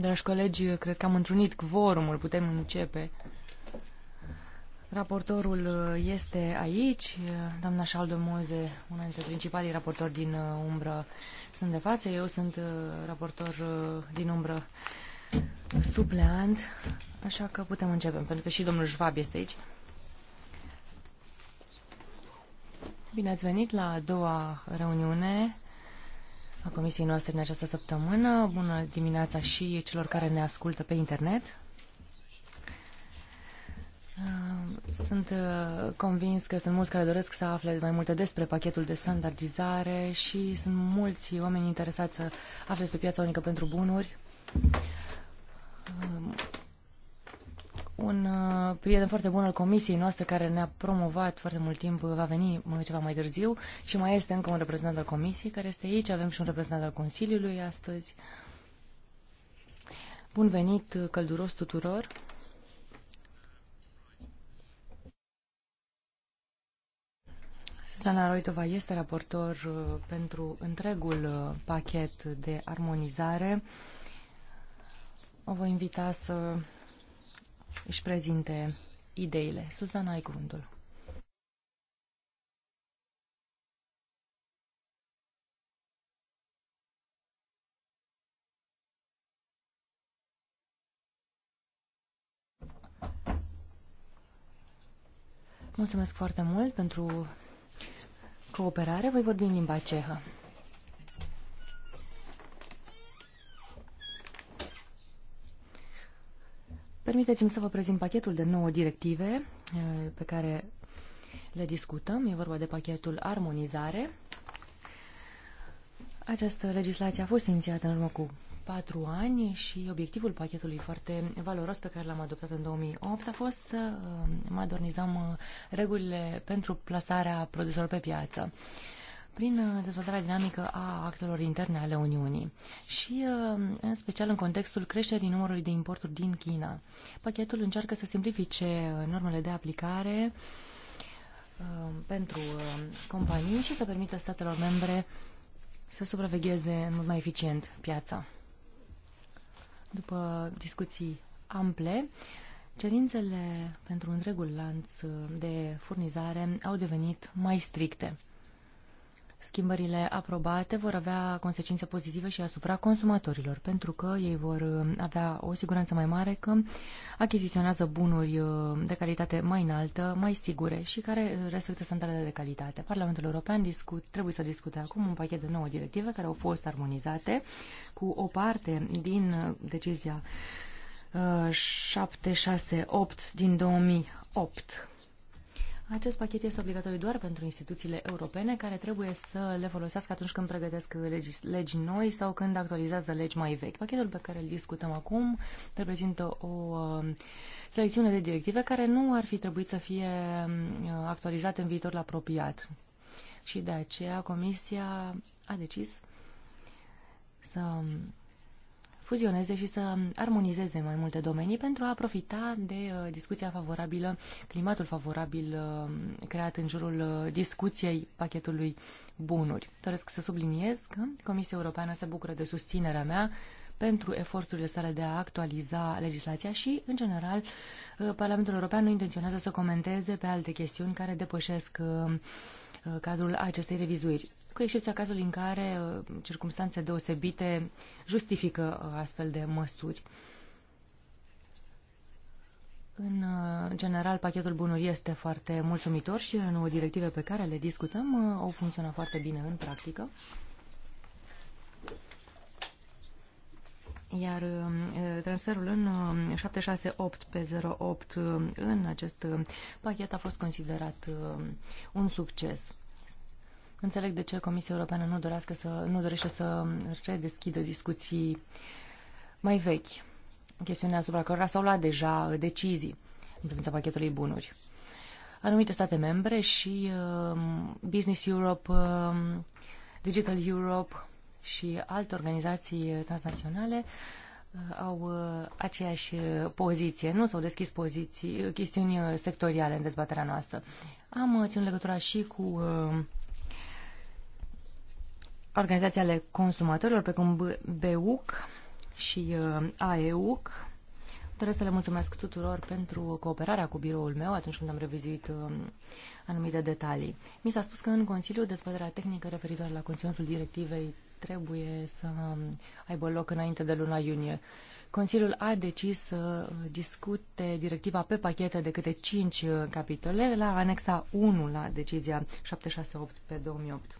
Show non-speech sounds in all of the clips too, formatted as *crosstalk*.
Dragi colegi, cred că am întrunit cvorumul, putem începe. Raportorul uh, este aici, uh, doamna Shaldo Moze, una dintre principalii raportori din uh, umbră, sunt de față. Eu sunt raportor din umbră supleant, așa că putem începe, pentru că și domnul Schwab este aici. Bine ați venit la a doua reuniune a comisiei noastre în această săptămână. Bună dimineața și celor care ne ascultă pe internet. Uh, sunt uh, convins că sunt mulți care doresc să afle mai multe despre pachetul de standardizare și sunt mulți oameni interesați să afle despre piața unică pentru bunuri uh, un uh, prieten foarte bun al comisiei noastre care ne-a promovat foarte mult timp, va veni ceva mai târziu și mai este încă un reprezentant al comisiei care este aici, avem și un reprezentant al Consiliului astăzi. Bun venit, uh, călduros tuturor! Susana Roitova este raportor uh, pentru întregul pachet de armonizare. O voi invita să își prezinte ideile. Suzana, ai cuvântul. Mulțumesc foarte mult pentru cooperare. Voi vorbi în limba cehă. Permiteți-mi să vă prezint pachetul de nouă directive eh, pe care le discutăm. E vorba de pachetul armonizare. Această legislație a fost inițiată în urmă cu patru ani și obiectivul pachetului foarte valoros pe care l-am adoptat în 2008 a fost să eh, modernizăm eh, regulile pentru plasarea produselor pe piață prin uh, dezvoltarea dinamică a actelor interne ale Uniunii și, uh, în special, în contextul creșterii numărului de importuri din China. Pachetul încearcă să simplifice uh, normele de aplicare pentru companii și să permită statelor membre să supravegheze mult mai eficient piața. După discuții ample, cerințele pentru întregul lanț de furnizare au devenit mai stricte. Schimbările aprobate vor avea consecințe pozitive și asupra consumatorilor, pentru că ei vor uh, avea o siguranță mai mare că achiziționează bunuri uh, de calitate mai înaltă, mai sigure și care respectă standardele de calitate. Parlamentul European discut, trebuie să discute acum un pachet de nouă directive care au fost armonizate cu o parte din uh, decizia 768 din 2008 acest pachet este obligatoriu doar pentru instituțiile europene care trebuie să le folosească atunci când pregătesc legi, legi noi sau când actualizează legi mai vechi. Pachetul pe care îl discutăm acum reprezintă o um, selecțiune de directive care nu ar fi trebuit să fie um, actualizate în viitorul apropiat. Și de aceea Comisia a decis să um, fuzioneze și să armonizeze mai multe domenii pentru a profita de uh, discuția favorabilă, climatul favorabil uh, creat în jurul uh, discuției pachetului bunuri. Doresc să subliniez că Comisia Europeană se bucură de susținerea mea pentru eforturile sale de a actualiza legislația și, în general, Parlamentul European nu intenționează să comenteze pe alte chestiuni care depășesc uh, Uh, cadrul acestei revizuiri, cu excepția cazului în care uh, circumstanțe deosebite justifică uh, astfel de măsuri. În general, pachetul bunuri este foarte mulțumitor și în directive pe care le discutăm au funcționat foarte bine în practică. Iar transferul în 768 pe 08 în acest pachet a fost considerat un succes. Înțeleg de ce Comisia Europeană nu, să, nu dorește să redeschidă discuții mai vechi, chestiunea asupra cărora s-au luat deja decizii în privința pachetului bunuri. Anumite state membre și uh, Business Europe, uh, Digital Europe și alte organizații transnaționale uh, au uh, aceeași poziție. Nu s-au deschis poziții, chestiuni uh, sectoriale în dezbaterea noastră. Am uh, ținut legătura și cu uh, organizații ale consumatorilor, precum BEUC și uh, AEUC. Doresc să le mulțumesc tuturor pentru cooperarea cu biroul meu atunci când am revizuit uh, anumite detalii. Mi s-a spus că în Consiliu dezbaterea tehnică referitoare la conținutul directivei trebuie să um, aibă loc înainte de luna iunie. Consiliul a decis să discute directiva pe pachete de câte 5 uh, capitole la anexa 1 la decizia 768 pe 2008.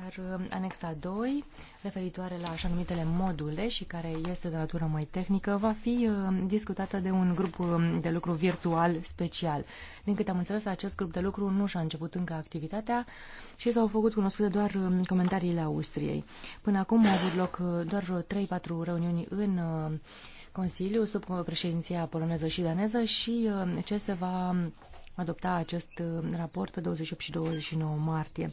Iar um, anexa 2, referitoare la așa numitele module și care este de natură mai tehnică, va fi um, discutată de un grup um, de lucru virtual special. Din câte am înțeles, acest grup de lucru nu și-a început încă activitatea și s-au făcut cunoscute doar comentariile Austriei. Până acum au avut loc uh, doar 3-4 reuniuni în uh, Consiliu sub președinția poloneză și daneză și uh, ce se va adopta acest uh, raport pe 28 și 29 martie.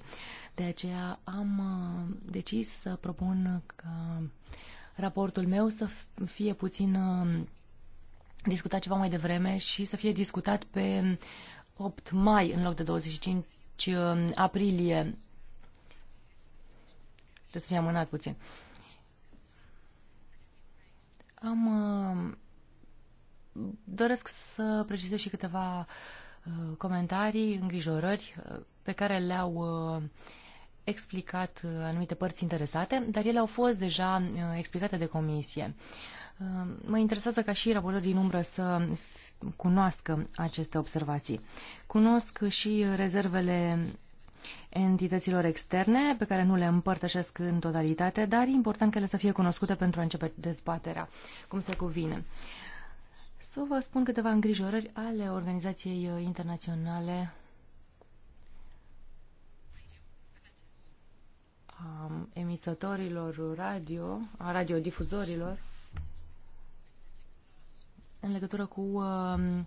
De aceea am uh, decis să propun ca raportul meu să fie puțin uh, discutat ceva mai devreme și să fie discutat pe 8 mai în loc de 25 aprilie. Trebuie să fie amânat puțin. Am doresc să precizez și câteva uh, Uh, comentarii, îngrijorări uh, pe care le-au uh, explicat anumite părți interesate, dar ele au fost deja explicate de comisie. Mă interesează ca și raportorii din umbră să cunoască aceste observații. Cunosc și rezervele entităților externe, pe care nu le împărtășesc în totalitate, dar e important că ele să fie cunoscute pentru a începe dezbaterea, cum se cuvine. Uh, să vă spun câteva îngrijorări ale Organizației uh, Internaționale a emițătorilor radio, a radiodifuzorilor în legătură cu uh,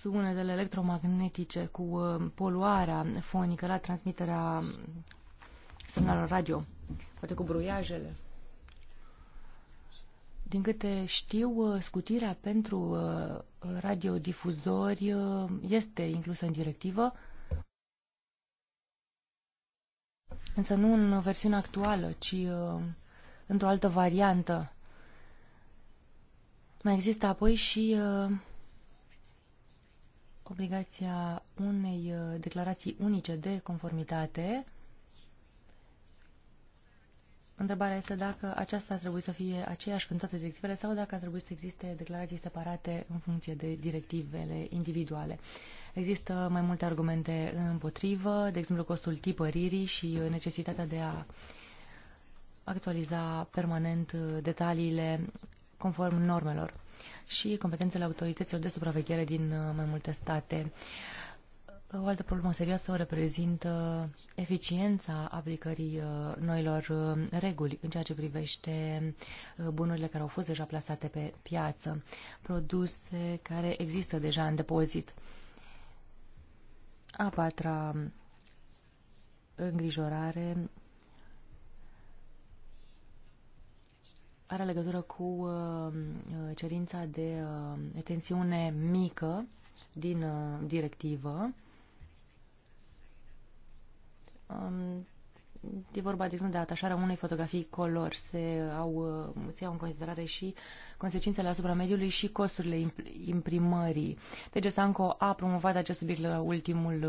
sunetele electromagnetice, cu uh, poluarea fonică la transmiterea semnalelor radio, poate cu bruiajele. Din câte știu, uh, scutirea pentru uh, radiodifuzori uh, este inclusă în directivă, însă nu în versiunea actuală, ci într-o altă variantă. Mai există apoi și obligația unei declarații unice de conformitate Întrebarea este dacă aceasta ar trebui să fie aceeași pentru toate directivele sau dacă ar trebui să existe declarații separate în funcție de directivele individuale. Există mai multe argumente împotrivă, de exemplu costul tipăririi și necesitatea de a actualiza permanent detaliile conform normelor și competențele autorităților de supraveghere din mai multe state. O altă problemă serioasă o reprezintă eficiența aplicării uh, noilor uh, reguli în ceea ce privește uh, bunurile care au fost deja plasate pe piață, produse care există deja în depozit. A patra îngrijorare are legătură cu cerința de tensiune mică din directivă e vorba, de exemplu, de atașarea unei fotografii color. Se au, se iau în considerare și consecințele asupra mediului și costurile imprimării. Deci Sanco a promovat acest subiect la ultimul,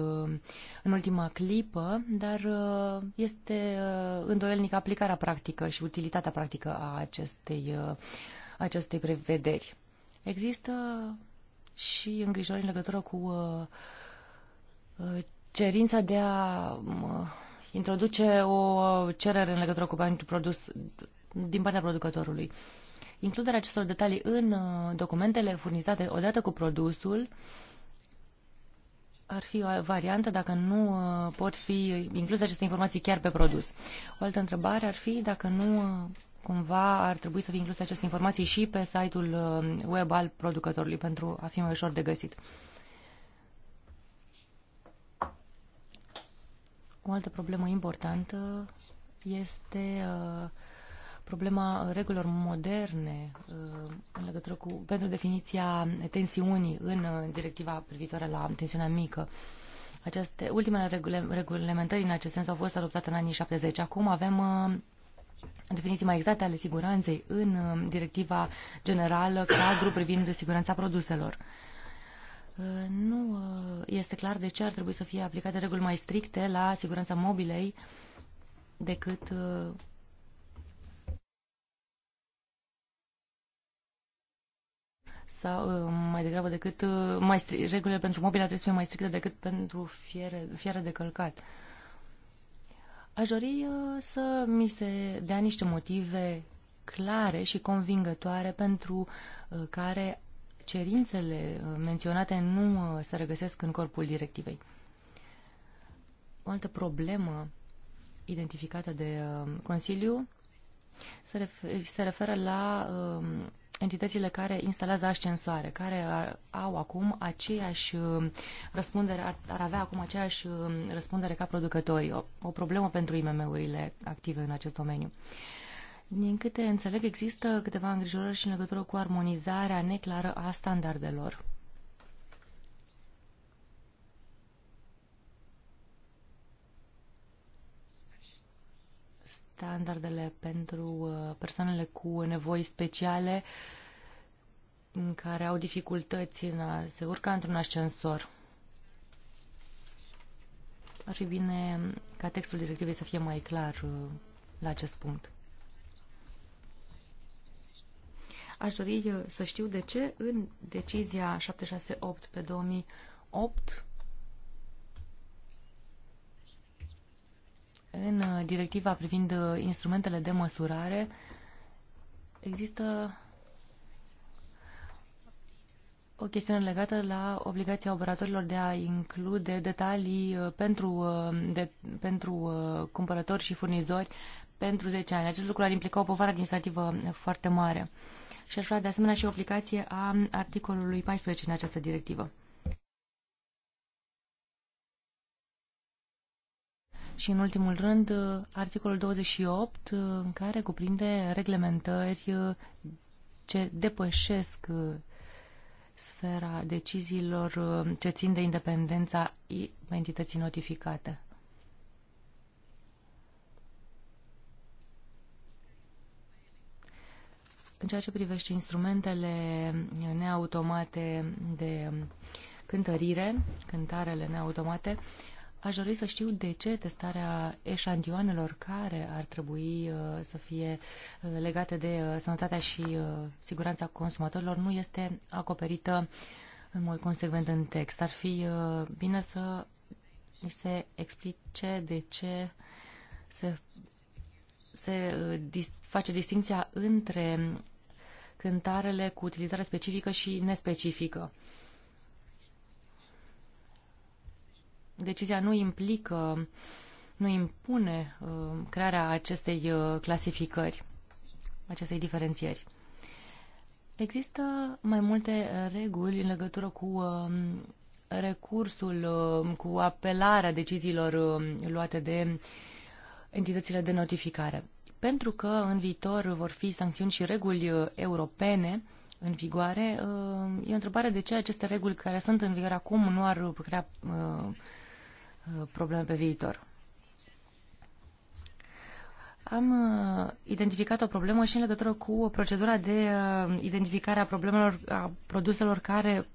în ultima clipă, dar este îndoielnică aplicarea practică și utilitatea practică a acestei, acestei prevederi. Există și îngrijorări în legătură cu cerința de a introduce o cerere în legătură cu banii produs din partea producătorului. Includerea acestor detalii în uh, documentele furnizate odată cu produsul ar fi o variantă dacă nu uh, pot fi incluse aceste informații chiar pe produs. O altă întrebare ar fi dacă nu uh, cumva ar trebui să fie incluse aceste informații și pe site-ul web al producătorului pentru a fi mai ușor de găsit. O altă problemă importantă este uh, problema regulilor moderne uh, în legătură cu, pentru definiția tensiunii în uh, directiva privitoare la tensiunea mică. Aceste ultimele regule, regulamentări în acest sens au fost adoptate în anii 70. Acum avem definiții mai exacte ale siguranței în directiva generală cadru privind siguranța produselor. Uh, nu uh, este clar de ce ar trebui să fie aplicate reguli mai stricte la siguranța mobilei decât uh, sau mai degrabă decât mai stri, regulile pentru mobilă trebuie să fie mai stricte decât pentru fiere, fiere de călcat. Aș dori să mi se dea niște motive clare și convingătoare pentru care cerințele uh, menționate nu uh, se regăsesc în corpul directivei. O altă problemă identificată de uh, Consiliu se, refer, se referă la um, entitățile care instalează ascensoare, care ar, au acum aceeași răspundere, ar, ar avea acum aceeași um, răspundere ca producătorii. O, o problemă pentru IMM-urile active în acest domeniu. Uh, din câte înțeleg, există câteva îngrijorări și în legătură cu armonizarea neclară a standardelor. Standardele pentru uh, persoanele cu nevoi speciale care au dificultăți în a se urca într-un ascensor. Ar fi bine ca textul directivei să fie mai clar uh, la acest punct. Aș dori uh, să știu de ce în decizia 768 pe 2008 în uh, directiva privind uh, instrumentele de măsurare există o chestiune legată la obligația operatorilor de a include detalii pentru, de, pentru cumpărători și furnizori pentru 10 ani. Acest lucru ar implica o povară administrativă foarte mare și aș vrea de asemenea și o aplicație a articolului 14 în această directivă. Și în ultimul rând, articolul 28, în care cuprinde reglementări ce depășesc sfera deciziilor ce țin de independența entității notificate. În ceea ce privește instrumentele neautomate de cântărire, cântarele neautomate, aș dori să știu de ce testarea eșantioanelor care ar trebui uh, să fie uh, legate de uh, sănătatea și siguranța consumatorilor nu este acoperită în mod consecvent în text. Ar fi bine să se explice de ce se se face distinția între cântarele cu utilizare specifică și nespecifică. Decizia nu implică, nu impune uh, crearea acestei uh, clasificări, acestei diferențieri. Există mai multe reguli în legătură cu uh, recursul, uh, cu apelarea deciziilor uh, luate de entitățile de notificare pentru că în viitor vor fi sancțiuni și reguli uh, europene în vigoare. Uh, e o întrebare de ce aceste reguli care sunt în vigoare acum nu ar crea uh, probleme pe viitor. Am identificat o problemă și în legătură cu procedura de identificare a problemelor, a produselor care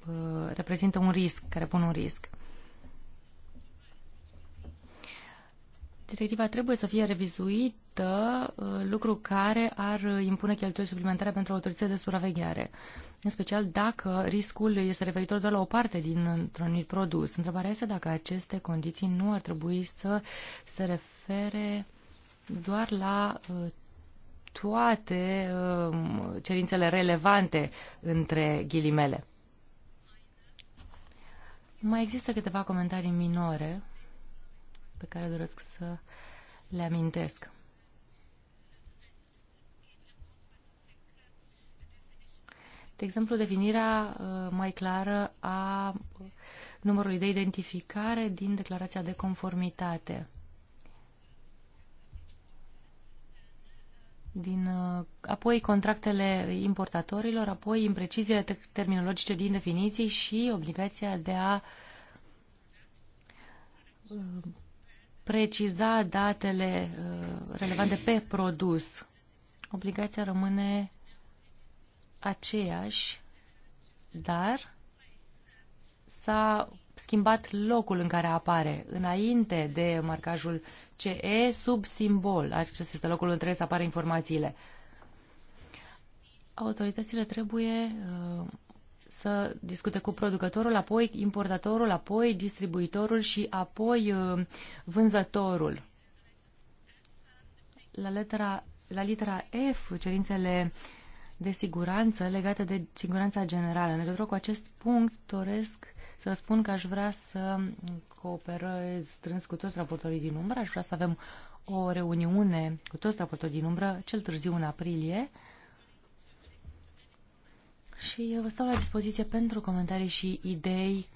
reprezintă un risc, care pun un risc. directiva trebuie să fie revizuită, uh, lucru care ar impune cheltuieli suplimentare pentru autoritățile de supraveghere, în special dacă riscul este referitor doar la o parte din un produs. Întrebarea este dacă aceste condiții nu ar trebui să se refere doar la uh, toate um, cerințele relevante între ghilimele. Mai există câteva comentarii minore pe care doresc să le amintesc. De exemplu, definirea uh, mai clară a numărului de identificare din declarația de conformitate. Din, uh, apoi contractele importatorilor, apoi impreciziile terminologice din definiții și obligația de a uh, preciza datele uh, relevante pe produs. Obligația rămâne aceeași, dar s-a schimbat locul în care apare, înainte de marcajul CE, sub simbol. acest este locul în care să apară informațiile. Autoritățile trebuie uh, să discute cu producătorul, apoi importatorul, apoi distribuitorul și apoi uh, vânzătorul. La litera, la litera F, cerințele de siguranță legate de siguranța generală. În legătură cu acest punct doresc să spun că aș vrea să cooperez strâns cu toți raportorii din umbră, aș vrea să avem o reuniune cu toți raportorii din umbră, cel târziu în aprilie, și eu vă stau la dispoziție pentru comentarii și idei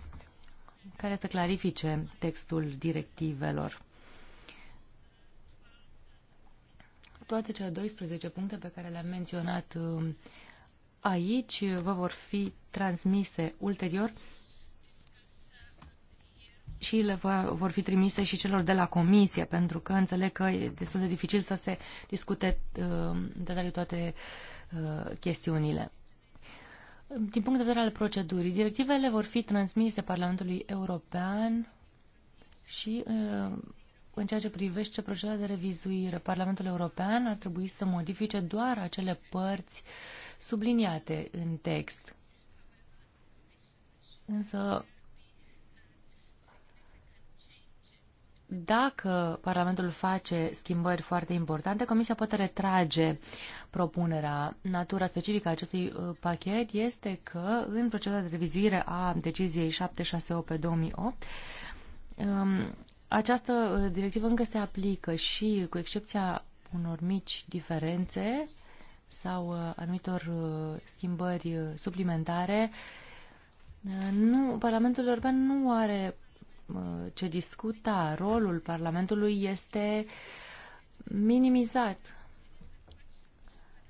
care să clarifice textul directivelor. Toate cele 12 puncte pe care le-am menționat um, aici vă vor fi transmise ulterior și le va, vor fi trimise și celor de la comisie, pentru că înțeleg că e destul de dificil să se discute uh, um, de toate uh, chestiunile. Din punct de vedere al procedurii, directivele vor fi transmise Parlamentului European și uh, în ceea ce privește procedura de revizuire, Parlamentul European ar trebui să modifice doar acele părți subliniate în text. Însă dacă Parlamentul face schimbări foarte importante, Comisia poate retrage propunerea. Natura specifică a acestui uh, pachet este că în procedura de revizuire a deciziei 768 pe 2008, um, această uh, directivă încă se aplică și cu excepția unor mici diferențe sau uh, anumitor schimbări suplimentare, nu, Parlamentul European nu are ce discuta, rolul Parlamentului este minimizat.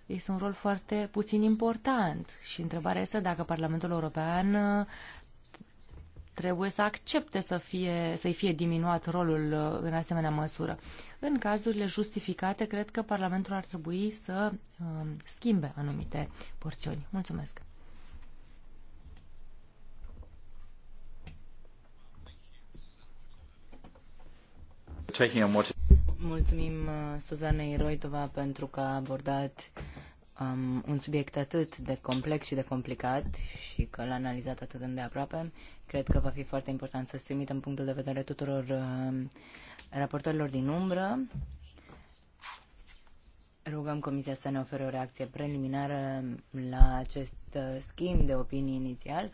Este un rol foarte puțin important și întrebarea este dacă Parlamentul European uh, trebuie să accepte să fie, să fie diminuat rolul uh, în asemenea măsură. În cazurile justificate, cred că Parlamentul ar trebui să uh, schimbe anumite porțiuni. Mulțumesc! Mulțumim uh, Suzanei Roitova pentru că a abordat um, un subiect atât de complex și de complicat și că l-a analizat atât de aproape. Cred că va fi foarte important să trimitem punctul de vedere tuturor uh, raportorilor din umbră. Rugăm Comisia să ne ofere o reacție preliminară la acest uh, schimb de opinii inițial.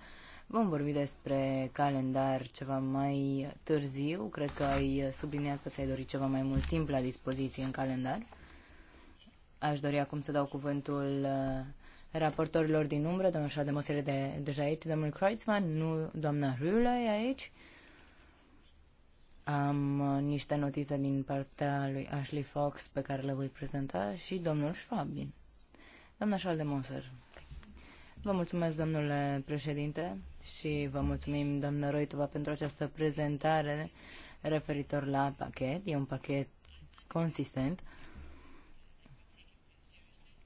Vom vorbi despre calendar ceva mai târziu. Cred că ai subliniat că ți-ai dorit ceva mai mult timp la dispoziție în calendar. Aș dori acum să dau cuvântul uh, raportorilor din umbră, domnul Șademosire de deja aici, domnul Kreutzmann, nu doamna Rühle e aici. Am uh, niște notițe din partea lui Ashley Fox pe care le voi prezenta și domnul Schwabin. Doamna Schaldemosser. Vă mulțumesc, domnule președinte, și vă mulțumim, doamnă Roitova, pentru această prezentare referitor la pachet. E un pachet consistent.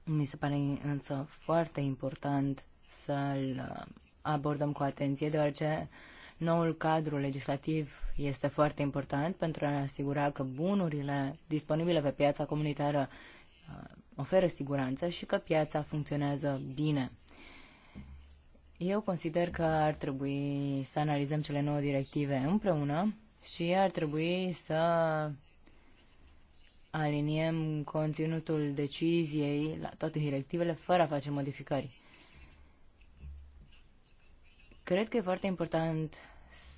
Mi se pare însă foarte important să-l uh, abordăm cu atenție, deoarece noul cadru legislativ este foarte important pentru a ne asigura că bunurile disponibile pe piața comunitară uh, oferă siguranță și că piața funcționează bine. Eu consider că ar trebui să analizăm cele nouă directive împreună și ar trebui să aliniem conținutul deciziei la toate directivele fără a face modificări. Cred că e foarte important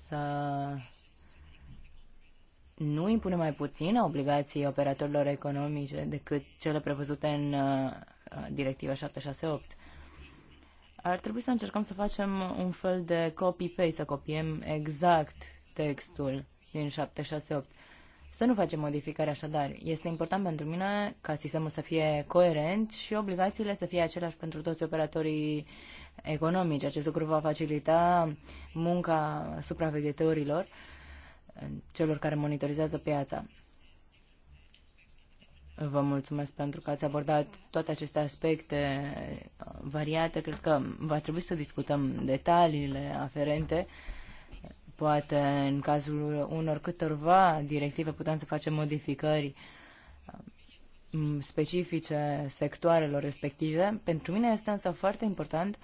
să nu impunem mai puțin obligații operatorilor economice decât cele prevăzute în uh, directiva 768. Ar trebui să încercăm să facem un fel de copy-paste, să copiem exact textul din 768. Să nu facem modificări așadar. Este important pentru mine ca sistemul să fie coerent și obligațiile să fie aceleași pentru toți operatorii economici. Acest lucru va facilita munca supraveghetorilor, celor care monitorizează piața. Vă mulțumesc pentru că ați abordat toate aceste aspecte uh, variate. Cred că va trebui să discutăm detaliile aferente. Poate în cazul unor câtorva directive putem să facem modificări um, specifice sectoarelor respective. Pentru mine este însă foarte important uh,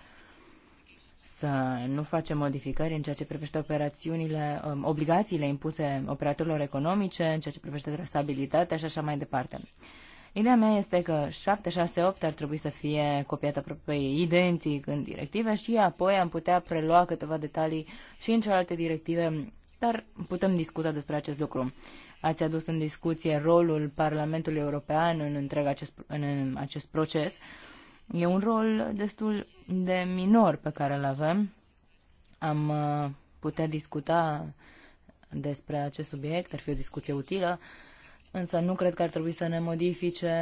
să nu facem modificări în ceea ce privește operațiunile, um, obligațiile impuse operatorilor economice, în ceea ce privește trasabilitatea și așa mai departe. Ideea mea este că 768 ar trebui să fie copiată aproape identic în directive și apoi am putea prelua câteva detalii și în celelalte directive, dar putem discuta despre acest lucru. Ați adus în discuție rolul Parlamentului European în întreg acest, în acest proces. Uh, E un rol destul de minor pe care îl avem. Am uh, putea discuta despre acest subiect, ar fi o discuție utilă, însă nu cred că ar trebui să ne modifice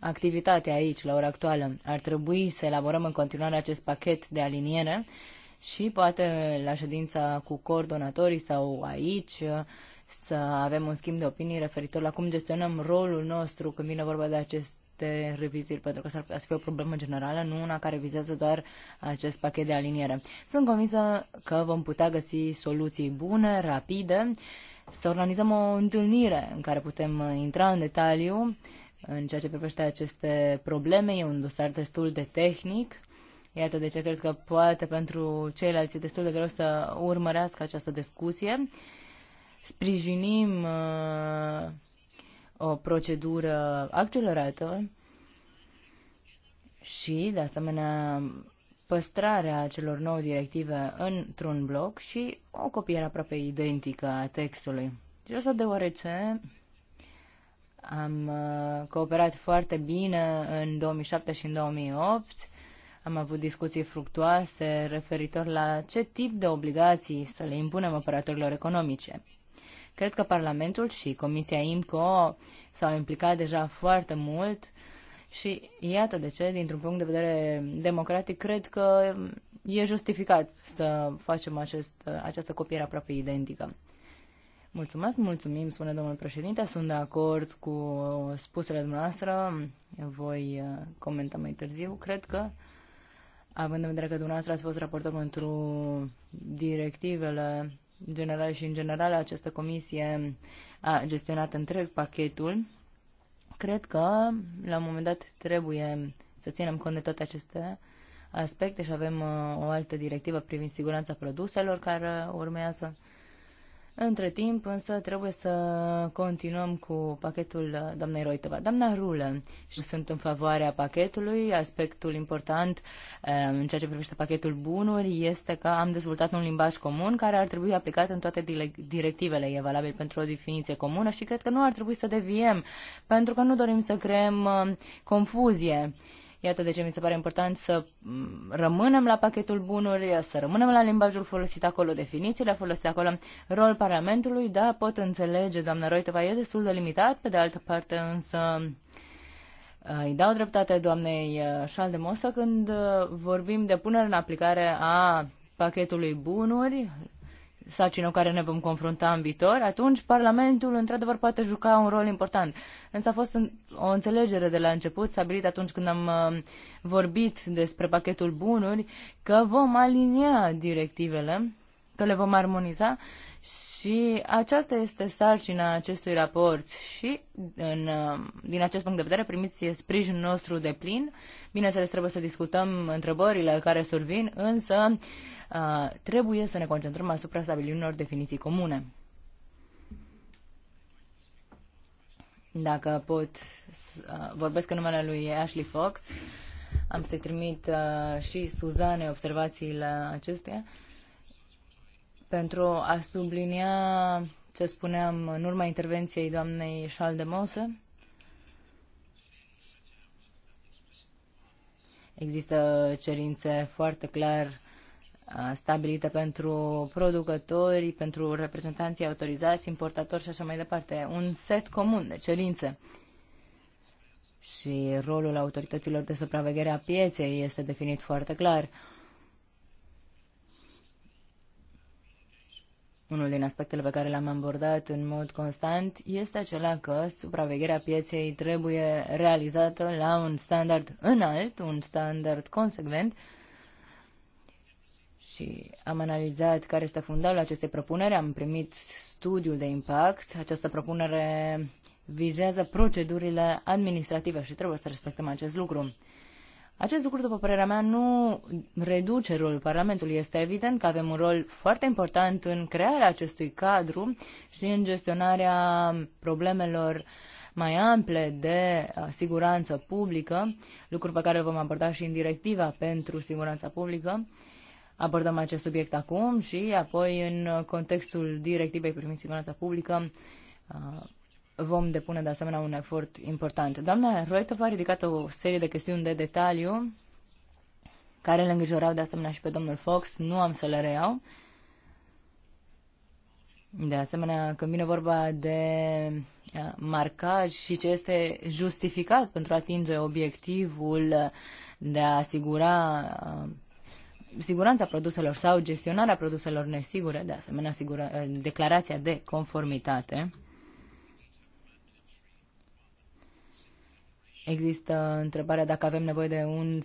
activitatea aici, la ora actuală. Ar trebui să elaborăm în continuare acest pachet de aliniere și poate la ședința cu coordonatorii sau aici uh, să avem un schimb de opinii referitor la cum gestionăm rolul nostru când vine vorba de acest de revizuiri, pentru că s-ar putea să fie o problemă generală, nu una care vizează doar acest pachet de aliniere. Sunt convinsă că vom putea găsi soluții bune, rapide, să organizăm o întâlnire în care putem intra în detaliu în ceea ce privește aceste probleme. E un dosar destul de tehnic. Iată de ce cred că poate pentru ceilalți e destul de greu să urmărească această discuție. Sprijinim uh, o procedură accelerată și, de asemenea, păstrarea celor nouă directive într-un bloc și o copiere aproape identică a textului. Și asta deoarece am uh, cooperat foarte bine în 2007 și în 2008, am avut discuții fructuoase referitor la ce tip de obligații să le impunem operatorilor economice. Cred că Parlamentul și Comisia IMCO s-au implicat deja foarte mult și iată de ce, dintr-un punct de vedere democratic, cred că e justificat să facem acest, această copiere aproape identică. Mulțumesc, mulțumim, spune domnul președinte. Sunt de acord cu spusele dumneavoastră. Voi uh, comenta mai târziu. Cred că, având în vedere că dumneavoastră ați fost raportor pentru directivele general și în general această comisie a gestionat întreg pachetul. Cred că la un moment dat trebuie să ținem cont de toate aceste aspecte și avem uh, o altă directivă privind siguranța produselor care urmează. Între timp, însă, trebuie să continuăm cu pachetul doamnei Roitova. Doamna Rulă, sunt în favoarea pachetului. Aspectul important eh, în ceea ce privește pachetul bunuri este că am dezvoltat un limbaj comun care ar trebui aplicat în toate directivele. E valabil pentru o definiție comună și cred că nu ar trebui să deviem, pentru că nu dorim să creăm eh, confuzie. Iată de ce mi se pare important să mm, rămânem la pachetul bunuri, să rămânem la limbajul folosit acolo, definițiile folosite acolo. Rol Parlamentului, da, pot înțelege, doamna Roiteva, e destul de limitat, pe de altă parte însă uh, îi dau dreptate doamnei Șaldemosa uh, când uh, vorbim de punere în aplicare a pachetului bunuri, sacină cu care ne vom confrunta în viitor, atunci Parlamentul, într-adevăr, poate juca un rol important. Însă a fost o înțelegere de la început, stabilit atunci când am uh, vorbit despre pachetul bunuri, că vom alinia directivele că le vom armoniza și aceasta este sarcina acestui raport și în, din acest punct de vedere primiți sprijinul nostru de plin. Bineînțeles, trebuie să discutăm întrebările care survin, însă trebuie să ne concentrăm asupra stabilirii unor definiții comune. Dacă pot, vorbesc în numele lui Ashley Fox, am să-i trimit și Suzane observațiile acestea. Uh, pentru a sublinia ce spuneam în urma intervenției doamnei Schaldemose. Există cerințe foarte clar stabilite pentru producători, pentru reprezentanții autorizați, importatori și așa mai departe. Un set comun de cerințe. Și rolul autorităților de supraveghere a pieței este definit foarte clar. Unul din aspectele pe care le-am abordat în mod constant este acela că supravegherea pieței trebuie realizată la un standard înalt, un standard consecvent și am analizat care este fundalul acestei propuneri, am primit studiul de impact. Această propunere vizează procedurile administrative și trebuie să respectăm acest lucru. Acest lucru, după părerea mea, nu reduce rolul Parlamentului. Este evident că avem un rol foarte important în crearea acestui cadru și în gestionarea problemelor mai ample de uh, siguranță publică, Lucruri pe care vom aborda și în directiva pentru siguranța publică. Abordăm acest subiect acum și apoi în contextul directivei privind siguranța publică uh, vom depune de asemenea un efort important. Doamna Roitova a ridicat o serie de chestiuni de detaliu care îl îngrijorau de asemenea și pe domnul Fox. Nu am să le reiau. De asemenea, când vine vorba de marcaj și ce este justificat pentru a atinge obiectivul de a asigura siguranța produselor sau gestionarea produselor nesigure, de asemenea declarația de conformitate, Există întrebarea dacă avem nevoie de un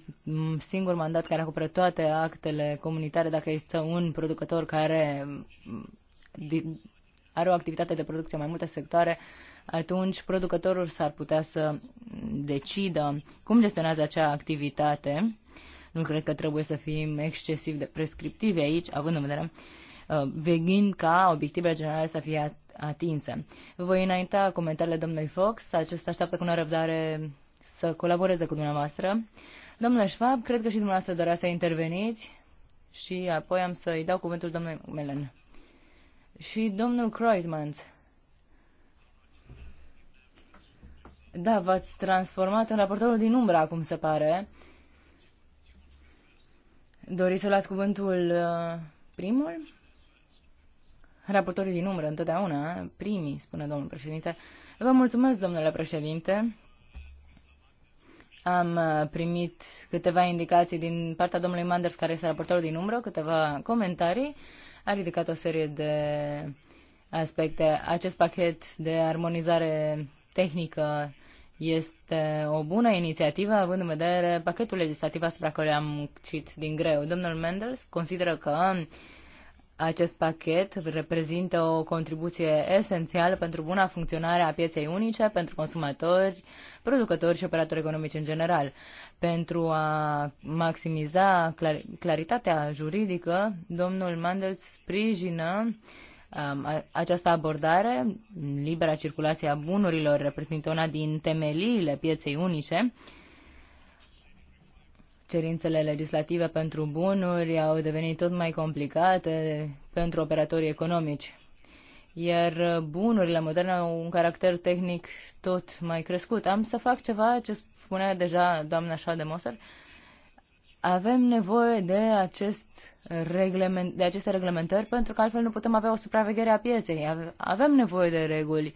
singur mandat care acopere toate actele comunitare, dacă există un producător care mm, are o activitate de producție mai multe sectoare, atunci producătorul s-ar putea să decidă cum gestionează acea activitate. Nu cred că trebuie să fim excesiv de prescriptivi aici, având în vedere, uh, veghind ca obiectivele generale să fie atinse. Voi înainta comentariile domnului Fox. Acesta așteaptă cu nerăbdare să colaboreze cu dumneavoastră. Domnule Schwab, cred că și dumneavoastră dorea să interveniți și apoi am să-i dau cuvântul domnului Melen. Și domnul Kreuzmanns. Da, v-ați transformat în raportorul din umbra, acum se pare. Doriți să luați cuvântul uh, primul? Raportorii din umbră, întotdeauna, primii, spune domnul președinte. Vă mulțumesc, domnule președinte. Am uh, primit câteva indicații din partea domnului Manders, care este raportorul din umbră, câteva comentarii. A ridicat o serie de aspecte. Acest pachet de armonizare tehnică este o bună inițiativă, având în vedere pachetul legislativ asupra care am citit din greu. Domnul Mendels consideră că acest pachet reprezintă o contribuție esențială pentru buna funcționare a pieței unice, pentru consumatori, producători și operatori economici în general. Pentru a maximiza clar- claritatea juridică, domnul Mandel sprijină um, această abordare. Libera circulație a bunurilor reprezintă una din temeliile pieței unice Cerințele legislative pentru bunuri au devenit tot mai complicate pentru operatorii economici, iar bunurile moderne au un caracter tehnic tot mai crescut. Am să fac ceva ce spunea deja doamna Moser. Avem nevoie de, acest reglement, de aceste reglementări pentru că altfel nu putem avea o supraveghere a pieței. Avem nevoie de reguli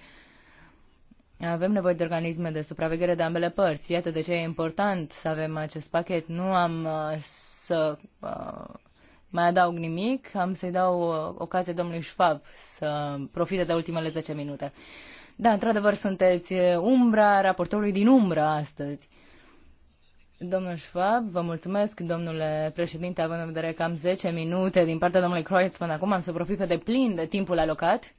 avem nevoie de organisme de supraveghere de ambele părți. Iată de ce e important să avem acest pachet. Nu am uh, să uh, mai adaug nimic, am să-i dau uh, ocazie domnului Schwab să profite de ultimele 10 minute. Da, într-adevăr, sunteți umbra raportorului din umbra astăzi. Domnul Schwab, vă mulțumesc, domnule președinte, având în vedere că am 10 minute din partea domnului Kreutzmann. Acum am să profit pe deplin de timpul alocat.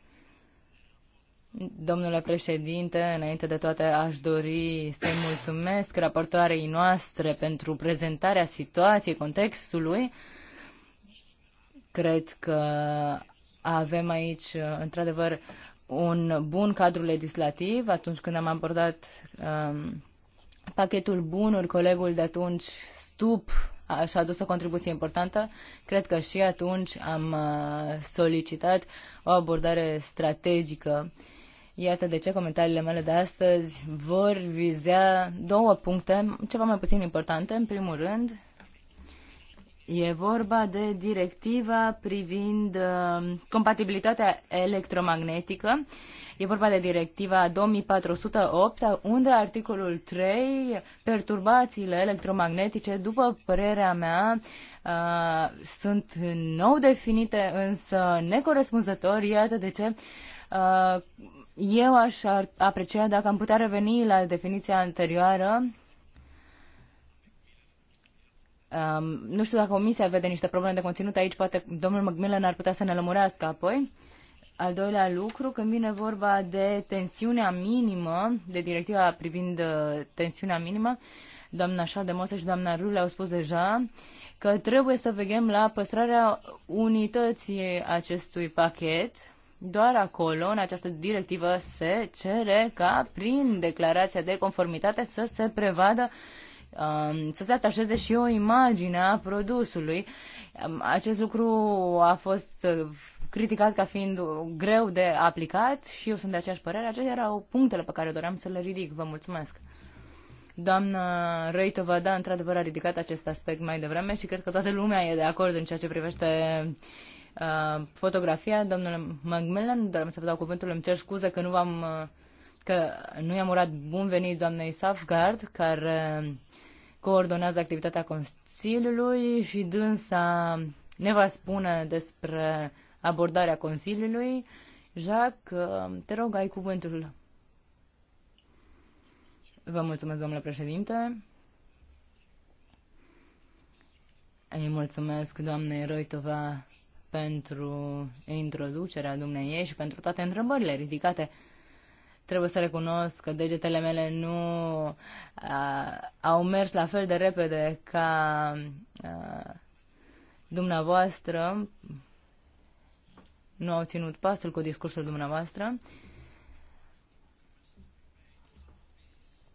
Domnule președinte, înainte de toate aș dori să-i mulțumesc raportoarei noastre pentru prezentarea situației, contextului. Cred că avem aici, într-adevăr, un bun cadru legislativ. Atunci când am abordat um, pachetul bunuri, colegul de atunci, Stup, și-a adus o contribuție importantă. Cred că și atunci am uh, solicitat o abordare strategică uh, Iată de ce comentariile mele de astăzi vor vizea două puncte, ceva mai puțin importante. În primul rând, e vorba de directiva privind uh, compatibilitatea electromagnetică. E vorba de directiva 2408, unde articolul 3, perturbațiile electromagnetice, după părerea mea, uh, sunt nou definite, însă necorespunzător, Iată de ce. Uh, eu aș aprecia dacă am putea reveni la definiția anterioară. Um, nu știu dacă comisia vede niște probleme de conținut aici, poate domnul Macmillan ar putea să ne lămurească apoi. Al doilea lucru, când vine vorba de tensiunea minimă, de directiva privind uh, tensiunea minimă, doamna Șademose și doamna Rule au spus deja că trebuie să veghem la păstrarea unității acestui pachet, doar acolo, în această directivă, se cere ca prin declarația de conformitate să se prevadă um, să se atașeze și o imagine a produsului. Um, acest lucru a fost uh, criticat ca fiind greu de aplicat și eu sunt de aceeași părere. Acestea erau punctele pe care doream să le ridic. Vă mulțumesc. Doamna Răitova, da, într-adevăr a ridicat acest aspect mai devreme și cred că toată lumea e de acord în ceea ce privește uh, fotografia. Domnule Macmillan, am să vă dau cuvântul, îmi cer scuze că nu v-am uh, că nu i-am urat bun venit doamnei Safgard, care uh, coordonează activitatea Consiliului și dânsa ne va spune despre abordarea Consiliului. Jacques, uh, te rog, ai cuvântul. Vă mulțumesc, domnule președinte. Îi mulțumesc doamnei Roitova pentru introducerea dumneiei și pentru toate întrebările ridicate. Trebuie să recunosc că degetele mele nu uh, au mers la fel de repede ca uh, dumneavoastră, nu au ținut pasul cu discursul dumneavoastră. Uh,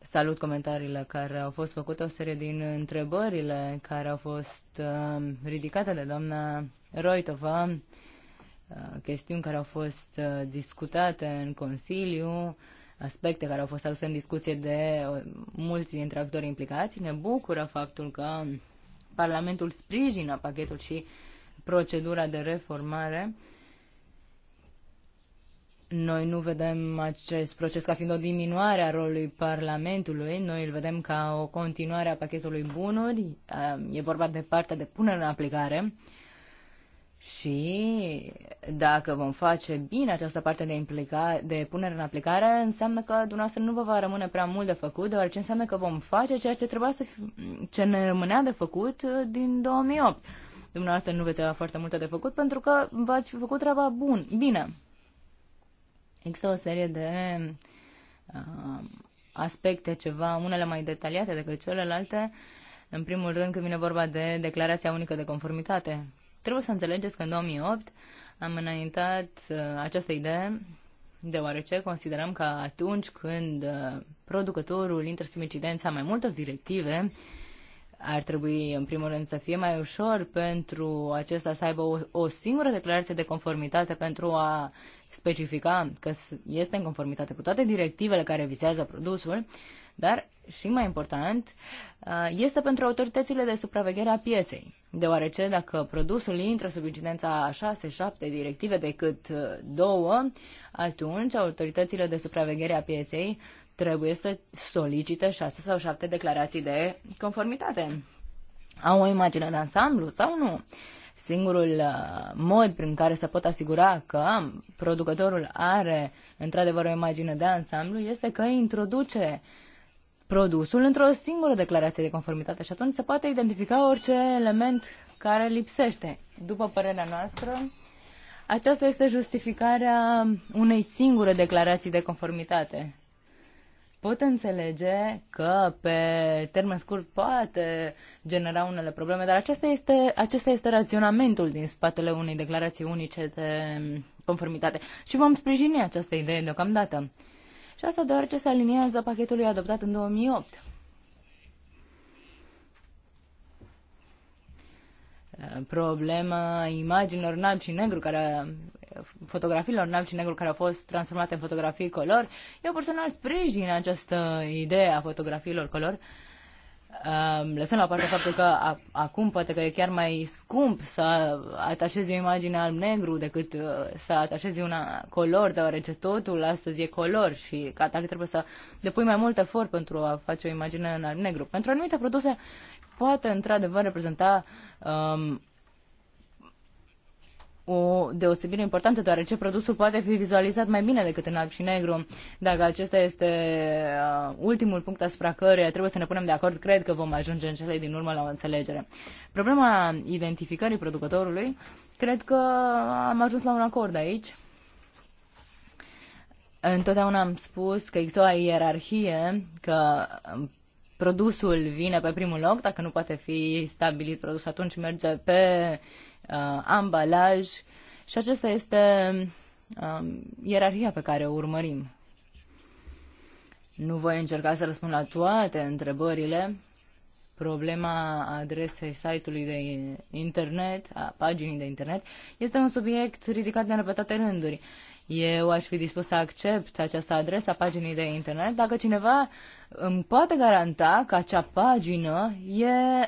Salut comentariile care au fost făcute, o serie din întrebările care au fost uh, ridicate de doamna Roitova, uh, chestiuni care au fost uh, discutate în Consiliu, aspecte care au fost aduse în discuție de uh, mulți dintre actorii implicați. Ne bucură faptul că Parlamentul sprijină pachetul și procedura de reformare. Uh, noi nu vedem acest proces ca fiind o diminuare a rolului Parlamentului, noi îl vedem ca o continuare a pachetului bunuri, e vorba de partea de punere în aplicare și dacă vom face bine această parte de, implica, de punere în aplicare, înseamnă că dumneavoastră nu vă va rămâne prea mult de făcut, deoarece înseamnă că vom face ceea ce trebuia să fi, ce ne rămânea de făcut uh, din 2008 dumneavoastră nu veți avea foarte multe de făcut pentru că v-ați făcut treaba bun, bine. Există o serie de uh, aspecte ceva, unele mai detaliate decât celelalte. În primul rând, când vine vorba de declarația unică de conformitate. Trebuie să înțelegeți că în 2008 am înaintat uh, această idee deoarece considerăm că atunci când uh, producătorul intră sub incidența mai multor directive, uh, ar trebui, în primul rând, să fie mai ușor pentru acesta să aibă o, o singură declarație de conformitate pentru a specifica că este în conformitate cu toate directivele care vizează produsul, dar, și mai important, este pentru autoritățile de supraveghere a pieței. Deoarece dacă produsul intră sub incidența a 6-7 directive decât două, atunci autoritățile de supraveghere a pieței trebuie să solicite șase sau șapte declarații de conformitate. Au o imagine de ansamblu sau nu? Singurul uh, mod prin care se pot asigura că producătorul are într-adevăr o imagine de ansamblu este că introduce produsul într-o singură declarație de conformitate și atunci se poate identifica orice element care lipsește. După părerea noastră, aceasta este justificarea unei singure declarații de conformitate pot înțelege că pe termen scurt poate genera unele probleme, dar acesta este, acesta este raționamentul din spatele unei declarații unice de conformitate. Și vom sprijini această idee deocamdată. Și asta deoarece se aliniază pachetului adoptat în 2008. Problema imaginilor în alb și negru care fotografiilor în alb și negru care au fost transformate în fotografii color. Eu personal sprijin această idee a fotografiilor color. Um, lăsând la partea faptul că acum poate că e chiar mai scump să atașezi o imagine alb-negru decât uh, să atașezi una color, deoarece totul astăzi e color și ca atare trebuie să depui mai mult efort pentru a face o imagine în alb-negru. Pentru anumite produse poate într-adevăr reprezenta um, o deosebire importantă, deoarece produsul poate fi vizualizat mai bine decât în alb și negru. Dacă acesta este uh, ultimul punct asupra căruia trebuie să ne punem de acord, cred că vom ajunge în cele din urmă la o înțelegere. Problema identificării producătorului, cred că am ajuns la un acord aici. Întotdeauna am spus că există o ierarhie, că um, produsul vine pe primul loc, dacă nu poate fi stabilit produs, atunci merge pe uh, uh, ambalaj și acesta este uh, ierarhia pe care o urmărim. Nu voi încerca să răspund la toate întrebările. Problema adresei site-ului de internet, a paginii de internet, este un subiect ridicat de repetate rânduri. Eu aș fi dispus să accept această adresă a paginii de internet dacă cineva îmi poate garanta că acea pagină e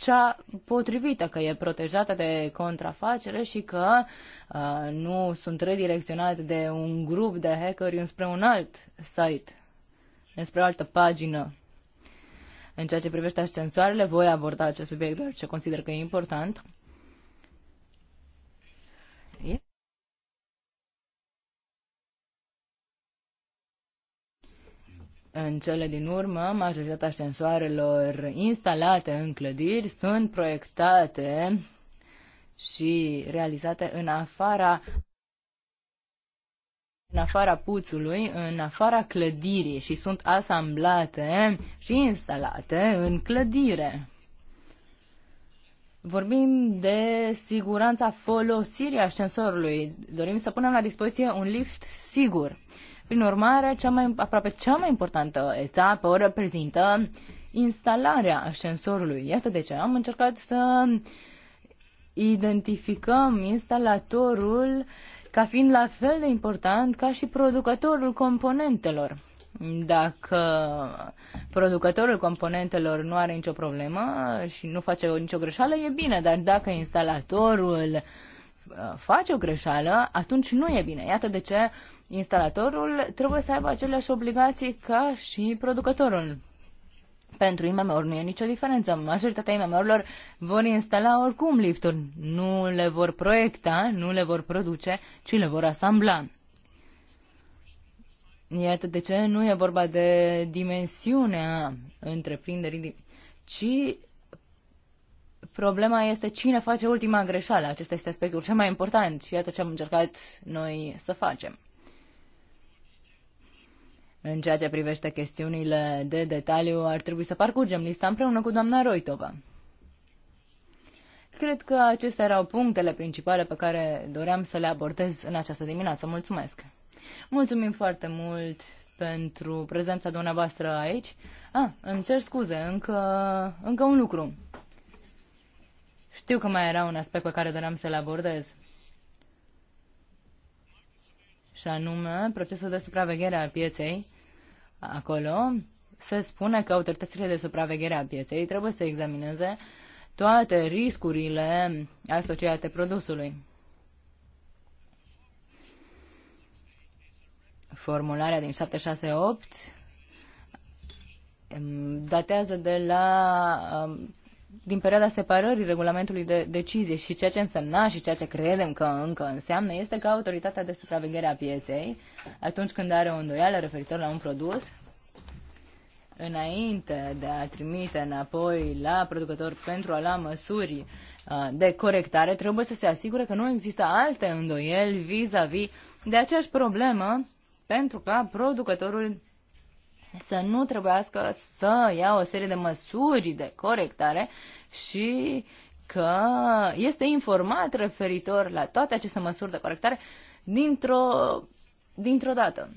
cea potrivită, că e protejată de contrafacere și că uh, nu sunt redirecționat de un grup de hackeri înspre un alt site, înspre o altă pagină. În ceea ce privește ascensoarele, voi aborda acest subiect, doar ce consider că e important. În cele din urmă, majoritatea ascensoarelor instalate în clădiri sunt proiectate și realizate în afara în afara puțului, în afara clădirii și sunt asamblate și instalate în clădire. Vorbim de siguranța folosirii ascensorului. Dorim să punem la dispoziție un lift sigur. Prin urmare, cea mai, aproape cea mai importantă etapă o reprezintă instalarea ascensorului. Iată de ce am încercat să identificăm instalatorul ca fiind la fel de important ca și producătorul componentelor. Dacă producătorul componentelor nu are nicio problemă și nu face nicio greșeală, e bine, dar dacă instalatorul uh, face o greșeală, atunci nu e bine. Iată de ce Instalatorul trebuie să aibă aceleași obligații ca și producătorul. Pentru IMM-uri nu e nicio diferență. Majoritatea IMM-urilor vor instala oricum lifturi. Nu le vor proiecta, nu le vor produce, ci le vor asambla. Iată de ce nu e vorba de dimensiunea întreprinderii, ci problema este cine face ultima greșeală. Acesta este aspectul cel mai important și iată ce am încercat noi să facem. În ceea ce privește chestiunile de detaliu, ar trebui să parcurgem lista împreună cu doamna Roitova. Cred că acestea erau punctele principale pe care doream să le abordez în această dimineață. Mulțumesc! Mulțumim foarte mult pentru prezența dumneavoastră aici. Ah, îmi cer scuze, încă, încă un lucru. Știu că mai era un aspect pe care doream să-l abordez și anume procesul de supraveghere al pieței. Acolo se spune că autoritățile de supraveghere a pieței trebuie să examineze toate riscurile asociate produsului. Formularea din 768 um, datează de la um, din perioada separării regulamentului de decizie și ceea ce însemna și ceea ce credem că încă înseamnă este că autoritatea de supraveghere a pieței, atunci când are o îndoială referitor la un produs, înainte de a trimite înapoi la producător pentru a lua măsuri uh, de corectare, trebuie să se asigure că nu există alte îndoieli vis-a-vis -vis de aceeași problemă pentru ca producătorul să nu trebuiască să ia o serie de măsuri de corectare și că este informat referitor la toate aceste măsuri de corectare dintr-o, dintr-o dată.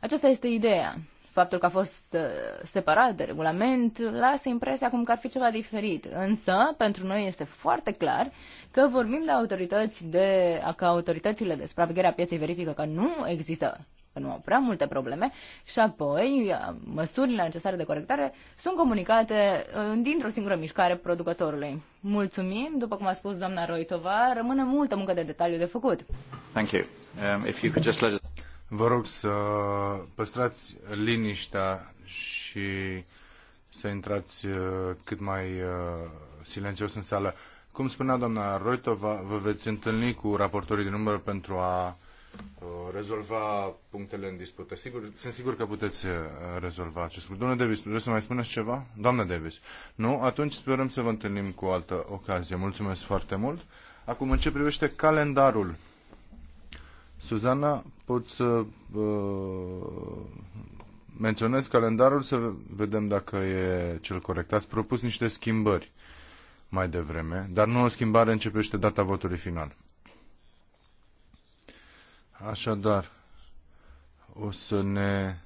Aceasta este ideea. Faptul că a fost uh, separat de regulament lasă impresia cum că ar fi ceva diferit. Însă, pentru noi este foarte clar că vorbim de autorități de, că autoritățile de supraveghere a pieței verifică că nu există că nu au prea multe probleme și apoi uh, măsurile necesare de corectare sunt comunicate uh, dintr-o singură mișcare producătorului. Mulțumim, după cum a spus doamna Roitova, rămâne multă muncă de detaliu de făcut. Thank you. Um, if you could just let us... Vă rog să păstrați liniștea și să intrați uh, cât mai silențios în sală. Cum spunea doamna Roitova, vă veți întâlni cu raportorii de număr pentru a Uh, rezolva punctele în dispută. Sigur, sunt sigur că puteți uh, rezolva acest lucru. Domnule Davis, vreți să mai spuneți ceva? Doamne Davis. Nu? Atunci sperăm să vă întâlnim cu o altă ocazie. Mulțumesc foarte mult. Acum, în ce privește calendarul, Suzana, pot să uh, menționez calendarul să vedem dacă e cel corect. Ați propus niște schimbări mai devreme, dar nu o schimbare începește data votului final. Așadar, o să ne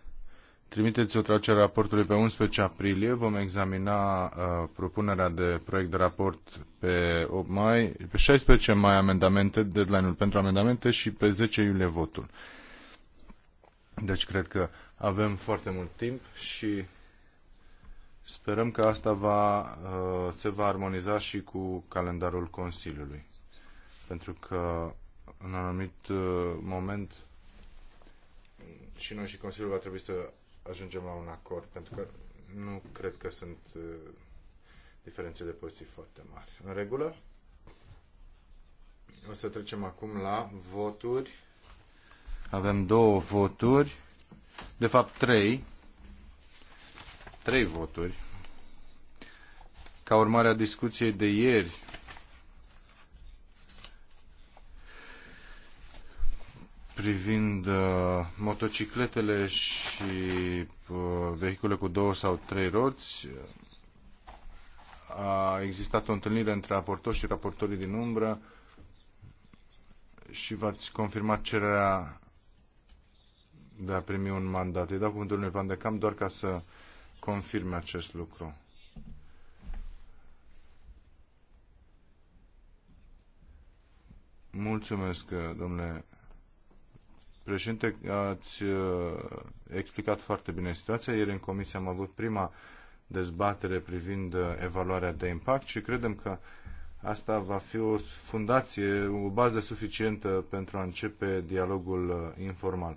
trimiteți o traducere a raportului pe 11 aprilie. Vom examina uh, propunerea de proiect de raport pe 8 mai, pe 16 mai amendamente, deadline-ul pentru amendamente și pe 10 iulie votul. Deci cred că avem foarte mult timp și sperăm că asta va, uh, se va armoniza și cu calendarul Consiliului. Pentru că în anumit uh, moment și noi și Consiliul va trebui să ajungem la un acord, pentru că nu cred că sunt uh, diferențe de poziții foarte mari. În regulă? O să trecem acum la voturi. Avem două voturi, de fapt trei, trei voturi. Ca urmare a discuției de ieri privind uh, motocicletele și uh, vehicule cu două sau trei roți. Uh, a existat o întâlnire între raportori și raportorii din umbră și v-ați confirmat cererea de a primi un mandat. Îi dau cuvântul lui Van de Cam doar ca să confirme acest lucru. Mulțumesc, domnule Președinte, ați uh, explicat foarte bine situația. Ieri în comisie am avut prima dezbatere privind uh, evaluarea de impact și credem că asta va fi o fundație, o bază suficientă pentru a începe dialogul uh, informal.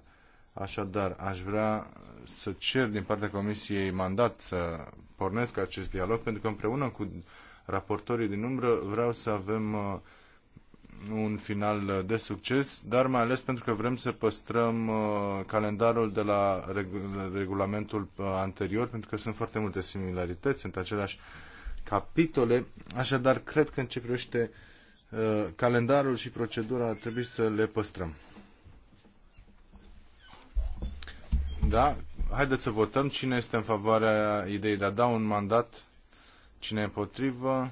Așadar, aș vrea să cer din partea Comisiei mandat să pornesc acest dialog, pentru că împreună cu raportorii din umbră vreau să avem un final uh, de succes, dar mai ales pentru că vrem să păstrăm uh, calendarul de la regulamentul uh, anterior, pentru că sunt foarte multe similarități, sunt aceleași capitole, așadar cred că în ce privește calendarul și procedura ar trebui să le păstrăm. Da? Haideți să votăm cine este în favoarea ideii de a da un mandat, cine e împotrivă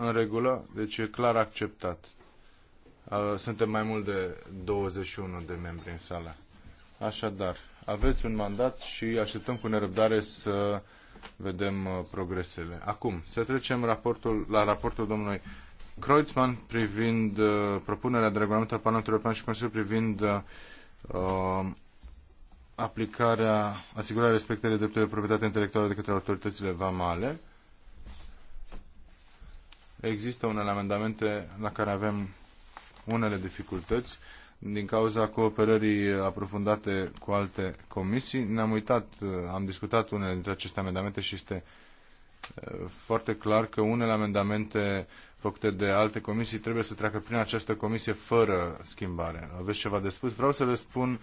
în regulă, deci e clar acceptat. Suntem mai mult de 21 de membri în sală. Așadar, aveți un mandat și așteptăm cu nerăbdare să vedem uh, progresele. Acum, să trecem raportul, la raportul domnului Kreutzmann privind uh, propunerea de regulament al Parlamentului European și Consiliului privind uh, uh, aplicarea, asigurarea respectării drepturilor de proprietate intelectuală de către autoritățile vamale. Uh, Există unele amendamente la care avem unele dificultăți din cauza cooperării aprofundate cu alte comisii. Ne-am uitat, am discutat unele dintre aceste amendamente și este uh, foarte clar că unele amendamente făcute de alte comisii trebuie să treacă prin această comisie fără schimbare. Aveți ceva de spus? Vreau să le spun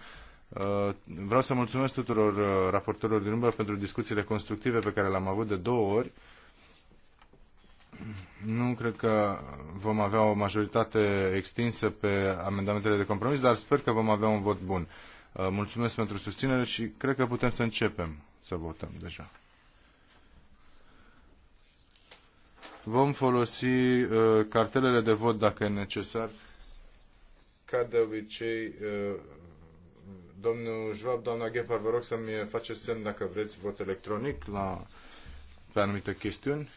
uh, Vreau să mulțumesc tuturor uh, raportorilor din umbră pentru discuțiile constructive pe care le-am avut de două ori nu cred că vom avea o majoritate extinsă pe amendamentele de compromis, dar sper că vom avea un vot bun. Uh, mulțumesc pentru susținere și cred că putem să începem să votăm deja. Vom folosi uh, cartelele de vot dacă e necesar. Ca de obicei, uh, domnul Joab, doamna Ghefar, vă rog să-mi faceți semn dacă vreți vot electronic la, pe anumite chestiuni.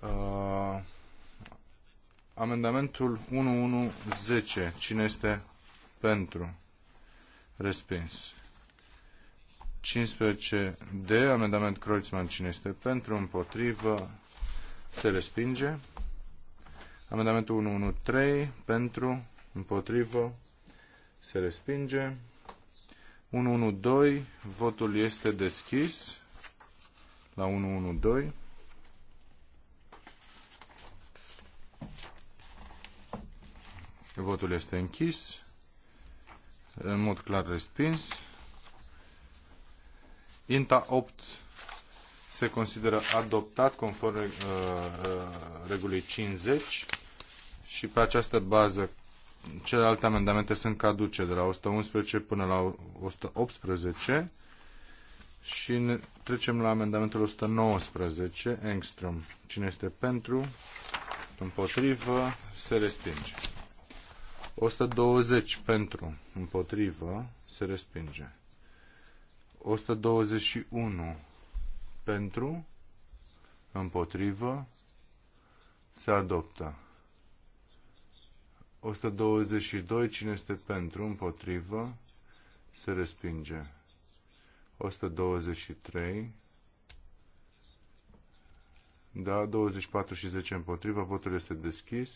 Uh, amendamentul 1110. Cine este pentru? Respins. 15D, amendament Kreuzmann, cine este pentru, împotrivă, se respinge. Amendamentul 113, pentru, împotrivă, se respinge. 112, votul este deschis la 112. Votul este închis. În mod clar respins. INTA 8 se consideră adoptat conform uh, uh, regulii 50 și pe această bază celelalte amendamente sunt caduce de la 111 până la 118 și trecem la amendamentul 119, Engstrom. Cine este pentru? Împotrivă? Se respinge. 120 pentru, împotrivă, se respinge. 121 pentru, împotrivă, se adoptă. 122, cine este pentru, împotrivă, se respinge. 123, da, 24 și 10 împotrivă, votul este deschis.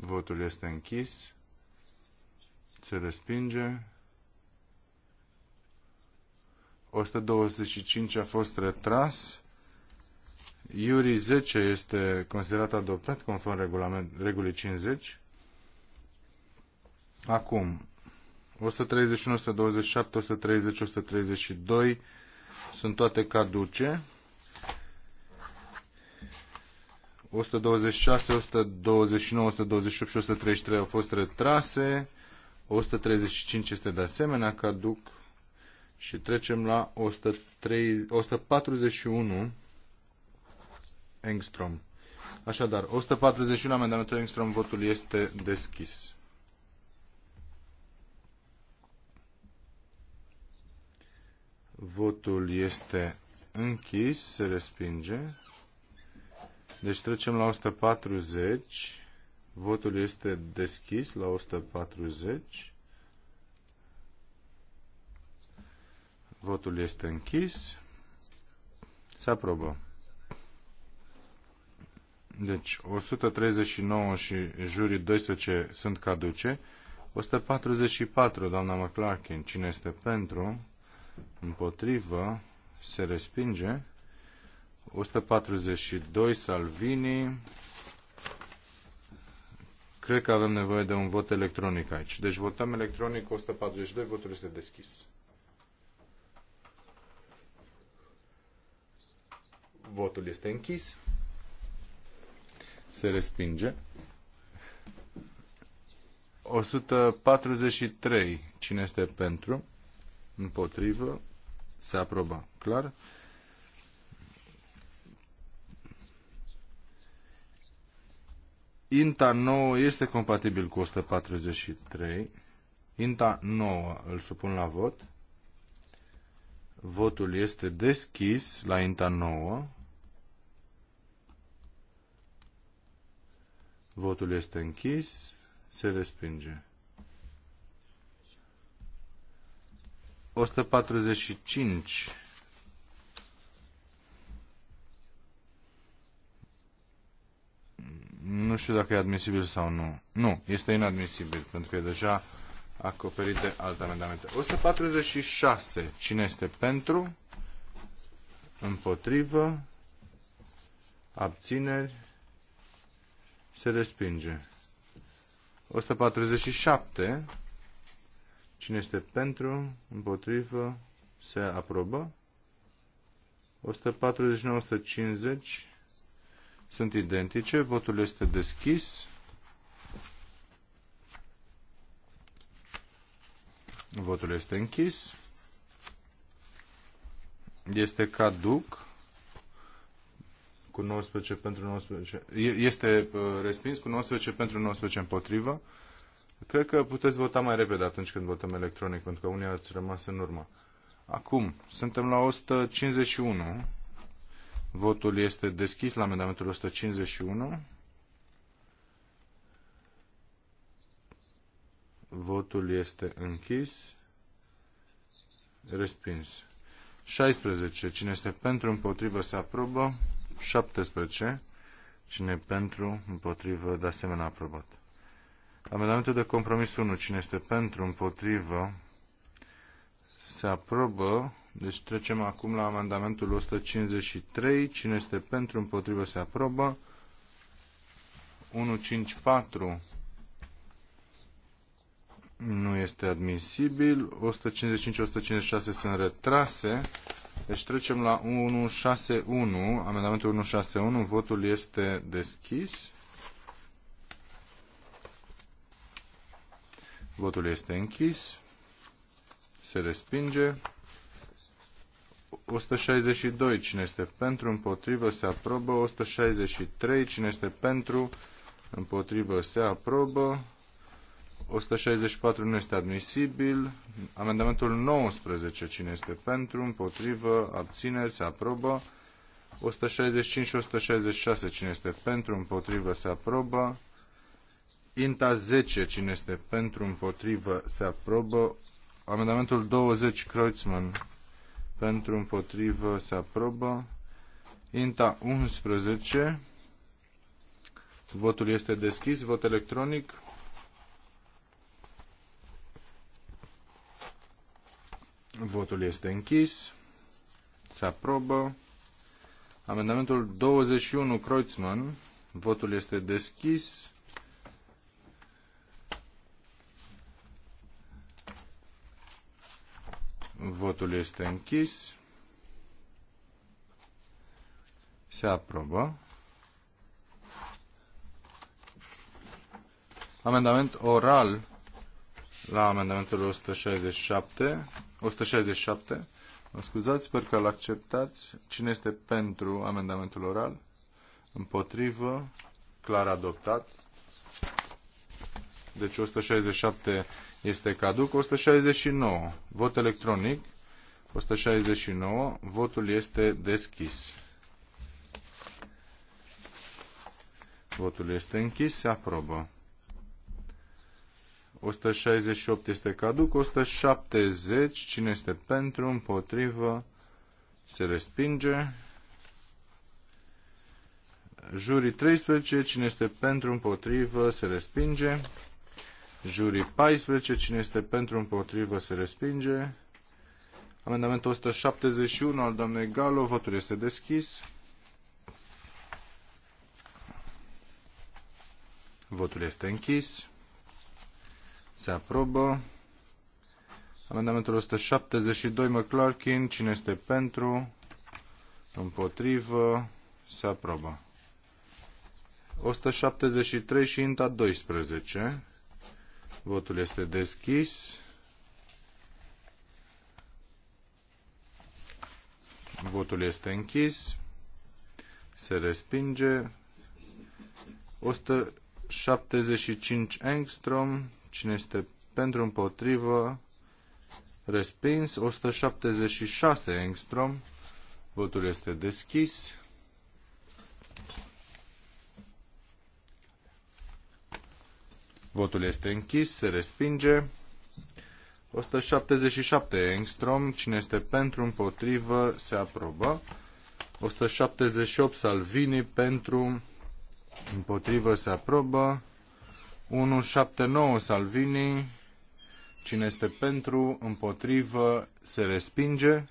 Votul este închis. Se respinge. 125 a fost retras. Iuri 10 este considerat adoptat conform regulament, regulii 50. Acum, 131, 127, 130, 132 sunt toate caduce. 126, 129, 128 și 133 au fost retrase. 135 este de asemenea caduc. Și trecem la 103, 141 Engstrom. Așadar, 141 amendamentul Engstrom, votul este deschis. Votul este închis, se respinge. Deci trecem la 140. Votul este deschis la 140. Votul este închis. Se aprobă. Deci 139 și jurii 12 sunt caduce. 144, doamna McClarkin, cine este pentru, împotrivă, se respinge. 142 Salvini. Cred că avem nevoie de un vot electronic aici. Deci votăm electronic 142, votul este deschis. Votul este închis. Se respinge. 143. Cine este pentru? Împotrivă? Se aprobă. Clar? INTA 9 este compatibil cu 143. INTA 9 îl supun la vot. Votul este deschis la INTA 9. Votul este închis. Se respinge. 145 Nu știu dacă e admisibil sau nu. Nu, este inadmisibil, pentru că e deja acoperit de alte amendamente. 146. Cine este pentru? Împotrivă? Abțineri? Se respinge. 147. Cine este pentru? Împotrivă? Se aprobă? 149-150 sunt identice. Votul este deschis. Votul este închis. Este caduc cu 19 pentru 19. Este uh, respins cu 19 pentru 19 împotrivă. Cred că puteți vota mai repede atunci când votăm electronic, pentru că unii ați rămas în urmă. Acum, suntem la 151. Votul este deschis la amendamentul 151. Votul este închis. Respins. 16. Cine este pentru, împotrivă, se aprobă. 17. Cine pentru, împotrivă, de asemenea aprobat. Amendamentul de compromis 1. Cine este pentru, împotrivă, se aprobă. Deci trecem acum la amendamentul 153. Cine este pentru, împotrivă, se aprobă. 154 nu este admisibil. 155-156 sunt retrase. Deci trecem la 161, amendamentul 161, votul este deschis. Votul este închis. Se respinge. 162. Cine este pentru? Împotrivă? Se aprobă. 163. Cine este pentru? Împotrivă? Se aprobă. 164 nu este admisibil. Amendamentul 19. Cine este pentru? Împotrivă? Abțineri? Se aprobă. 165 și 166. Cine este pentru? Împotrivă? Se aprobă. Inta 10. Cine este pentru? Împotrivă? Se aprobă. Amendamentul 20. Kreutzmann pentru împotrivă se aprobă. INTA 11. Votul este deschis, vot electronic. Votul este închis. Se aprobă. Amendamentul 21 Kreutzmann. Votul este deschis. Votul este închis. Se aprobă. Amendament oral la amendamentul 167. 167. Mă scuzați, sper că îl acceptați. Cine este pentru amendamentul oral? Împotrivă. Clar adoptat. Deci 167 este caduc. 169. Vot electronic. 169. Votul este deschis. Votul este închis. Se aprobă. 168 este caduc. 170. Cine este pentru? Împotrivă? Se respinge. Jurii 13. Cine este pentru? Împotrivă? Se respinge. Jurii 14, cine este pentru, împotrivă, se respinge. Amendamentul 171 al doamnei Galo, votul este deschis. Votul este închis. Se aprobă. Amendamentul 172, McClarkin, cine este pentru, împotrivă, se aprobă. 173 și INTA 12. Votul este deschis. Votul este închis. Se respinge. 175 angstrom. Cine este pentru împotrivă? Respins. 176 angstrom. Votul este deschis. Votul este închis, se respinge. 177 Engstrom, cine este pentru, împotrivă, se aprobă. 178 Salvini, pentru, împotrivă, se aprobă. 179 Salvini, cine este pentru, împotrivă, se respinge.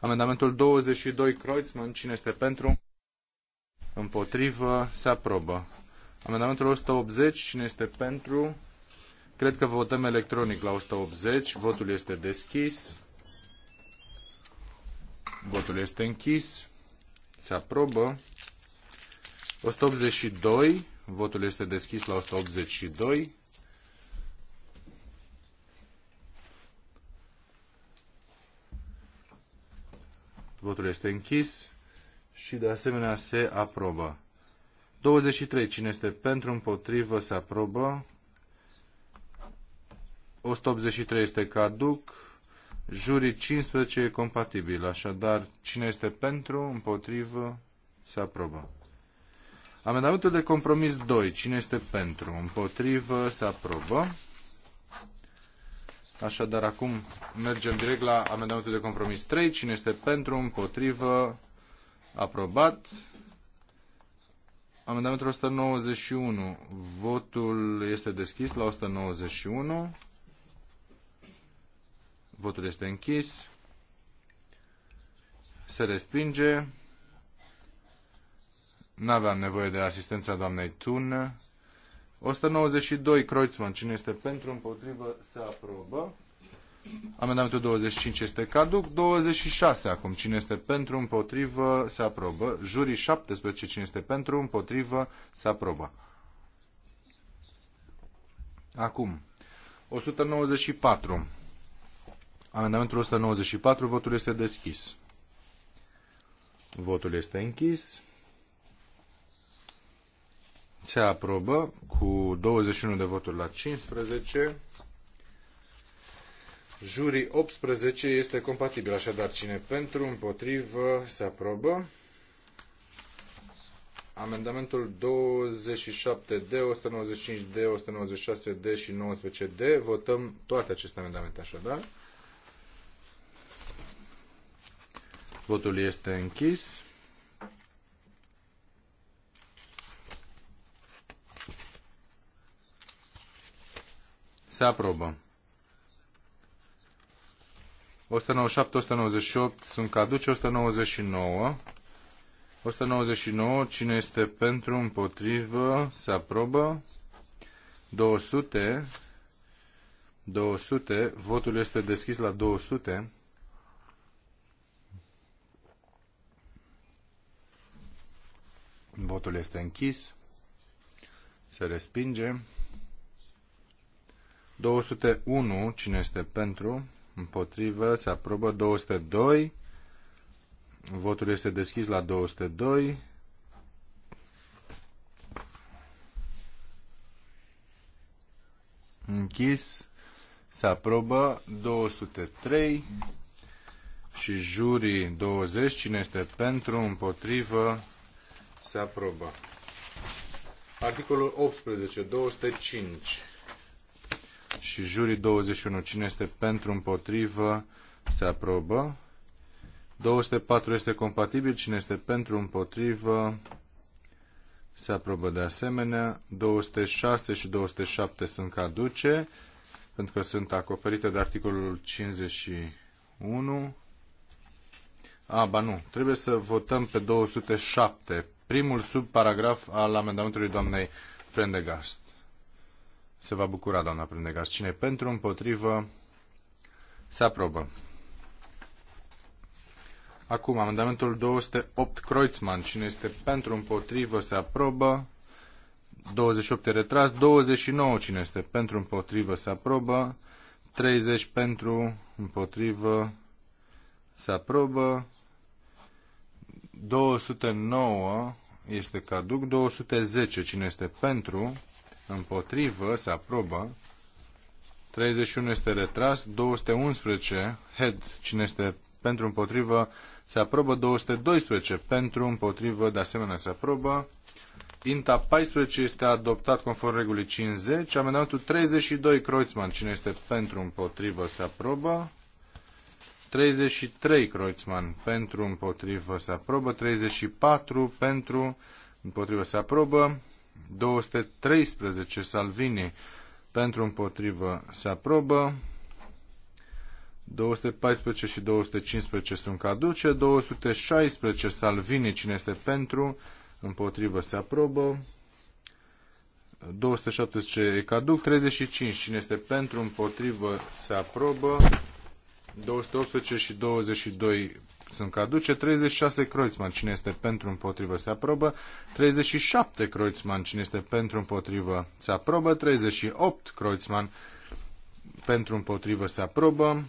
Amendamentul 22 Kreuzmann, cine este pentru, împotrivă, se aprobă. Amendamentul 180, cine este pentru? Cred că votăm electronic la 180. Votul este deschis. Votul este închis. Se aprobă. 182. Votul este deschis la 182. Votul este închis și de asemenea se aprobă. 23. Cine este pentru, împotrivă, se aprobă. 183 este caduc. Jurii 15 e compatibil. Așadar, cine este pentru, împotrivă, se aprobă. Amendamentul de compromis 2. Cine este pentru? Împotrivă? Se aprobă. Așadar, acum mergem direct la amendamentul de compromis 3. Cine este pentru? Împotrivă? Aprobat. Amendamentul 191. Votul este deschis la 191. Votul este închis. Se respinge. N-aveam nevoie de asistența doamnei Tun. 192. Kreutzmann. Cine este pentru, împotrivă, se aprobă. Amendamentul 25 este caduc. 26 acum. Cine este pentru, împotrivă, se aprobă. Jurii 17. Cine este pentru, împotrivă, se aprobă. Acum. 194. Amendamentul 194. Votul este deschis. Votul este închis. Se aprobă cu 21 de voturi la 15. Jurii 18 este compatibil, așadar cine pentru, împotrivă, se aprobă. Amendamentul 27D, 195D, 196D și 19D. Votăm toate aceste amendamente așadar. Votul este închis. Se aprobă. 197, 198 sunt caduce, 199. 199, cine este pentru, împotrivă, se aprobă. 200, 200, votul este deschis la 200. Votul este închis. Se respinge. 201, cine este pentru? împotrivă, se aprobă 202. Votul este deschis la 202. Închis. Se aprobă 203 și jurii 20. Cine este pentru, împotrivă, se aprobă. Articolul 18, 205 și jurii 21. Cine este pentru, împotrivă, se aprobă. 204 este compatibil. Cine este pentru, împotrivă, se aprobă de asemenea. 206 și 207 sunt caduce, pentru că sunt acoperite de articolul 51. A, ba nu. Trebuie să votăm pe 207, primul subparagraf al amendamentului doamnei Prendegast se va bucura doamna Prendegas. Cine pentru, împotrivă, se aprobă. Acum, amendamentul 208 Kreutzmann. Cine este pentru, împotrivă, se aprobă. 28 e retras. 29. Cine este pentru, împotrivă, se aprobă. 30 pentru, împotrivă, se aprobă. 209 este caduc. 210. Cine este pentru, împotrivă, se aprobă. 31 este retras, 211, head, cine este pentru împotrivă, se aprobă, 212 pentru împotrivă, de asemenea se aprobă. Inta 14 este adoptat conform regulii 50. Amendamentul 32, Kreutzmann, cine este pentru împotrivă, se aprobă. 33, Kreutzmann, pentru împotrivă, se aprobă. 34, pentru împotrivă, se aprobă. 213 Salvini pentru împotrivă se aprobă. 214 și 215 sunt caduce. 216 Salvini cine este pentru împotrivă se aprobă. 217 e caduc. 35 cine este pentru împotrivă se aprobă. 218 și 22 sunt caduce. 36 Kreuzmann, cine este pentru împotrivă, se aprobă. 37 Kreuzmann, cine este pentru împotrivă, se aprobă. 38 Kreuzmann, pentru împotrivă, se aprobă.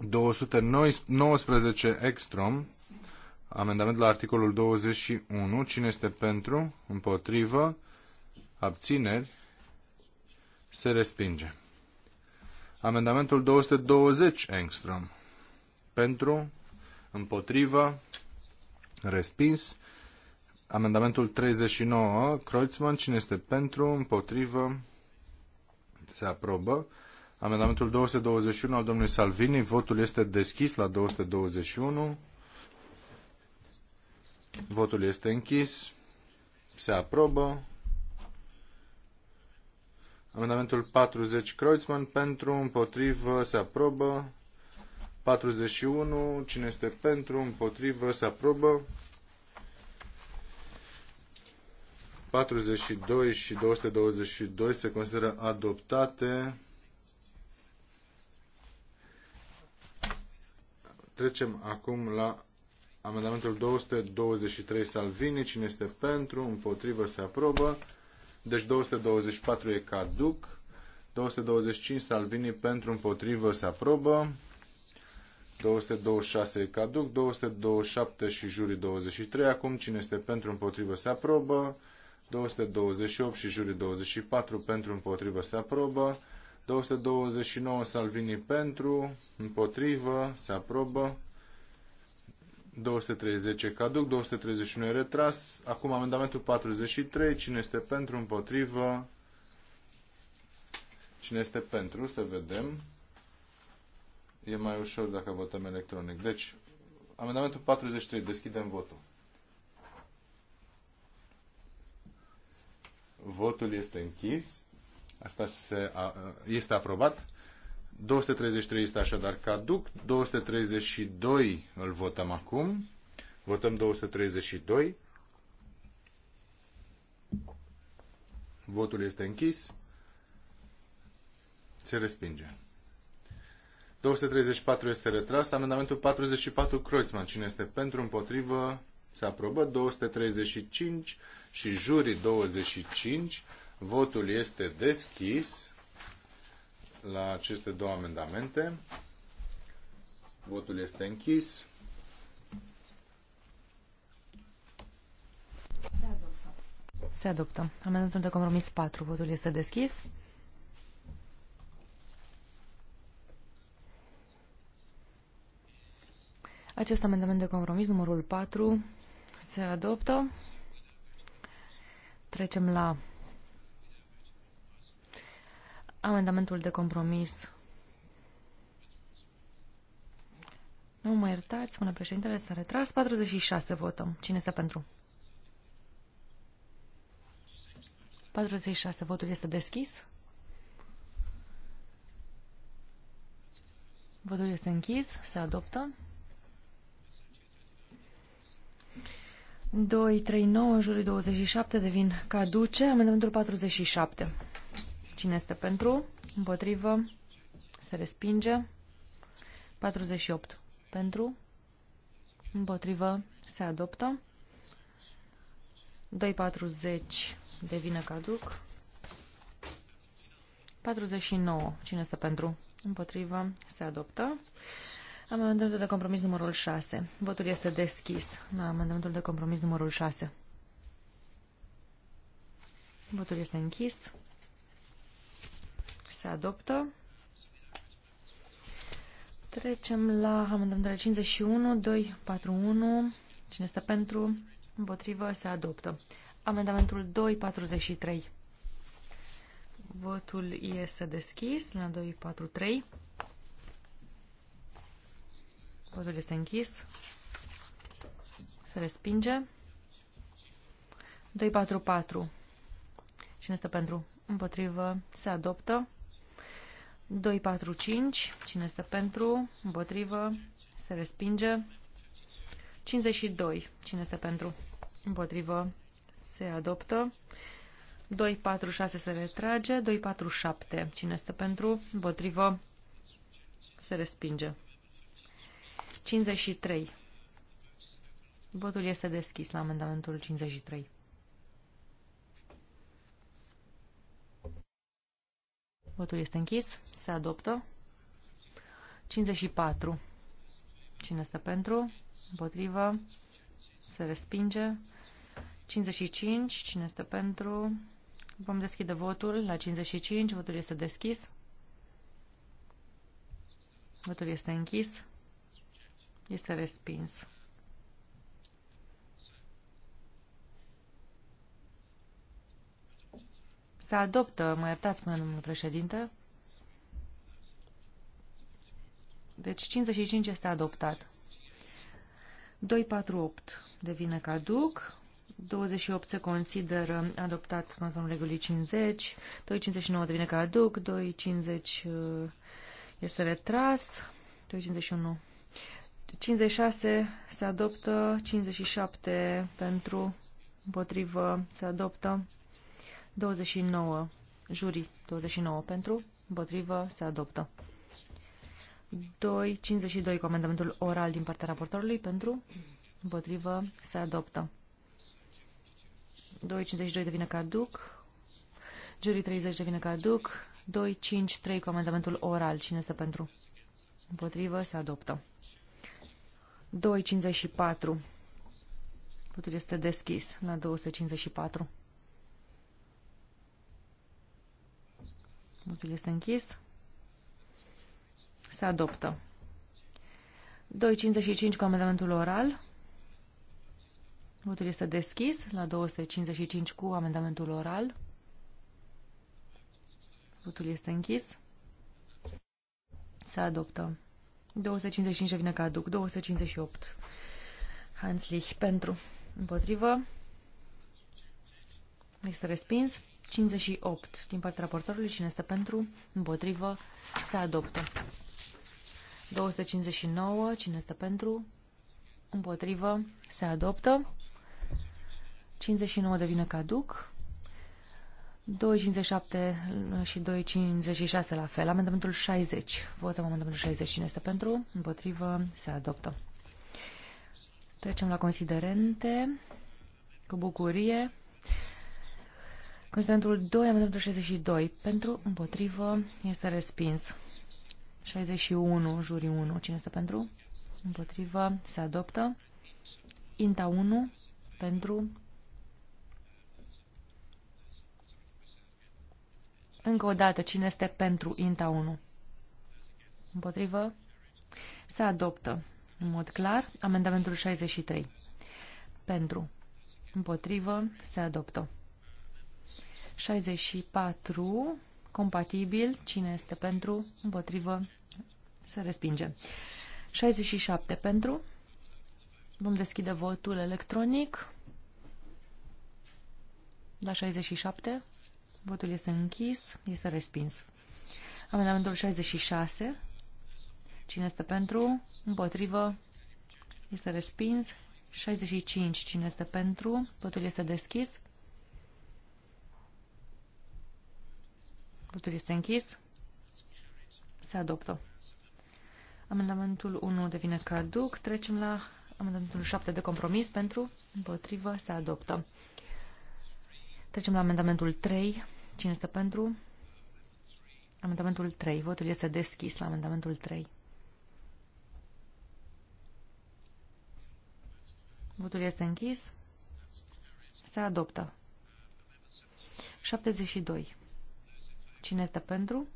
219 Ekstrom, amendament la articolul 21, cine este pentru, împotrivă, abțineri, se respinge. Amendamentul 220 Engstrom, pentru, împotrivă, respins. Amendamentul 39, Kreutzmann, cine este pentru, împotrivă, se aprobă. Amendamentul 221 al domnului Salvini, votul este deschis la 221. Votul este închis. Se aprobă. Amendamentul 40 Kreutzmann pentru, împotrivă, se aprobă. 41. Cine este pentru, împotrivă, se aprobă. 42 și 222 se consideră adoptate. Trecem acum la amendamentul 223 Salvini. Cine este pentru, împotrivă, se aprobă. Deci 224 e caduc. 225 Salvini pentru, împotrivă, se aprobă. 226 caduc, 227 și jurii 23 acum, cine este pentru împotrivă se aprobă, 228 și jurii 24 pentru împotrivă se aprobă, 229 Salvini pentru, împotrivă, se aprobă, 230 caduc, 231 e retras, acum amendamentul 43, cine este pentru, împotrivă, cine este pentru, să vedem e mai ușor dacă votăm electronic. Deci, amendamentul 43, deschidem votul. Votul este închis. Asta se, a, este aprobat. 233 este așadar caduc. 232 îl votăm acum. Votăm 232. Votul este închis. Se respinge. 234 este retras. Amendamentul 44, Kreuzmann. Cine este pentru, împotrivă, se aprobă. 235 și jurii 25. Votul este deschis la aceste două amendamente. Votul este închis. Se adoptă. Se adoptă. Amendamentul de compromis 4. Votul este deschis. Acest amendament de compromis, numărul 4, se adoptă. Trecem la amendamentul de compromis. Nu mă iertați, spune președintele, s-a retras. 46 votăm. Cine este pentru? 46. Votul este deschis. Votul este închis. Se adoptă. 2, 3, 9, juriul 27 devin caduce. Amendamentul 47. Cine este pentru? Împotrivă? Se respinge. 48. Pentru? Împotrivă? Se adoptă. 2, 40 devine caduc. 49. Cine este pentru? Împotrivă? Se adoptă. Amendamentul de compromis numărul 6. Votul este deschis la amendamentul de compromis numărul 6. Votul este închis. Se adoptă. Trecem la amendamentele 51, 2, 4, 1. Cine este pentru? Împotrivă? Se adoptă. Amendamentul 2, 43. Votul este deschis la 2, 4, 3. Votul este închis. Se respinge. 244. Cine este pentru? Împotrivă. Se adoptă. 245. Cine este pentru? Împotrivă. Se respinge. 52. Cine este pentru? Împotrivă. Se adoptă. 246 se retrage. 247. Cine este pentru? Împotrivă. Se respinge. 53. Votul este deschis la amendamentul 53. Votul este închis. Se adoptă. 54. Cine este pentru? Împotrivă. Se respinge. 55. Cine este pentru? Vom deschide votul la 55. Votul este deschis. Votul este închis. Este respins. Se adoptă, mă iertați, spune domnul președinte. Deci 55 este adoptat. 248 devine caduc. 28 se consideră adoptat conform regulii 50. 259 devine caduc. 250 uh, este retras. 251 56 se adoptă, 57 pentru, împotrivă se adoptă, 29 juri, 29 pentru, împotrivă se adoptă. 2, 52 comandamentul oral din partea raportorului pentru, împotrivă se adoptă. 2.52 devine caduc, juri 30 devine caduc, 2.53 comandamentul oral, cine este pentru? Împotrivă se adoptă. 254. Votul este deschis la 254. Votul este închis. Se adoptă. 255 cu amendamentul oral. Votul este deschis la 255 cu amendamentul oral. Votul este închis. Se adoptă. 255 devine caduc. 258. Hanslich pentru. Împotrivă. Este respins. 58 din partea raportorului. Cine este pentru? Împotrivă. Se adoptă. 259. Cine este pentru? Împotrivă. Se adoptă. 59 devine caduc. 2,57 și 2,56 la fel. Amendamentul 60. Votăm amendamentul 60. Cine este pentru? Împotrivă? Se adoptă. Trecem la considerente. Cu bucurie. Considerentul 2, amendamentul 62. Pentru? Împotrivă? Este respins. 61, jurii 1. Cine este pentru? Împotrivă? Se adoptă. Inta 1. Pentru? Încă o dată, cine este pentru INTA 1? Împotrivă? Se adoptă în mod clar amendamentul 63. Pentru. Împotrivă? Se adoptă. 64. Compatibil. Cine este pentru? Împotrivă? Se respinge. 67 pentru. Vom deschide votul electronic. La 67. Votul este închis. Este respins. Amendamentul 66. Cine este pentru? Împotrivă? Este respins. 65. Cine este pentru? Votul este deschis. Votul este închis. Se adoptă. Amendamentul 1 devine caduc. Trecem la amendamentul 7 de compromis pentru, împotrivă, se adoptă. Trecem la amendamentul 3 Cine este pentru? Amendamentul 3. Votul este deschis la amendamentul 3. Votul este închis. Se adoptă. 72. Cine este pentru?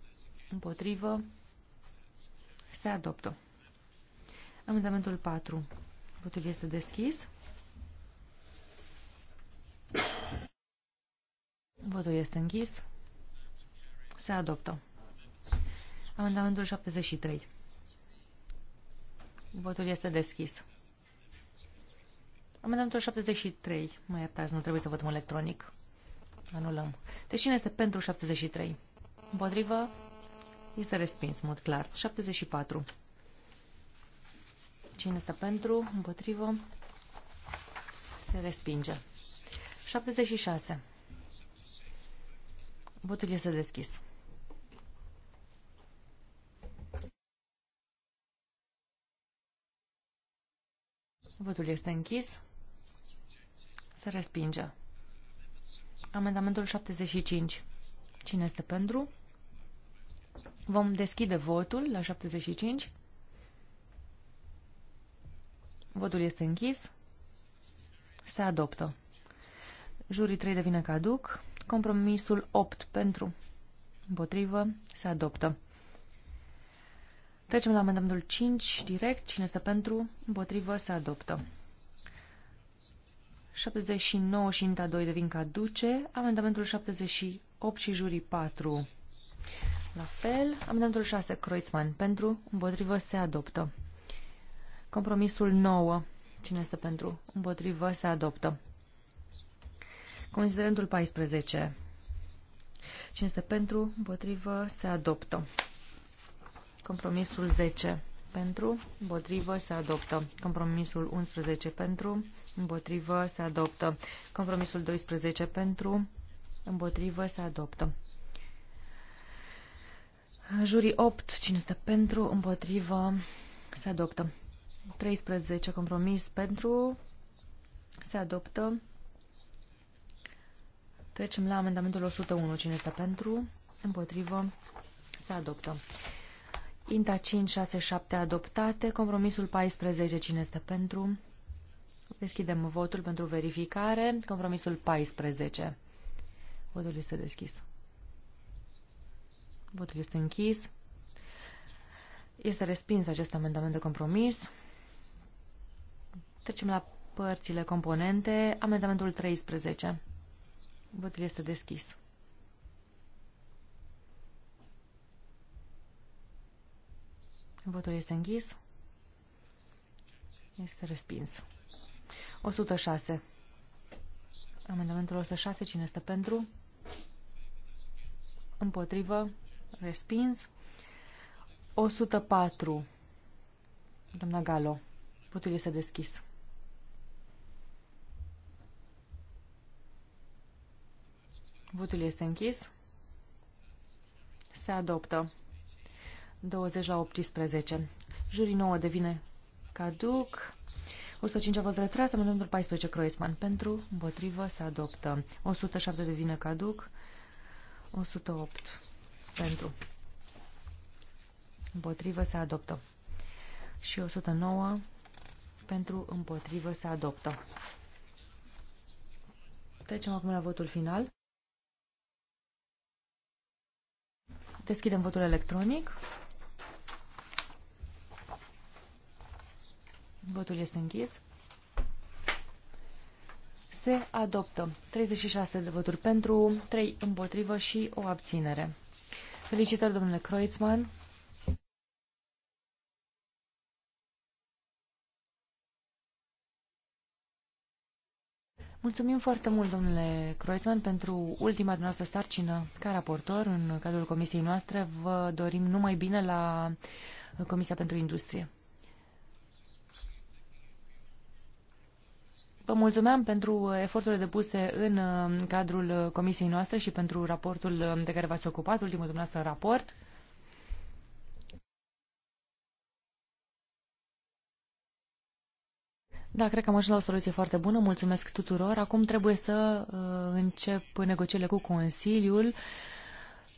Împotrivă? Se adoptă. Amendamentul 4. Votul este deschis. Votul este închis. Se adoptă. Amendamentul 73. Votul este deschis. Amendamentul 73. Mă iertați, nu trebuie să votăm electronic. Anulăm. Deci cine este pentru 73? Împotrivă? Este respins, în mod clar. 74. Cine este pentru? Împotrivă? Se respinge. 76. Votul este deschis. Votul este închis. Se respinge. Amendamentul 75. Cine este pentru? Vom deschide votul la 75. Votul este închis. Se adoptă. Jurii 3 devine caduc. Compromisul 8 pentru. Împotrivă. Se adoptă. Trecem la amendamentul 5, direct. Cine este pentru? Împotrivă. Se adoptă. 79 și INTA 2 devin caduce. Amendamentul 78 și jurii 4. La fel, amendamentul 6, Kreuzmann. pentru, împotrivă, se adoptă. Compromisul 9, cine este pentru, împotrivă, se adoptă. Considerentul 14. Cine este pentru, împotrivă, se adoptă. Compromisul 10. Pentru, împotrivă, se adoptă. Compromisul 11. Pentru, împotrivă, se adoptă. Compromisul 12. Pentru, împotrivă, se adoptă. Jurii 8. Cine este pentru, împotrivă, se adoptă. 13. Compromis pentru, se adoptă. Trecem la amendamentul 101. Cine este pentru? Împotrivă? Se adoptă. Inta 5, 6, 7 adoptate. Compromisul 14. Cine este pentru? Deschidem votul pentru verificare. Compromisul 14. Votul este deschis. Votul este închis. Este respins acest amendament de compromis. Trecem la părțile componente. Amendamentul 13. Votul este deschis. Votul este închis. Este respins. 106. Amendamentul 106. Cine este pentru? Împotrivă. Respins. 104. Doamna Galo. Votul este deschis. Votul este închis. Se adoptă. 20 la 18. Jurii 9 devine caduc. 105 a fost retras, amendamentul 14 Croisman pentru, împotrivă, se adoptă. 107 devine caduc, 108 pentru, împotrivă, se adoptă. Și 109 pentru, împotrivă, se adoptă. Trecem acum la votul final. Deschidem votul electronic. Votul este închis. Se adoptă 36 de voturi pentru, 3 împotrivă și o abținere. Felicitări, domnule Kreuzmann. Mulțumim foarte mult, domnule Croițman, pentru ultima dumneavoastră sarcină ca raportor în cadrul comisiei noastre. Vă dorim numai bine la Comisia pentru Industrie. Vă mulțumeam pentru eforturile depuse în uh, cadrul uh, comisiei noastre și pentru raportul uh, de care v-ați ocupat, ultimul dumneavoastră raport. Da, cred că am ajuns la o soluție foarte bună. Mulțumesc tuturor. Acum trebuie să uh, încep negocierile cu Consiliul.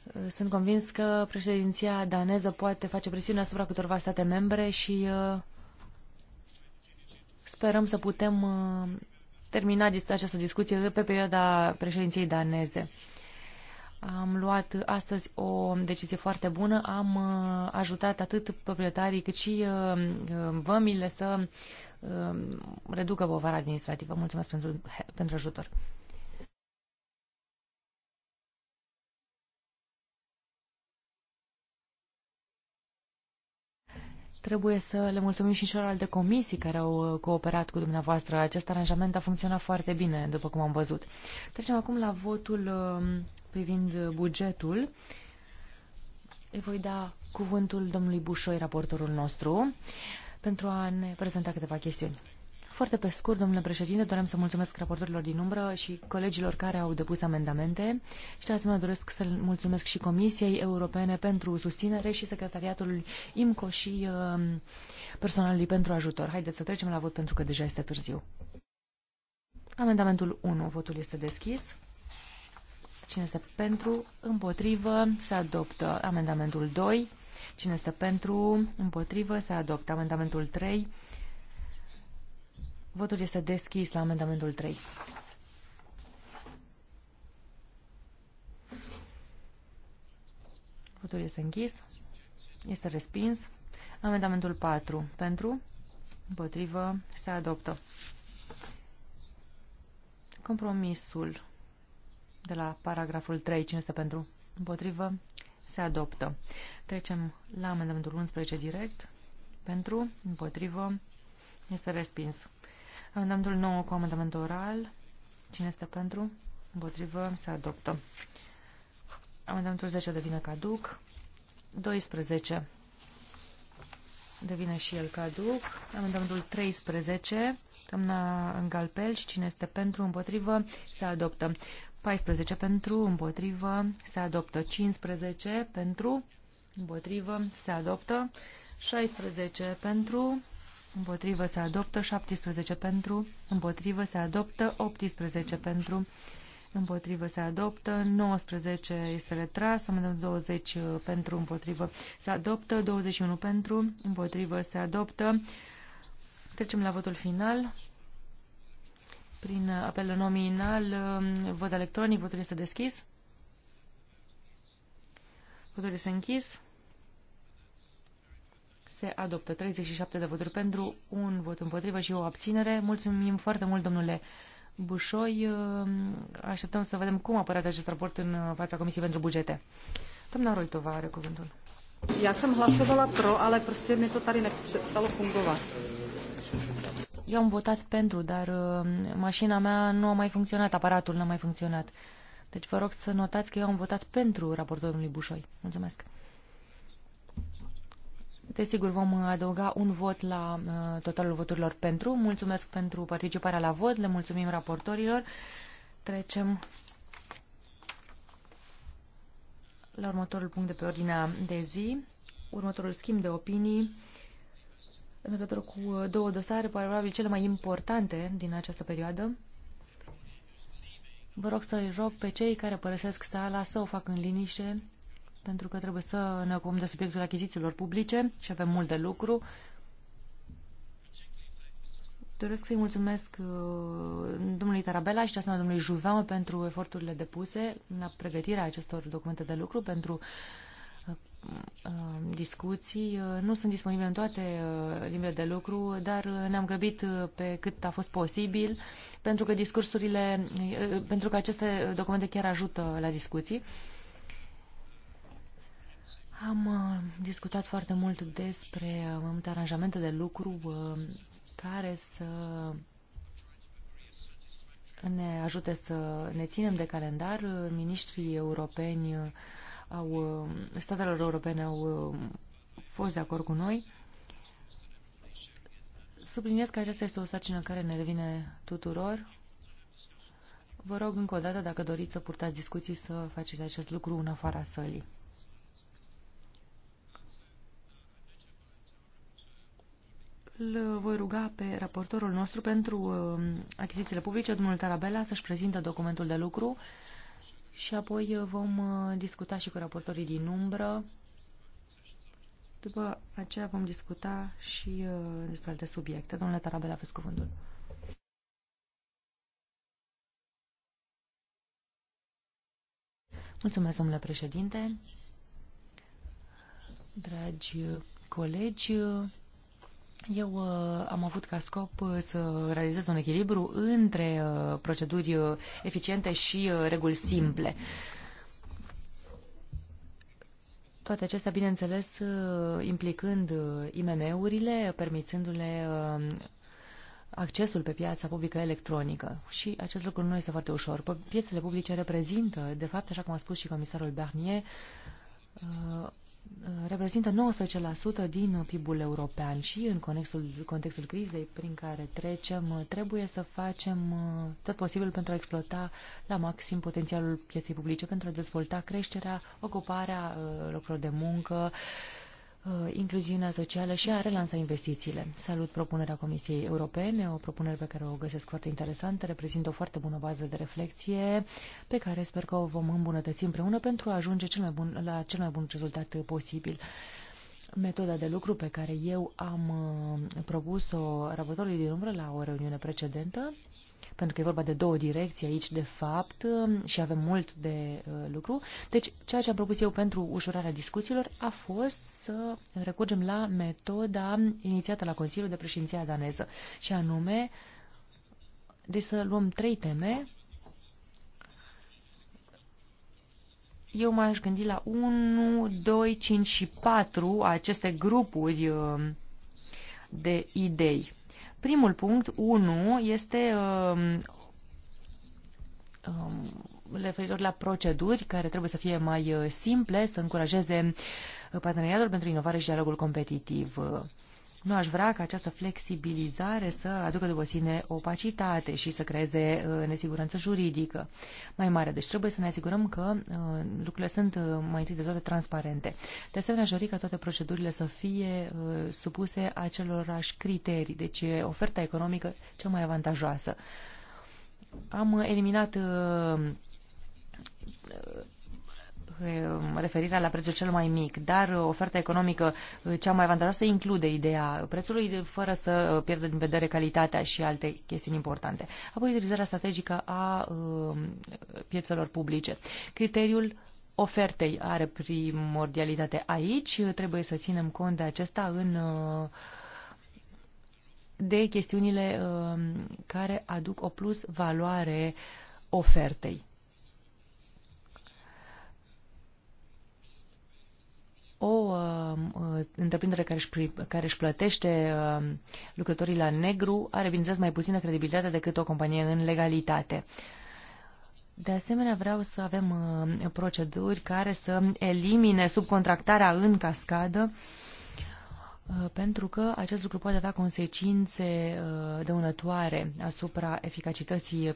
Uh, sunt convins că președinția daneză poate face presiune asupra câtorva state membre și uh, sperăm să putem termina această discuție pe perioada președinției daneze. Am luat astăzi o decizie foarte bună. Am ajutat atât proprietarii cât și vămile să Um, reducă povara administrativă. Mulțumesc pentru, pentru ajutor. Trebuie să le mulțumim și celorlalte comisii care au uh, cooperat cu dumneavoastră. Acest aranjament a funcționat foarte bine, după cum am văzut. Trecem acum la votul um, privind bugetul. Îi voi da cuvântul domnului Bușoi, raportorul nostru pentru a ne prezenta câteva chestiuni. Foarte pe scurt, domnule președinte, dorem să mulțumesc raportorilor din umbră și colegilor care au depus amendamente și de asemenea doresc să mulțumesc și Comisiei Europene pentru susținere și Secretariatului IMCO și uh, personalului pentru ajutor. Haideți să trecem la vot pentru că deja este târziu. Amendamentul 1. Votul este deschis. Cine este pentru? Împotrivă? Se adoptă. Amendamentul 2. Cine este pentru? Împotrivă? Se adoptă. Amendamentul 3. Votul este deschis la amendamentul 3. Votul este închis. Este respins. Amendamentul 4. Pentru? Împotrivă? Se adoptă. Compromisul de la paragraful 3. Cine este pentru? Împotrivă? Se adoptă. Trecem la amendamentul 11 direct. Pentru, împotrivă, este respins. Amendamentul 9 cu amendament oral. Cine este pentru? Împotrivă, se adoptă. Amendamentul 10 devine caduc. 12 devine și el caduc. Amendamentul 13, doamna în Galpel și cine este pentru, împotrivă, se adoptă. 14 pentru, împotrivă, se adoptă. 15 pentru, împotrivă, se adoptă. 16 pentru, împotrivă, se adoptă. 17 pentru, împotrivă, se adoptă. 18 pentru, împotrivă, se adoptă. 19 este retras, amendamentul 20 pentru, împotrivă, se adoptă. 21 pentru, împotrivă, se adoptă. Trecem la votul final. Prin apel nominal, vot electronic, votul este deschis. Votul este închis se adoptă. 37 de voturi pentru, un vot împotrivă și o abținere. Mulțumim foarte mult, domnule Bușoi. Uh, așteptăm să vedem cum apărează acest raport în fața Comisiei pentru Bugete. Doamna Roitova are cuvântul. Já jsem hlasovala pro, ale prostě mi to tady nepřestalo fungovat. Eu am votat pentru, dar uh, mașina mea nu a mai funcționat, aparatul nu a mai funcționat. Deci vă rog să notați că eu am votat pentru raportul domnului Bușoi. Mulțumesc. Desigur, vom adăuga un vot la uh, totalul voturilor pentru. Mulțumesc pentru participarea la vot, le mulțumim raportorilor. Trecem la următorul punct de pe ordinea de zi, următorul schimb de opinii în legătură cu două dosare, probabil cele mai importante din această perioadă. Vă rog să-i rog pe cei care părăsesc sala să o facă în liniște pentru că trebuie să ne ocupăm de subiectul achizițiilor publice și avem mult de lucru. Doresc să-i mulțumesc uh, domnului Tarabela și de domnului Juveam pentru eforturile depuse la pregătirea acestor documente de lucru, pentru uh, uh, discuții. Nu sunt disponibile în toate limbile de lucru, dar ne-am grăbit pe cât a fost posibil, pentru că discursurile, pentru că aceste documente chiar ajută la discuții. Am uh, discutat foarte mult despre mai uh, multe aranjamente de lucru uh, care să ne ajute să ne ținem de calendar. Ministrii europeni au, statelor europene au fost de acord cu noi. Subliniez că aceasta este o sarcină care ne revine tuturor. Vă rog încă o dată, dacă doriți să purtați discuții, să faceți acest lucru în afara sălii. Îl voi ruga pe raportorul nostru pentru um, achizițiile publice, domnul Tarabella, să-și prezintă documentul de lucru și apoi uh, vom uh, discuta și cu raportorii din umbră. După aceea vom discuta și uh, despre alte subiecte. Domnule Tarabella, aveți cuvântul. Mulțumesc, domnule președinte. Dragi colegi, eu uh, am avut ca scop uh, să realizez un echilibru între uh, proceduri uh, eficiente și uh, reguli simple. Toate acestea, bineînțeles, uh, implicând uh, IMM-urile, permițându-le uh, accesul pe piața publică electronică. Și acest lucru nu este foarte ușor. Piețele publice reprezintă, de fapt, așa cum a spus și comisarul Barnier, uh, reprezintă 19% din PIB-ul european și în contextul, contextul crizei prin care trecem, trebuie să facem uh, tot posibil pentru a exploata la maxim potențialul pieței publice, pentru a dezvolta creșterea, ocuparea uh, locurilor de muncă, Uh, incluziunea socială și a relansa investițiile. Salut propunerea Comisiei Europene, o propunere pe care o găsesc foarte interesantă, reprezintă o foarte bună bază de reflexie pe care sper că o vom îmbunătăți împreună pentru a ajunge cel mai bun, la cel mai bun rezultat posibil. Metoda de lucru pe care eu am uh, propus-o raportorului din umbră la o reuniune precedentă pentru că e vorba de două direcții aici, de fapt, um, și avem mult de uh, lucru. Deci, ceea ce am propus eu pentru ușurarea discuțiilor a fost să recurgem la metoda inițiată la Consiliul de Președinția daneză, și anume, deci să luăm trei teme eu m-aș gândi la 1, 2, 5 și 4 aceste grupuri um, de idei. Primul punct, 1, este um, um, referitor la proceduri care trebuie să fie mai uh, simple, să încurajeze uh, parteneriatul pentru inovare și dialogul competitiv. Nu aș vrea ca această flexibilizare să aducă după sine opacitate și să creeze uh, nesiguranță juridică mai mare. Deci trebuie să ne asigurăm că uh, lucrurile sunt uh, mai întâi de toate transparente. De asemenea, aș dori ca toate procedurile să fie supuse acelorași criterii, deci oferta economică cea mai avantajoasă. Am eliminat Eh, referirea la prețul cel mai mic, dar oferta economică eh, cea mai avantajoasă include ideea prețului fără să pierdă din vedere calitatea și alte chestiuni importante. Apoi utilizarea strategică a eh, piețelor publice. Criteriul ofertei are primordialitate aici, trebuie să ținem cont de acesta în de chestiunile care aduc o plus valoare ofertei. o um, uh, întreprindere care își, care își plătește uh, lucrătorii la negru are, bineînțeles, mai puțină credibilitate decât o companie în legalitate. De asemenea, vreau să avem uh, proceduri care să elimine subcontractarea în cascadă uh, Uh, pentru că acest lucru poate avea consecințe uh, dăunătoare asupra eficacității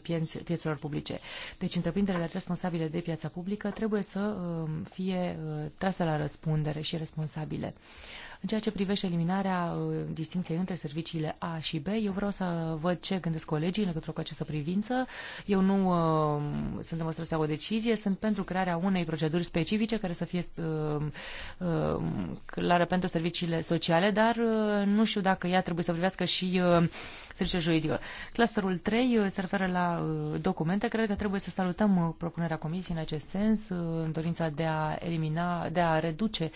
piețelor publice. Deci, întreprinderile responsabile de piața publică trebuie să uh, fie trase la răspundere și responsabile. În ceea ce privește eliminarea uh, distinției între serviciile A și B, eu vreau să văd ce gândesc colegii în legătură cu această privință. Eu nu uh, sunt în măsură să iau o decizie, sunt pentru crearea unei proceduri specifice care să fie uh, uh, clară pentru serviciile sociale, dar uh, nu știu dacă ea trebuie să privească și uh, serviciul juridică. Clusterul 3 uh, se referă la uh, documente. Cred că trebuie să salutăm propunerea Comisiei în acest sens, în dorința de a elimina, de a reduce uh,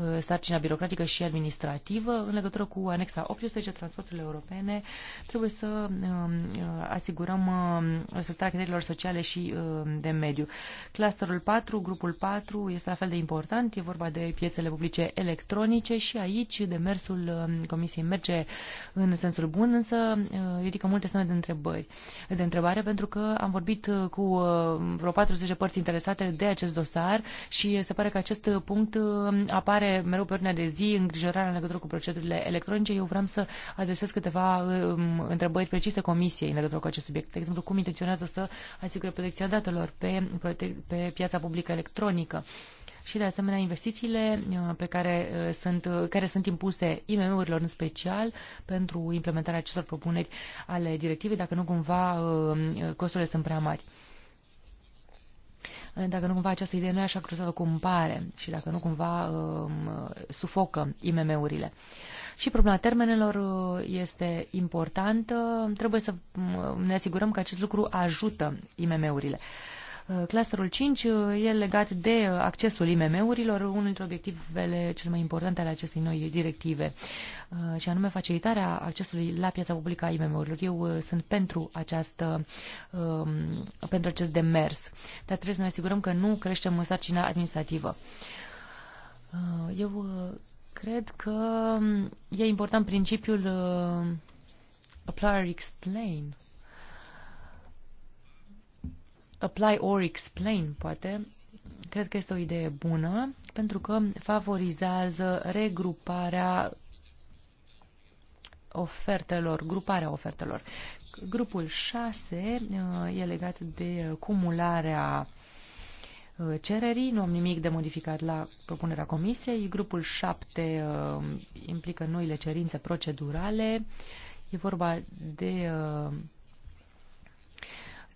Uh, sarcina birocratică și administrativă. În legătură cu anexa 18, transporturile europene, trebuie să um, uh, asigurăm uh, respectarea criteriilor sociale și de mediu. Clusterul 4, grupul 4, este la fel de important. E vorba de piețele publice electronice și aici demersul um, Comisiei merge în sensul bun, însă ridică multe semne de întrebări. De întrebare pentru că am vorbit cu vreo 40 de părți interesate de acest dosar și se pare că acest punct apare are mereu pe ordinea de zi îngrijorarea în legătură cu procedurile electronice, eu vreau să adresez câteva um, întrebări precise Comisiei în legătură cu acest subiect. De exemplu, cum intenționează să asigure protecția datelor pe, pe piața publică electronică? și de asemenea investițiile uh, pe care uh, sunt, uh, care sunt impuse IMM-urilor în special pentru implementarea acestor propuneri ale directivei, dacă nu cumva costurile sunt prea mari dacă nu cumva această idee nu e așa cruzată cum pare și dacă nu cumva um, sufocă IMM-urile. Și problema termenelor uh, este importantă. Trebuie să um, ne asigurăm că acest lucru ajută IMM-urile. Uh, clusterul 5 uh, e legat de uh, accesul IMM-urilor, unul dintre obiectivele cel mai importante ale acestei noi directive, și anume facilitarea accesului la piața publică a IMM-urilor. Eu sunt pentru, această, um, pentru acest demers, dar trebuie să ne asigurăm că nu creștem sarcina administrativă. Eu cred că um, e important principiul apply or explain apply or explain, poate, cred că este o idee bună, pentru că favorizează regruparea ofertelor, gruparea ofertelor. Grupul 6 uh, e legat de cumularea uh, cererii, nu am nimic de modificat la propunerea comisiei. Grupul 7 uh, implică noile cerințe procedurale. E vorba de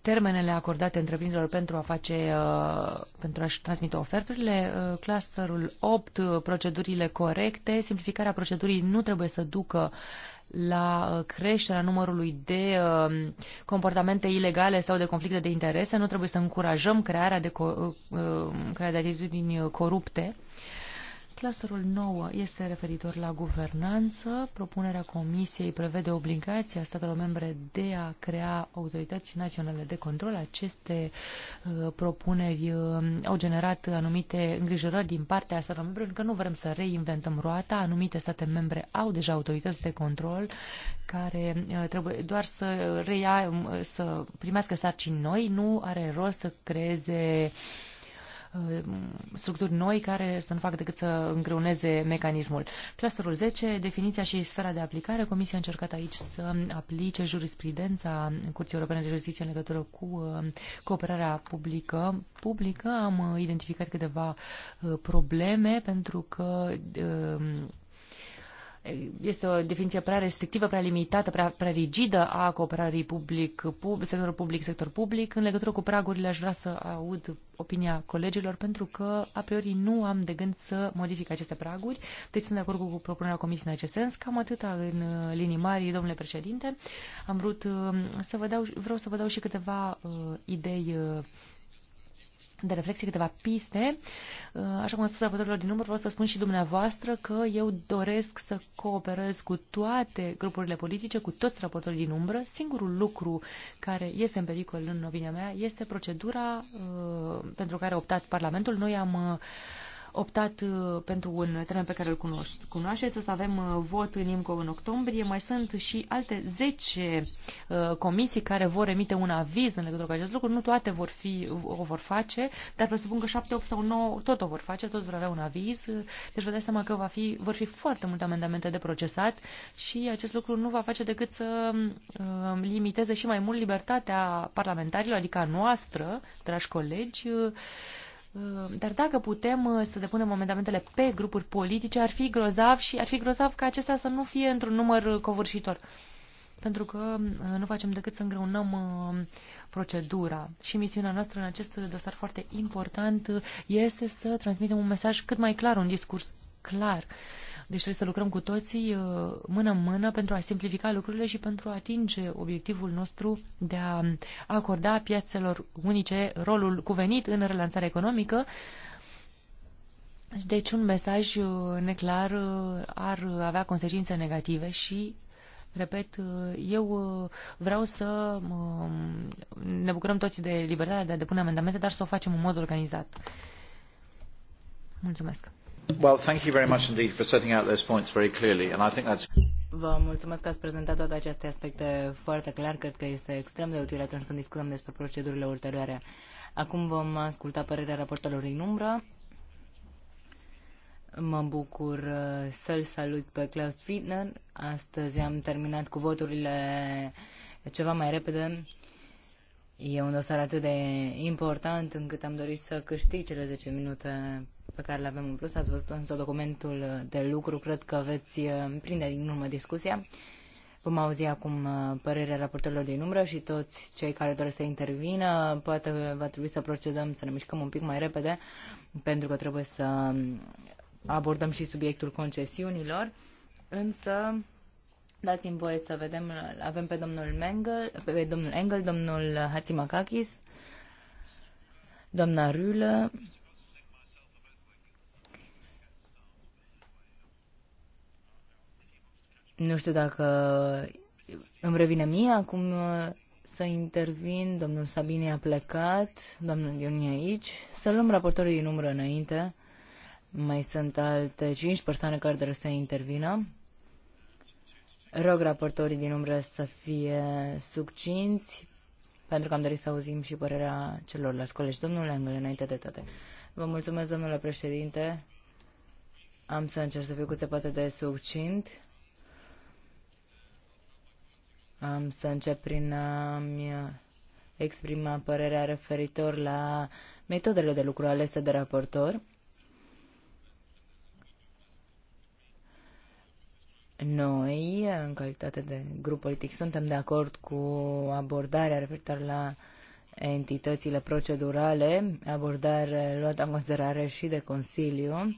termenele acordate întreprinderilor pentru a face, uh, pentru a-și transmite oferturile, uh, clusterul 8, uh, procedurile corecte, simplificarea procedurii nu trebuie să ducă la creșterea numărului de comportamente ilegale sau de conflicte de interese, nu trebuie să încurajăm crearea de, crearea de atitudini corupte. Uh, Clusterul 9 este referitor la guvernanță. Propunerea Comisiei prevede obligația statelor membre de a crea autorități naționale de control. Aceste uh, propuneri uh, au generat anumite îngrijorări din partea statelor membre, pentru că nu vrem să reinventăm roata. Anumite state membre au deja autorități de control care uh, trebuie doar să, reia, um, să primească sarcini noi. Nu are rost să creeze uh, Uh, structuri noi care să nu facă decât să îngreuneze mecanismul. Clusterul 10, definiția și sfera de aplicare. Comisia a încercat aici să aplice jurisprudența Curții Europene de Justiție în legătură cu uh, cooperarea publică. Publică am identificat câteva uh, probleme pentru că este o definiție prea restrictivă, prea limitată, prea, prea rigidă a cooperării public, pub, sector public, sector public. În legătură cu pragurile aș vrea să aud opinia colegilor, pentru că a priori nu am de gând să modific aceste praguri, deci sunt de acord cu propunerea comisiei în acest sens. Cam atâta în uh, linii mari, domnule președinte. Am vrut uh, să vă dau, vreau să vă dau și câteva uh, idei uh, de reflexie, câteva piste. Uh, așa cum am spus raportorilor din număr, vreau să spun și dumneavoastră că eu doresc să cooperez cu toate grupurile politice, cu toți raportorii din umbră. Singurul lucru care este în pericol, în opinia mea, este procedura uh, pentru care a optat Parlamentul. Noi am uh, optat uh, pentru un termen pe care îl cunoașteți. O să avem uh, vot în IMCO în octombrie. Mai sunt și alte 10 uh, comisii care vor emite un aviz în legătură cu acest lucru. Nu toate vor fi, o vor face, dar presupun că 7, 8 sau 9 tot o vor face, tot vor avea un aviz. Deci vă dați seama că va fi, vor fi foarte multe amendamente de procesat și acest lucru nu va face decât să limiteze și mai mult libertatea parlamentarilor, adică a noastră, dragi colegi, Ehm, dar dacă putem uh, să depunem amendamentele pe grupuri politice, ar fi grozav și ar fi grozav ca acestea să nu fie într-un număr uh, covârșitor. Pentru că uh, nu facem decât să îngreunăm procedura. Și misiunea noastră în acest dosar foarte important este să transmitem un mesaj cât mai clar, un discurs clar deci trebuie să lucrăm cu toții mână-mână uh, pentru a simplifica lucrurile și pentru a atinge obiectivul nostru de a acorda piațelor unice rolul cuvenit în relansarea economică. Deci un mesaj uh, neclar uh, ar avea consecințe negative și repet, eu vreau să ne bucurăm toți de libertatea de a depune amendamente, dar să o facem în mod organizat. Mulțumesc. Well, thank you very much indeed for setting out those points very clearly, and I think that's... Vă mulțumesc că ați prezentat toate aceste aspecte foarte clar. Cred că este extrem de util atunci când discutăm despre procedurile ulterioare. Acum vom asculta părerea raportelor din umbră. Mă bucur uh, să-l salut pe Klaus Fitner. Astăzi am terminat cu voturile ceva mai repede. E un dosar atât de important încât am dorit să câștig cele 10 minute pe care le avem în plus. Ați văzut însă documentul de lucru, cred că veți uh, prinde din urmă discuția. Vom auzi acum uh, părerea raportorilor din umbră și toți cei care doresc să intervină. Poate va trebui să procedăm, să ne mișcăm un pic mai repede, pentru că trebuie să um, abordăm și subiectul concesiunilor. Însă, dați-mi voie să vedem, avem pe domnul Mengel, pe domnul Engel, domnul Hatzimakakis, doamna Rulă, Nu știu dacă îmi revine mie acum uh, să intervin. Domnul Sabine a plecat, domnul Ioni aici. Să luăm raportorii din umbră înainte. Mai sunt alte cinci persoane care doresc să intervină. Rog raportorii din umbră să fie succinți, pentru că am dorit să auzim și părerea celorlalți colegi. Domnul Engel, înainte de toate. Vă mulțumesc, domnule președinte. Am să încerc să fiu cât se poate de succint. Am să încep prin a-mi exprima părerea referitor la metodele de lucru alese de raportor. Noi, în calitate de grup politic, suntem de acord cu abordarea referitor la entitățile procedurale, abordare luată în considerare și de Consiliu.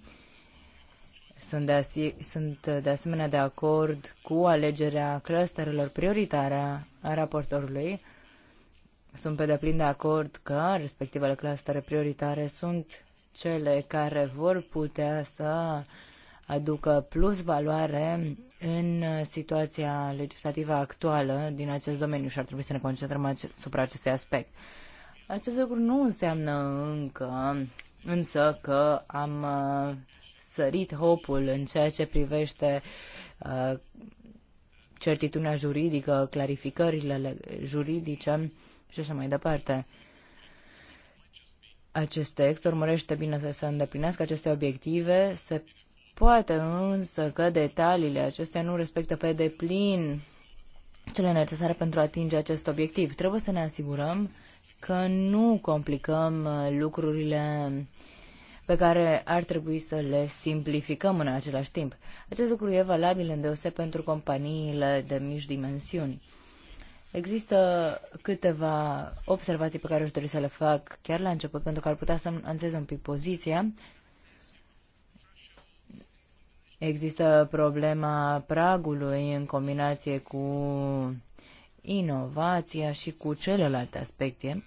Sunt de, sunt de asemenea de acord cu alegerea clusterelor prioritare a raportorului. Sunt pe deplin de acord că respectivele clustere prioritare sunt cele care vor putea să aducă plus valoare în situația legislativă actuală din acest domeniu și ar trebui să ne concentrăm asupra acestui aspect. Acest lucru nu înseamnă încă, însă că am uh, sărit hopul în ceea ce privește uh, certitudinea juridică, clarificările juridice și așa mai departe. Acest text urmărește bine să se îndeplinească aceste obiective, se poate însă că detaliile acestea nu respectă pe deplin cele necesare pentru a atinge acest obiectiv. Trebuie să ne asigurăm că nu complicăm uh, lucrurile uh, pe care ar trebui să le simplificăm în același timp. Acest lucru e valabil îndeoseb pentru companiile de mici dimensiuni. Există câteva observații pe care aș dori să le fac chiar la început, pentru că ar putea să anțez un pic poziția. Există problema pragului în combinație cu inovația și cu celelalte aspecte.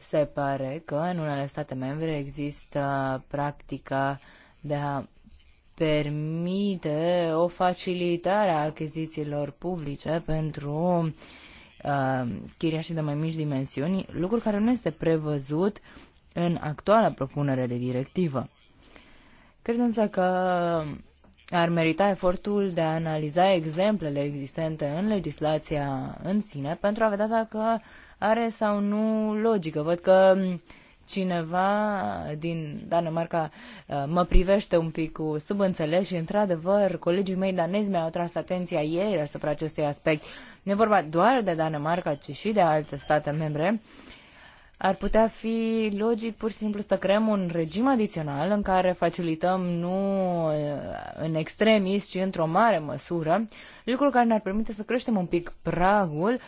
Se pare că în unele state membre există practica de a permite o facilitare a achizițiilor publice pentru uh, chiriașii de mai mici dimensiuni, lucru care nu este prevăzut în actuala propunere de directivă. Cred însă că ar merita efortul de a analiza exemplele existente în legislația în sine pentru a vedea dacă are sau nu logică. Văd că mm, cineva din Danemarca uh, mă privește un pic cu subînțeles și, într-adevăr, colegii mei danezi mi-au tras atenția ieri asupra acestui aspect. Nu vorba doar de Danemarca, ci și de alte state membre. Ar putea fi logic pur și simplu să creăm un regim adițional în care facilităm nu uh, în extremis, ci într-o mare măsură, lucru care ne-ar permite să creștem un pic pragul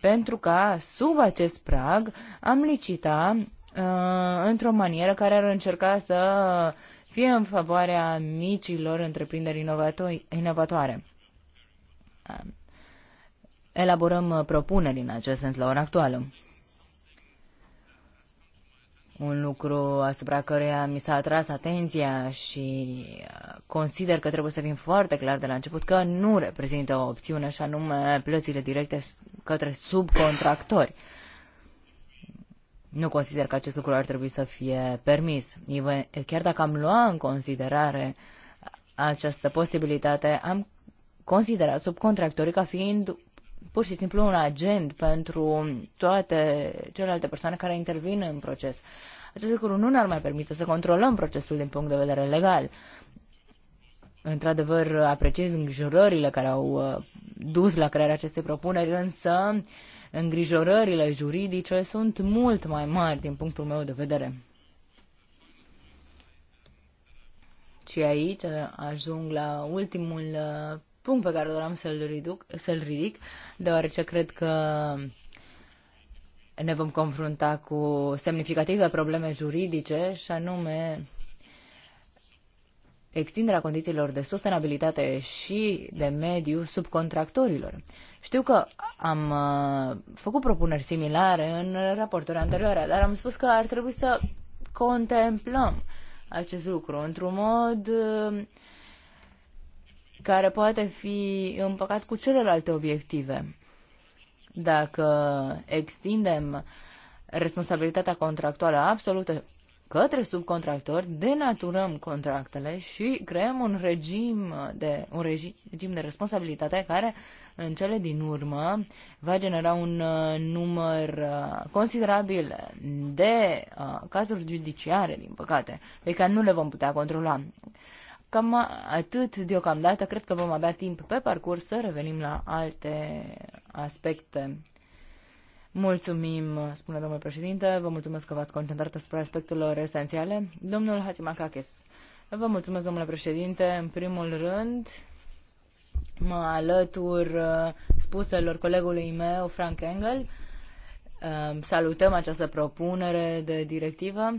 pentru ca sub acest prag am licita uh, într-o manieră care ar încerca să fie în favoarea micilor întreprinderi inovato- inovatoare. Elaborăm uh, propuneri în acest sens la ora actuală un lucru asupra căruia mi s-a atras atenția și uh, consider că trebuie să fim foarte clar de la început că nu reprezintă o opțiune și anume plățile directe către subcontractori. Nu consider că acest lucru ar trebui să fie permis. Chiar dacă am luat în considerare această posibilitate, am considerat subcontractorii ca fiind pur și simplu un agent pentru toate celelalte persoane care intervin în proces. Acest lucru nu ne-ar mai permite să controlăm procesul din punct de vedere legal. Într-adevăr, apreciez îngrijorările care au uh, dus la crearea acestei propuneri, însă îngrijorările juridice sunt mult mai mari din punctul meu de vedere. Și aici uh, ajung la ultimul uh, punct pe care doream să-l, ridic, să-l ridic, deoarece cred că ne vom confrunta cu semnificative probleme juridice și anume extinderea condițiilor de sustenabilitate și de mediu subcontractorilor. Știu că am uh, făcut propuneri similare în raporturile anterioare, dar am spus că ar trebui să contemplăm acest lucru într-un mod uh, care poate fi împăcat cu celelalte obiective. Dacă extindem responsabilitatea contractuală absolută către subcontractori, denaturăm contractele și creăm un regim de, un regim de responsabilitate care în cele din urmă va genera un uh, număr uh, considerabil de uh, cazuri judiciare, din păcate, pe care nu le vom putea controla. Cam atât deocamdată, cred că vom avea timp pe parcurs să revenim la alte aspecte. Mulțumim, spune domnul președinte, vă mulțumesc că v-ați concentrat asupra aspectelor esențiale. Domnul Hatsimakakis, vă mulțumesc, domnule președinte, în primul rând mă alătur uh, spuselor colegului meu, Frank Engel. Uh, salutăm această propunere de directivă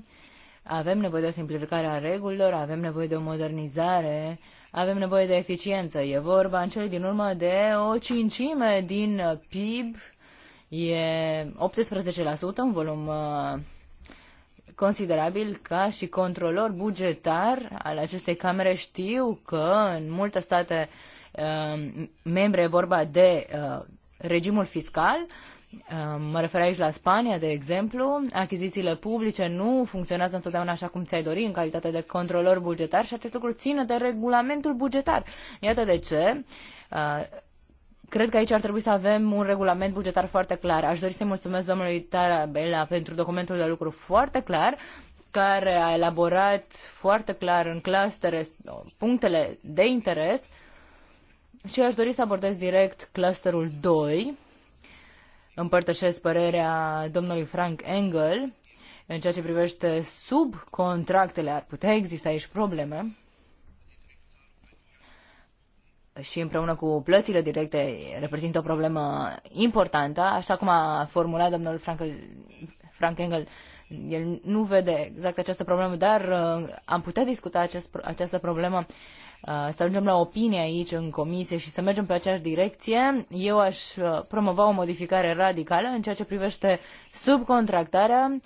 avem nevoie de o simplificare a regulilor, avem nevoie de o modernizare, avem nevoie de eficiență. E vorba în cele din urmă de o cincime din PIB, e 18% un volum uh, considerabil ca și controlor bugetar al acestei camere știu că în multe state uh, membre e vorba de uh, regimul fiscal, Mă refer aici la Spania, de exemplu. Achizițiile publice nu funcționează întotdeauna așa cum ți-ai dori în calitate de controlor bugetar și acest lucru ține de regulamentul bugetar. Iată de ce. Cred că aici ar trebui să avem un regulament bugetar foarte clar. Aș dori să-i mulțumesc domnului Tarabella pentru documentul de lucru foarte clar, care a elaborat foarte clar în clustere punctele de interes și aș dori să abordez direct clusterul 2, împărtășesc părerea domnului Frank Engel în ceea ce privește subcontractele. Ar putea exista aici probleme și împreună cu plățile directe reprezintă o problemă importantă, așa cum a formulat domnul Frank, Frank Engel. El nu vede exact această problemă, dar uh, am putea discuta acest, această problemă Uh, să ajungem la opinie aici în comisie și să mergem pe aceeași direcție, eu aș uh, promova o modificare radicală în ceea ce privește subcontractarea,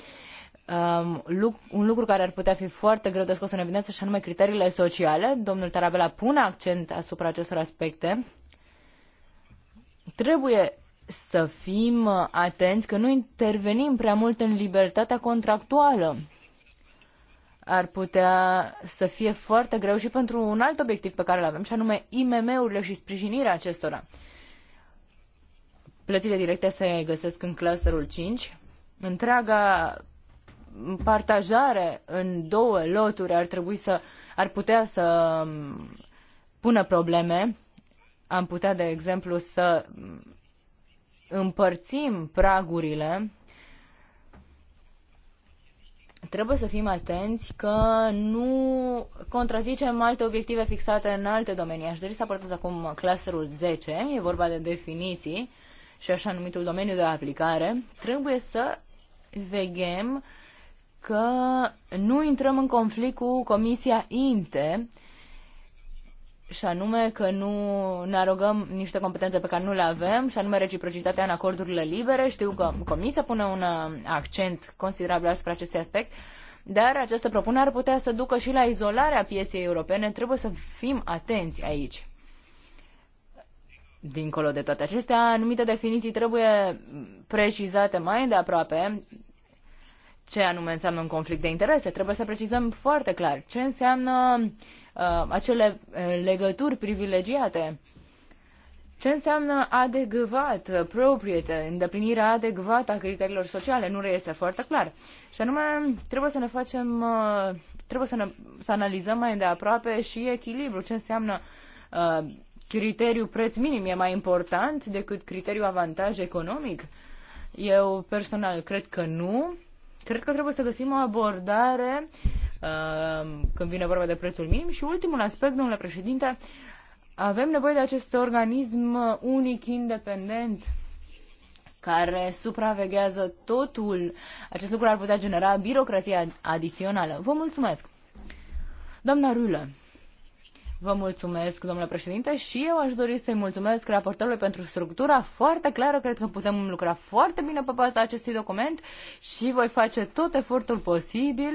um, un lucru care ar putea fi foarte greu de scos în evidență și anume criteriile sociale. Domnul Tarabela pune accent asupra acestor aspecte. Trebuie să fim atenți că nu intervenim prea mult în libertatea contractuală ar putea să fie foarte greu și pentru un alt obiectiv pe care îl avem, și anume IMM-urile și sprijinirea acestora. Plățile directe se găsesc în clusterul 5. Întreaga partajare în două loturi ar trebui să ar putea să um, pună probleme. Am putea, de exemplu, să um, împărțim pragurile trebuie să fim atenți că nu contrazicem alte obiective fixate în alte domenii. Aș dori să apărtez acum clusterul 10, e vorba de definiții și așa numitul domeniu de aplicare. Trebuie să veghem că nu intrăm în conflict cu Comisia INTE, și anume că nu ne arogăm niște competențe pe care nu le avem, și anume reciprocitatea în acordurile libere. Știu că Comisia pune un uh, accent considerabil asupra acestui aspect, dar această propunere ar putea să ducă și la izolarea pieței europene. Trebuie să fim atenți aici. Dincolo de toate acestea, anumite definiții trebuie precizate mai de aproape ce anume înseamnă un conflict de interese. Trebuie să precizăm foarte clar ce înseamnă uh, uh, acele uh, legături privilegiate. Ce înseamnă adecvat, uh, proprietă, îndeplinirea adecvată a criteriilor sociale? Nu reiese foarte clar. Și anume, trebuie să ne facem, uh, trebuie să, ne, să analizăm mai de aproape și echilibru. Ce înseamnă uh, criteriul preț minim e mai important decât criteriul avantaj economic? Eu personal cred că nu. Cred că trebuie să găsim o abordare uh, când vine vorba de prețul minim. Și ultimul aspect, domnule președinte, avem nevoie de acest organism unic, independent, care supraveghează totul. Acest lucru ar putea genera birocrație adițională. Vă mulțumesc! Doamna Rulă. Vă mulțumesc, domnule președinte, și eu aș dori să-i mulțumesc raportorului pentru structura foarte clară. Cred că putem lucra foarte bine pe baza acestui document și voi face tot efortul posibil.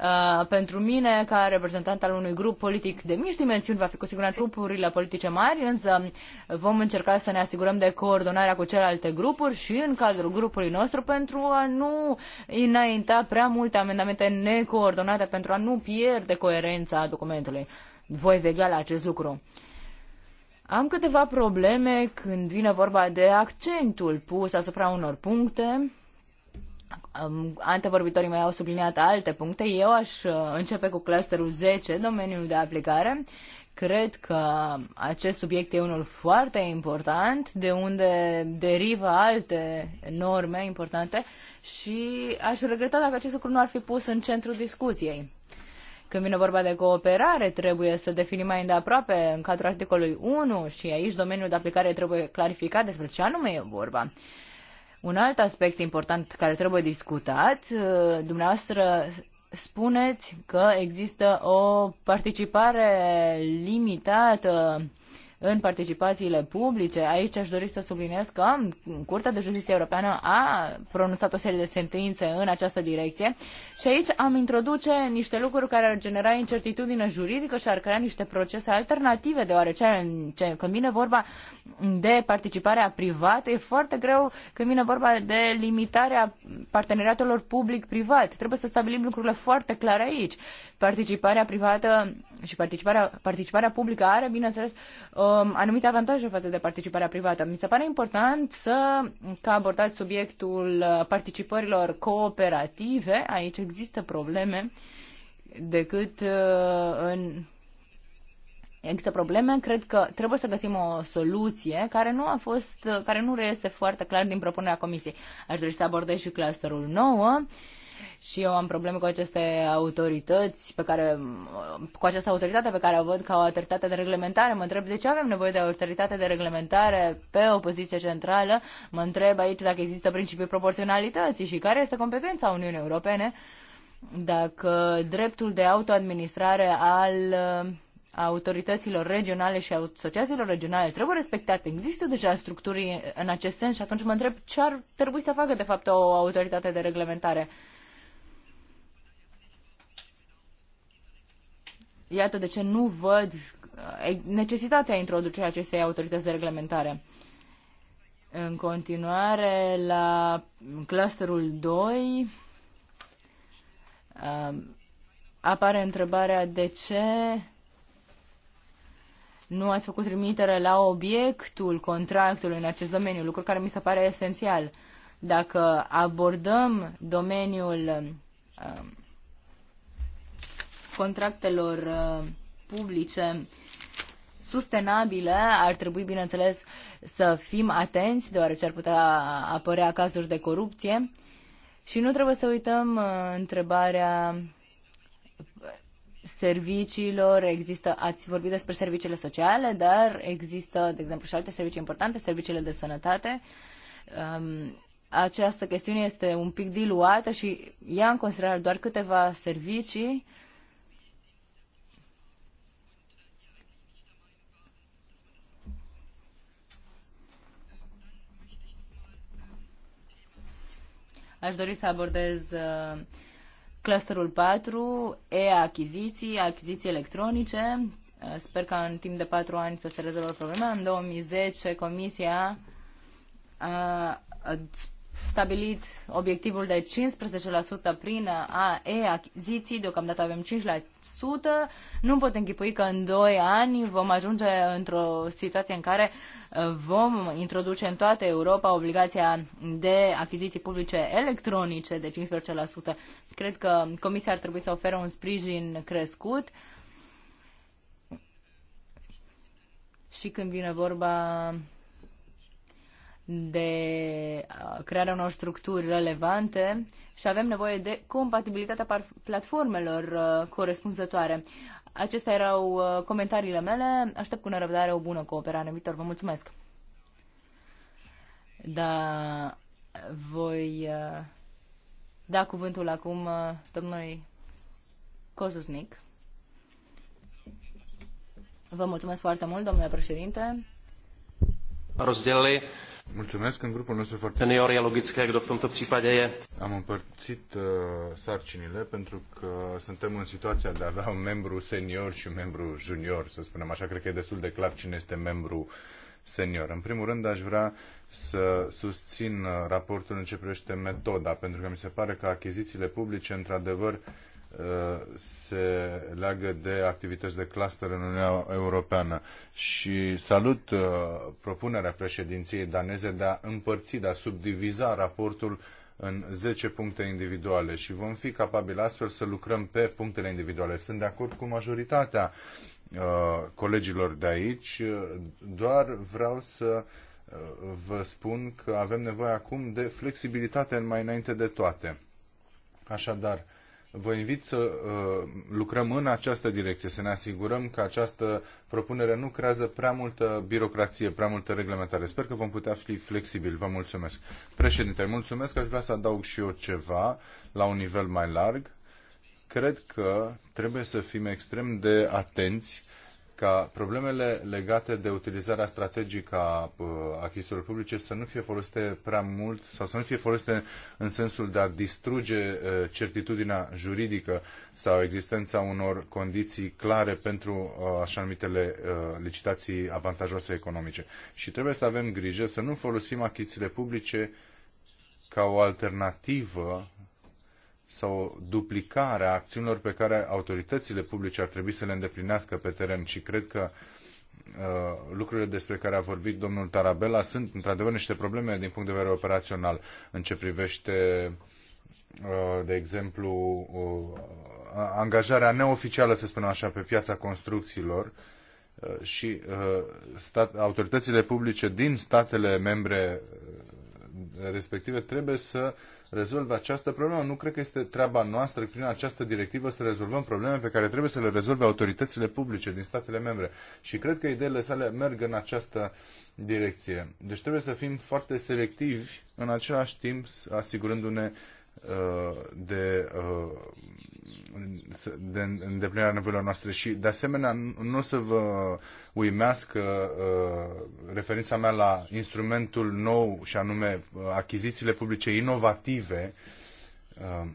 Uh, pentru mine, ca reprezentant al unui grup politic de mici dimensiuni, va fi cu siguranță grupurile politice mari, însă vom încerca să ne asigurăm de coordonarea cu celelalte grupuri și în cadrul grupului nostru pentru a nu înainta prea multe amendamente necoordonate, pentru a nu pierde coerența documentului voi vegea la acest lucru. Am câteva probleme când vine vorba de accentul pus asupra unor puncte. Antevorbitorii mei au subliniat alte puncte. Eu aș uh, începe cu clusterul 10, domeniul de aplicare. Cred că acest subiect e unul foarte important, de unde derivă alte norme importante și aș regreta dacă acest lucru nu ar fi pus în centrul discuției. Când vine vorba de cooperare, trebuie să definim mai îndeaproape în cadrul articolului 1 și aici domeniul de aplicare trebuie clarificat despre ce anume e vorba. Un alt aspect important care trebuie discutat, uh, dumneavoastră spuneți că există o participare limitată în participațiile publice. Aici aș dori să subliniez că Curtea de Justiție Europeană a pronunțat o serie de sentințe în această direcție și aici am introduce niște lucruri care ar genera incertitudine juridică și ar crea niște procese alternative, deoarece când vine vorba de participarea privată, e foarte greu când vine vorba de limitarea parteneriatelor public-privat. Trebuie să stabilim lucrurile foarte clare aici. Participarea privată și participarea, participarea publică are, bineînțeles, o um, anumite avantaje față de participarea privată. Mi se pare important să, că abordați subiectul uh, participărilor cooperative. Aici există probleme decât uh, în există probleme, cred că trebuie să găsim o soluție care nu a fost, uh, care nu reiese foarte clar din propunerea comisiei. Aș dori să abordez și clusterul 9 și eu am probleme cu aceste autorități pe care, cu această autoritate pe care o văd ca o autoritate de reglementare. Mă întreb de ce avem nevoie de autoritate de reglementare pe o poziție centrală. Mă întreb aici dacă există principiul proporționalității și care este competența Uniunii Europene dacă dreptul de autoadministrare al uh, autorităților regionale și asociațiilor regionale trebuie respectat. Există deja structuri în acest sens și atunci mă întreb ce ar trebui să facă de fapt o autoritate de reglementare. Uh, Iată de ce nu văd uh, necesitatea introducerii acestei autorități de reglementare. În continuare, la clusterul 2 uh, apare întrebarea de ce nu ați făcut trimitere la obiectul contractului în acest domeniu, lucru care mi se pare esențial. Dacă abordăm domeniul uh, contractelor uh, publice sustenabile, ar trebui, bineînțeles, să fim atenți, deoarece ar putea apărea cazuri de corupție. Și nu trebuie să uităm uh, întrebarea serviciilor, există, ați vorbit despre serviciile sociale, dar există, de exemplu, și alte servicii importante, serviciile de sănătate. Um, această chestiune este un pic diluată și ia în considerare doar câteva servicii Aș dori să abordez uh, clusterul 4, e-achiziții, achiziții electronice. Uh, sper că în timp de 4 ani să se rezolvă problema. În 2010, Comisia a stabilit obiectivul de 15% prin AE achiziții deocamdată avem 5%. Nu pot închipui că în 2 ani vom ajunge într-o situație în care uh, vom introduce în toată Europa obligația de achiziții publice electronice de 15%. Cred că Comisia ar trebui să ofere un sprijin crescut și când vine vorba de uh, crearea unor structuri relevante și avem nevoie de compatibilitatea platformelor uh, corespunzătoare. Acestea erau uh, comentariile mele. Aștept cu nerăbdare o bună cooperare în viitor. Vă mulțumesc! Da, voi da cuvântul acum domnului Cozusnic. Vă mulțumesc foarte mult, domnule președinte. Rozdělili Mulțumesc în grupul nostru foarte... Senior e logické, kdo v tomto případě je. Am împărțit uh, sarcinile pentru că suntem în situația de a avea un membru senior și un membru junior, să spunem așa. Cred că e destul de clar cine este membru senior. În primul rând aș vrea să susțin uh, raportul în ce privește metoda, pentru că mi se pare că achizițiile publice, într-adevăr, uh, se leagă de activități de cluster în Uniunea Europeană și salut uh, propunerea președinției daneze de a împărți, de a subdiviza raportul în 10 puncte individuale și vom fi capabili astfel să lucrăm pe punctele individuale. Sunt de acord cu majoritatea uh, colegilor de aici, uh, doar vreau să vă spun că avem nevoie acum de flexibilitate mai înainte de toate. Așadar, vă invit să uh, lucrăm în această direcție, să ne asigurăm că această propunere nu creează prea multă birocrație, prea multă reglementare. Sper că vom putea fi flexibili. Vă mulțumesc. Președinte, mulțumesc. Aș vrea să adaug și eu ceva la un nivel mai larg. Cred că trebuie să fim extrem de atenți ca problemele legate de utilizarea strategică a uh, achizițiilor publice să nu fie folosite prea mult sau să nu fie folosite în sensul de a distruge uh, certitudinea juridică sau existența unor condiții clare pentru uh, așa numitele licitații avantajoase economice. Și trebuie să avem grijă să nu folosim achizițiile publice ca o alternativă sau duplicarea acțiunilor pe care autoritățile publice ar trebui să le îndeplinească pe teren și cred că uh, lucrurile despre care a vorbit domnul Tarabella sunt într-adevăr niște probleme din punct de vedere operațional în ce privește, uh, de exemplu, uh, angajarea neoficială, să spunem așa, pe piața construcțiilor și autoritățile publice din statele membre respective trebuie să rezolve această problemă. Nu cred că este treaba noastră prin această directivă să rezolvăm probleme pe care trebuie să le rezolve autoritățile publice din statele membre. Și cred că ideile sale merg în această direcție. Deci trebuie să fim foarte selectivi, în același timp asigurându-ne uh, de uh, de îndeplinirea nevoilor noastre și de asemenea nu o să vă uimească uh, referința mea la instrumentul nou și anume uh, achizițiile publice inovative uh,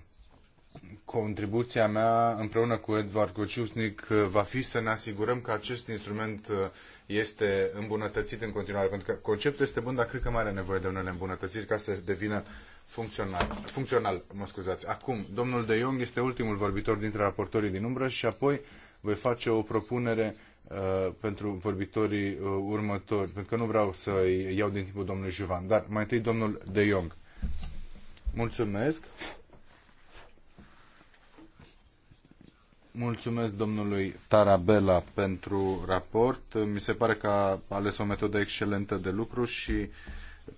contribuția mea împreună cu Edvard uh, va fi să ne asigurăm că acest instrument uh, este îmbunătățit în continuare, pentru că conceptul este bun, dar cred că mai are nevoie de unele îmbunătățiri ca să devină funcțional. funcțional mă scuzați. Acum, domnul De Jong este ultimul vorbitor dintre raportorii din umbră și apoi voi face o propunere uh, pentru vorbitorii uh, următori, pentru că nu vreau să iau din timpul domnului Juvan, dar mai întâi domnul De Jong. Mulțumesc. Mulțumesc domnului Tarabella pentru raport. Mi se pare că a ales o metodă excelentă de lucru și uh,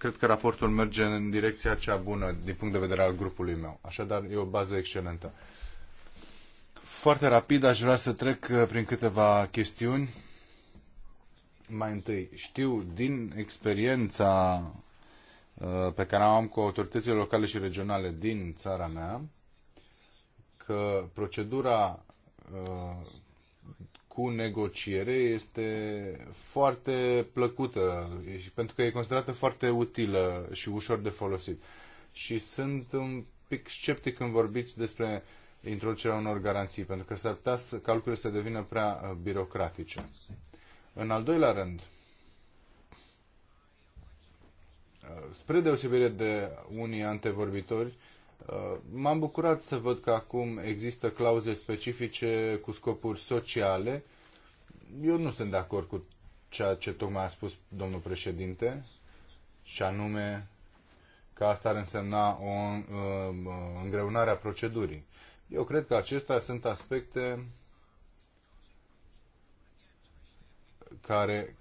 cred că raportul merge în direcția cea bună din punct de vedere al grupului meu. Așadar, e o bază excelentă. Foarte rapid aș vrea să trec uh, prin câteva chestiuni. Mai întâi, știu din experiența uh, pe care am cu autoritățile locale și regionale din țara mea că procedura uh, cu negociere este foarte plăcută, pentru că e considerată foarte utilă și ușor de folosit. Și sunt un pic sceptic când vorbiți despre introducerea unor garanții, pentru că s-ar putea să, ca lucrurile să devină prea uh, birocratice. În al doilea rând, uh, spre deosebire de unii antevorbitori, Uh, m-am bucurat să văd că acum există clauze specifice cu scopuri sociale. Eu nu sunt de acord cu ceea ce tocmai a spus domnul președinte, și anume că asta ar însemna o uh, uh, îngreunare a procedurii. Eu cred că acestea sunt aspecte care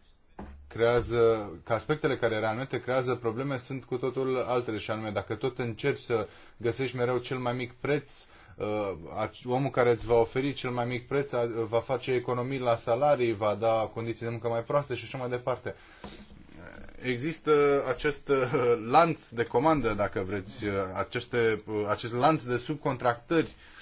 creează, că aspectele care realmente creează probleme sunt cu totul altele și anume dacă tot încerci să găsești mereu cel mai mic preț, uh, omul care îți va oferi cel mai mic preț va face economii la salarii, va da condiții de muncă mai proaste și așa mai departe. Există acest uh, lanț de comandă, dacă vreți, uh, aceste, acest lanț de subcontractări uh,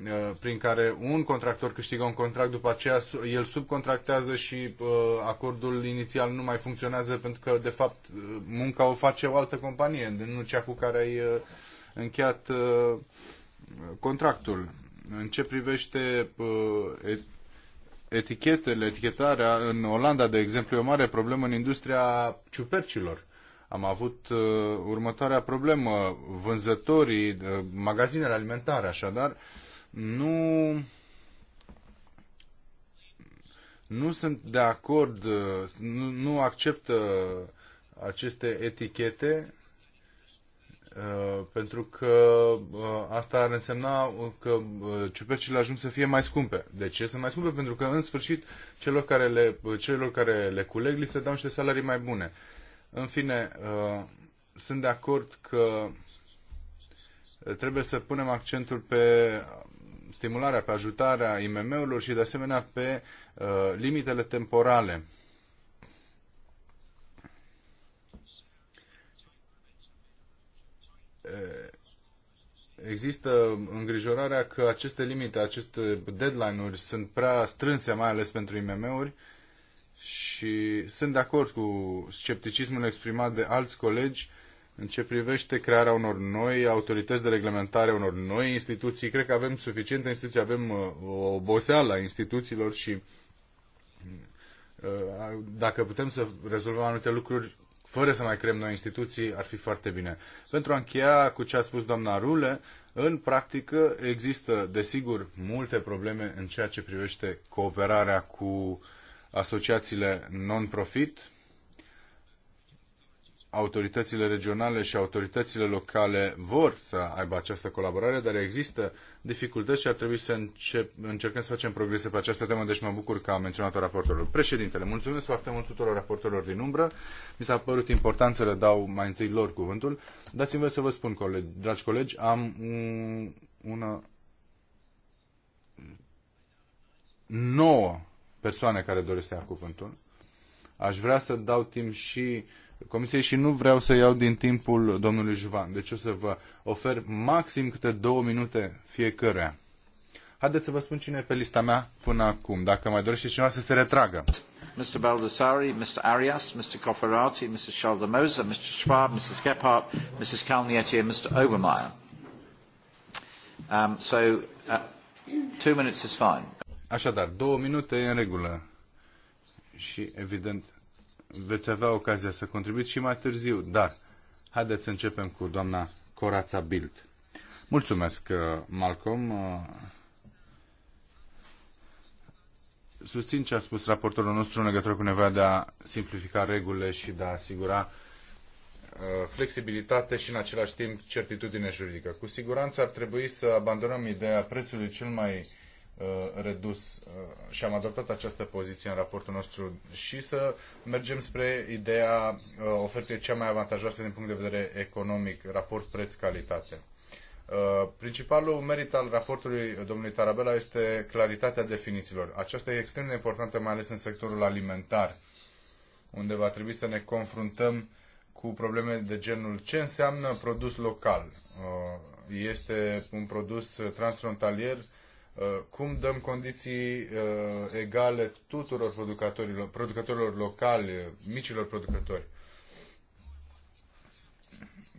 Uh, prin care un contractor câștigă un contract, după aceea el subcontractează și uh, acordul inițial nu mai funcționează pentru că, de fapt, uh, munca o face o altă companie, nu cea cu care ai încheiat contractul. În ce privește etichetele, etichetarea, în Olanda, de exemplu, e o mare problemă în industria ciupercilor am avut uh, următoarea problemă. Vânzătorii, uh, magazinele alimentare, așadar, nu nu sunt de acord, nu, nu acceptă aceste etichete uh, pentru că uh, asta ar însemna că uh, ciupercile ajung să fie mai scumpe. De ce sunt mai scumpe? Pentru că, în sfârșit, celor care le, celor care le culeg li se dau niște salarii mai bune. În fine, sunt de acord că trebuie să punem accentul pe stimularea, pe ajutarea IMM-urilor și de asemenea pe uh, limitele temporale. Există îngrijorarea că aceste limite, aceste deadline-uri sunt prea strânse, mai ales pentru IMM-uri și sunt de acord cu scepticismul exprimat de alți colegi uh, în ce privește crearea unor noi autorități de reglementare, unor noi instituții, cred că avem suficiente instituții, avem uh, o oboseală a instituțiilor și uh, dacă putem să rezolvăm anumite lucruri fără să mai creăm noi instituții, ar fi foarte bine. Pentru a încheia cu ce a spus doamna Rule, în practică există, desigur, multe probleme în ceea ce privește cooperarea cu asociațiile non-profit, autoritățile regionale și autoritățile locale vor să aibă această colaborare, dar există dificultăți și ar trebui să încep, încercăm să facem progrese pe această temă, deci mă bucur că a menționat-o raportorul. Președintele, mulțumesc foarte mult tuturor raportorilor din umbră. Mi s-a părut important să le dau mai întâi lor cuvântul. Dați-mi să vă spun, colegi, dragi colegi, am una nouă persoane care doresc să ia cuvântul. Aș vrea să dau timp și Comisiei și nu vreau să iau din timpul domnului Juvan. Deci o să vă ofer maxim câte două minute fiecăruia. Haideți să vă spun cine e pe lista mea până acum, dacă mai dorește cineva să se retragă. Mr. Baldassari, Mr. Arias, Mr. Cofferati, Mr. Schaldemose, Mr. Schwab, Mrs. Gephardt, Mrs. Calnietti and Mr. Obermeier. Um, so, uh, two minutes is fine. Așadar, două minute e în regulă. Și, evident, veți avea ocazia să contribuiți și mai târziu, dar haideți să începem cu doamna Corața Bild. Mulțumesc, uh, Malcolm. Uh, susțin ce a spus raportorul nostru în legătură cu nevoia de a simplifica regulile și de a asigura uh, flexibilitate și în același timp certitudine juridică. Cu siguranță ar trebui să abandonăm ideea prețului cel mai Uh, redus uh, și am adoptat această poziție în raportul nostru și să mergem spre ideea uh, ofertei cea mai avantajoasă din punct de vedere economic, raport preț-calitate. Principalul merit al raportului domnului Tarabella este claritatea definițiilor. Aceasta e extrem de importantă, mai ales în sectorul alimentar, unde va trebui să ne confruntăm cu probleme de genul ce înseamnă produs local. Este un produs transfrontalier Uh, cum dăm condiții uh, egale tuturor producătorilor, producătorilor locali, micilor producători.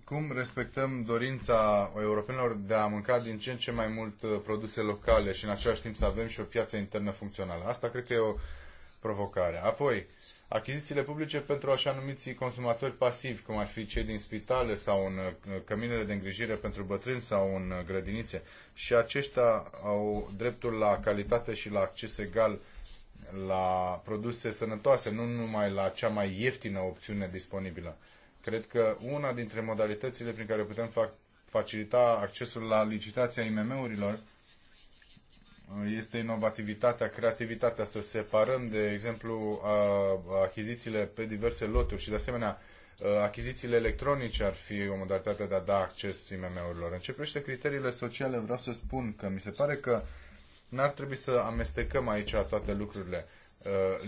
Cum respectăm dorința europenilor de a mânca din ce în ce mai mult uh, produse locale și în același timp să avem și o piață internă funcțională? Asta cred că e o provocare. Apoi, uh, achizițiile publice pentru așa numiții consumatori pasivi, cum ar fi cei din spitale sau în uh, căminele de îngrijire pentru bătrâni sau în uh, grădinițe. Și aceștia au dreptul la calitate și la acces egal la produse sănătoase, nu numai la cea mai ieftină opțiune disponibilă. Cred că una dintre modalitățile prin care putem fac, facilita accesul la licitația IMM-urilor este inovativitatea, creativitatea, să separăm, de exemplu, achizițiile pe diverse loturi și, de asemenea, achizițiile electronice ar fi o modalitate de a da acces IMM-urilor. În ce privește criteriile sociale, vreau să spun că mi se pare că n-ar trebui să amestecăm aici toate lucrurile.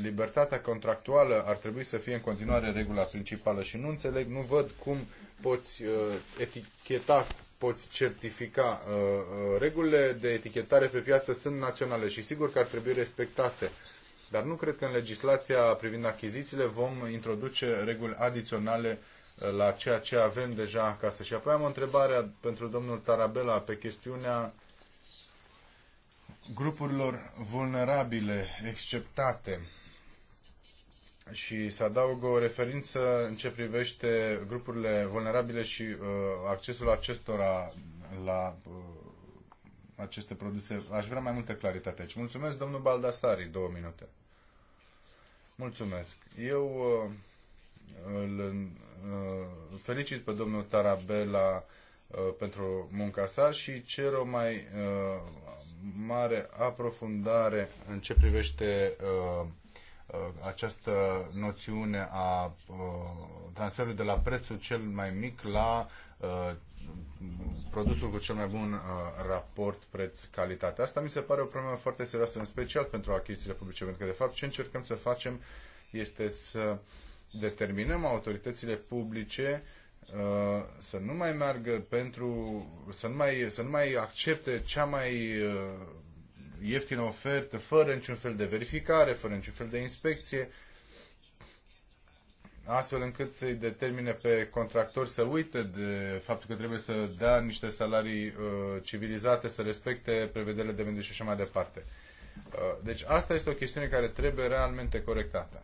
Libertatea contractuală ar trebui să fie în continuare regula principală și nu înțeleg, nu văd cum poți eticheta poți certifica. Uh, uh, regulile de etichetare pe piață sunt naționale și sigur că ar trebui respectate. Dar nu cred că în legislația privind achizițiile vom introduce reguli adiționale uh, la ceea ce avem deja acasă. Și apoi am o întrebare pentru domnul Tarabela pe chestiunea grupurilor vulnerabile, exceptate și să adaug o referință în ce privește grupurile vulnerabile și uh, accesul acestora la uh, aceste produse. Aș vrea mai multă claritate aici. Mulțumesc, domnul Baldasari, două minute. Mulțumesc. Eu uh, îl uh, felicit pe domnul Tarabella uh, pentru munca sa și cer o mai uh, mare aprofundare în ce privește uh, Uh, această noțiune a uh, transferului de la prețul cel mai mic la uh, produsul cu cel mai bun raport preț-calitate. Asta mi se pare o problemă foarte serioasă, în special pentru achizițiile publice, pentru că, de fapt, ce încercăm să facem este să determinăm autoritățile publice să nu mai meargă pentru să nu mai, să nu mai accepte cea mai ieftină ofertă, fără niciun fel de verificare, fără niciun fel de inspecție, astfel încât să-i determine pe contractori să uite de faptul că trebuie să dea niște salarii uh, civilizate, să respecte prevederile de mediu și așa mai departe. Uh, deci asta este o chestiune care trebuie realmente corectată.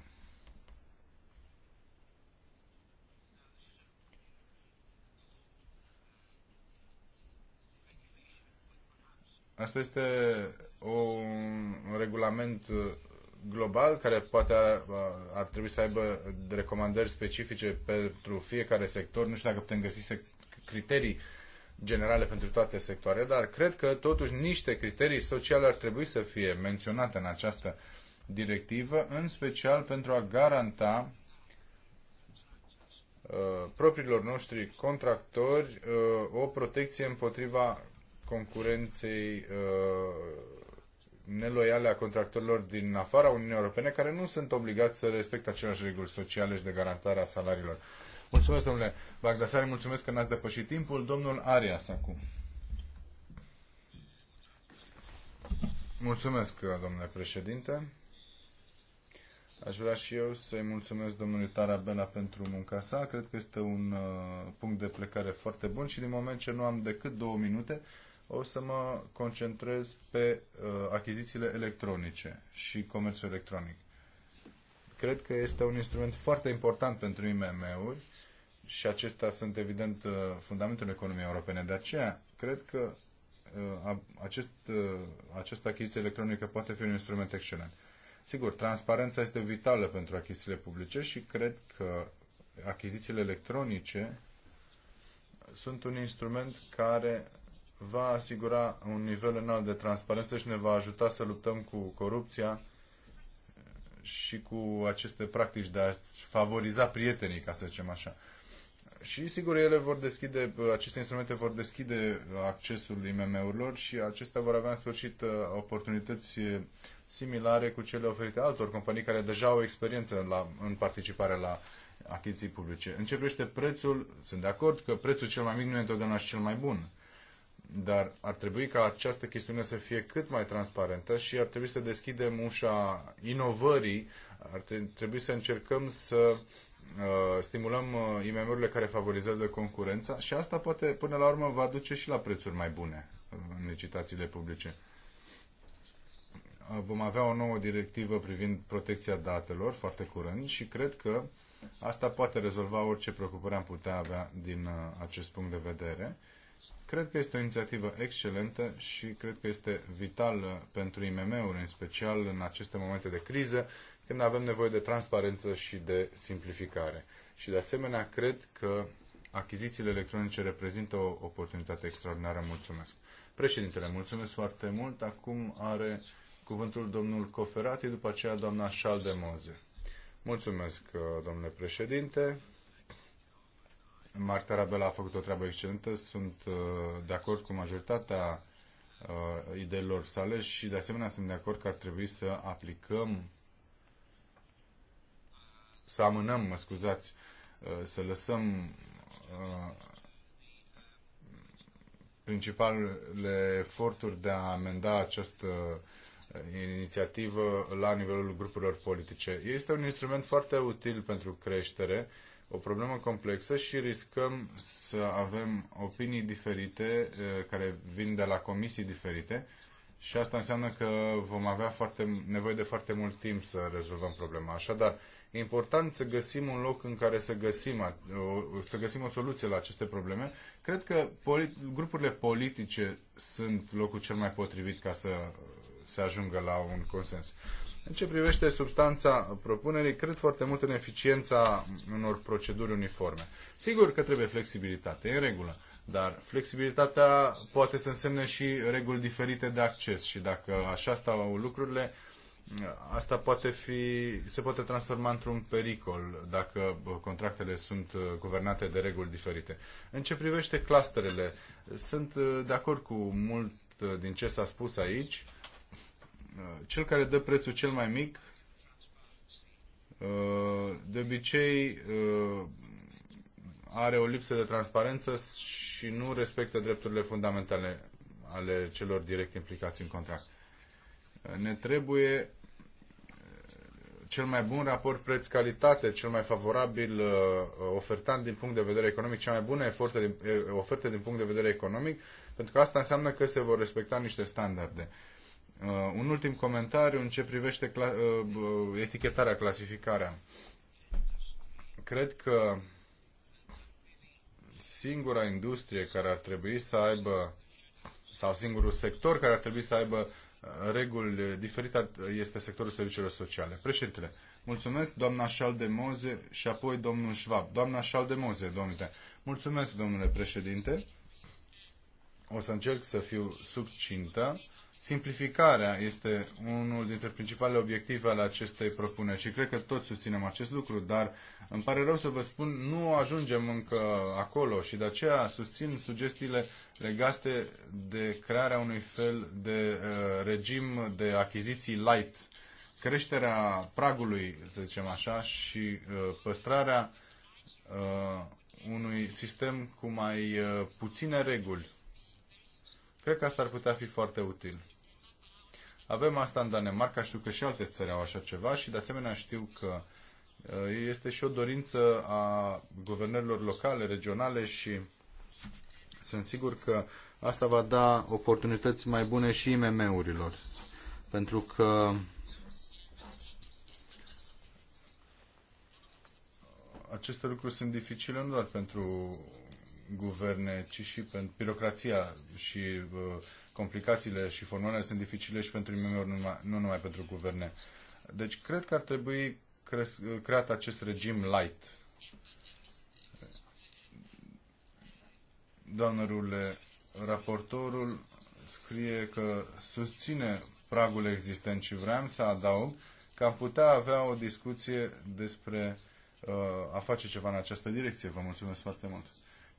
Asta este o un regulament uh, global care poate ar, ar trebui să aibă recomandări specifice pentru fiecare sector. Nu știu dacă putem găsi criterii generale pentru toate sectoarele, dar cred că totuși niște criterii sociale ar trebui să fie menționate în această directivă, în special pentru a garanta uh, propriilor noștri contractori uh, o protecție împotriva concurenței uh, neloiale a contractorilor din afara Uniunii Europene care nu sunt obligați să respecte aceleași reguli sociale și de garantare a salariilor. Mulțumesc, domnule Bagdasari, mulțumesc că n-ați depășit timpul. Domnul Arias acum. Mulțumesc, domnule președinte. Aș vrea și eu să-i mulțumesc domnului Tarabela pentru munca sa. Cred că este un uh, punct de plecare foarte bun și din moment ce nu am decât două minute, o să mă concentrez pe uh, achizițiile electronice și comerțul electronic. Cred că este un instrument foarte important pentru IMM-uri și acestea sunt evident uh, fundamentul economiei europene. De aceea, cred că uh, acest, uh, această achiziție electronică poate fi un instrument excelent. Sigur, transparența este vitală pentru achizițiile publice și cred că achizițiile electronice sunt un instrument care va asigura un nivel înalt de transparență și ne va ajuta să luptăm cu corupția și cu aceste practici de a favoriza prietenii, ca să zicem așa. Și sigur, ele vor deschide, aceste instrumente vor deschide accesul IMM-urilor și acestea vor avea în sfârșit oportunități similare cu cele oferite altor companii care deja au experiență la, în participare la achiziții publice. În ce prețul, sunt de acord că prețul cel mai mic nu e întotdeauna și cel mai bun. Dar ar trebui ca această chestiune să fie cât mai transparentă și ar trebui să deschidem ușa inovării, ar trebui să încercăm să uh, stimulăm uh, IMM-urile care favorizează concurența și asta poate până la urmă va duce și la prețuri mai bune în licitațiile publice. Uh, vom avea o nouă directivă privind protecția datelor foarte curând și cred că asta poate rezolva orice preocupări am putea avea din acest punct de vedere Cred că este o inițiativă excelentă și cred că este vitală pentru IMM-uri, în special în aceste momente de criză, când avem nevoie de transparență și de simplificare. Și de asemenea, cred că achizițiile electronice reprezintă o oportunitate extraordinară. Mulțumesc. Președintele, mulțumesc foarte mult. Acum are cuvântul domnul Coferati, după aceea doamna Schaldemose. Mulțumesc, domnule președinte. Marc Tarabella a făcut o treabă excelentă, sunt uh, de acord cu majoritatea uh, ideilor sale și de asemenea sunt de acord că ar trebui să aplicăm să amânăm, mă scuzați, uh, să lăsăm principalele eforturi de a amenda această inițiativă la nivelul grupurilor politice. Este un instrument foarte util pentru creștere o problemă complexă și riscăm să avem opinii diferite eh, care vin de la comisii diferite și asta înseamnă că vom avea foarte, nevoie de foarte mult timp să rezolvăm problema. Așadar, e important să găsim un loc în care să găsim, să găsim o soluție la aceste probleme. Cred că polit, grupurile politice sunt locul cel mai potrivit ca să se ajungă la un consens. În ce privește substanța propunerii, cred foarte mult în eficiența unor proceduri uniforme. Sigur că trebuie flexibilitate, e în regulă, dar flexibilitatea poate să însemne și reguli diferite de acces și dacă așa stau lucrurile, asta poate fi, se poate transforma într-un pericol dacă contractele sunt guvernate de reguli diferite. În ce privește clusterele, sunt de acord cu mult din ce s-a spus aici, Uh, cel care dă prețul cel mai mic, uh, de obicei uh, are o lipsă de transparență și nu respectă drepturile fundamentale ale celor direct implicați în contract. Ne trebuie cel mai bun raport preț-calitate, cel mai favorabil ofertant din punct de vedere economic, cea mai bună ofertă din, ofertă din punct de vedere economic, pentru că asta înseamnă că se vor respecta niște standarde. Uh, un ultim comentariu în ce privește cla- uh, etichetarea, clasificarea. Cred că singura industrie care ar trebui să aibă sau singurul sector care ar trebui să aibă uh, reguli diferite este sectorul serviciilor sociale. Președintele, mulțumesc doamna Șaldemoze și apoi domnul Schwab. Doamna Șaldemoze, domnule. Mulțumesc, domnule președinte. O să încerc să fiu subcintă. Simplificarea este unul dintre principalele obiective ale acestei propuneri și cred că toți susținem acest lucru, dar îmi pare rău să vă spun, nu ajungem încă acolo și de aceea susțin sugestiile legate de crearea unui fel de uh, regim de achiziții light, creșterea pragului, să zicem așa, și uh, păstrarea uh, unui sistem cu mai uh, puține reguli. Cred că asta ar putea fi foarte util. Avem asta în Danemarca, știu că și alte țări au așa ceva și de asemenea știu că uh, este și o dorință a guvernărilor locale, regionale și sunt sigur că asta va da oportunități mai bune și IMM-urilor. Pentru că aceste lucruri sunt dificile nu doar pentru guverne, ci și pentru birocrația și uh, complicațiile și formulele sunt dificile și pentru imm nu numai pentru guverne. Deci cred că ar trebui creat acest regim light. Doamnărule, raportorul scrie că susține pragul existent și vreau să adaug că am putea avea o discuție despre uh, a face ceva în această direcție. Vă mulțumesc foarte mult.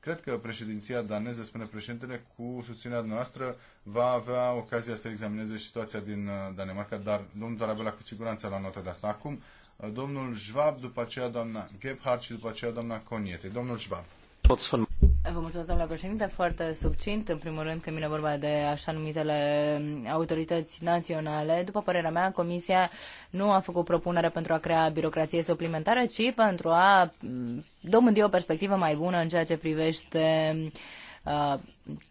Cred că președinția daneză, spune președintele, cu susținerea noastră va avea ocazia să examineze situația din uh, Danemarca, dar domnul Darabela cu siguranță la notă de asta. Acum, uh, domnul Schwab, după aceea doamna Gebhardt și după aceea doamna Coniete. Domnul Schwab. Vă mulțumesc, domnule președinte. Foarte succint, în primul rând, când vine vorba de așa numitele autorități naționale. După părerea mea, Comisia nu a făcut propunere pentru a crea birocrație suplimentară, ci pentru a mm, domândi o perspectivă mai bună în ceea ce privește uh,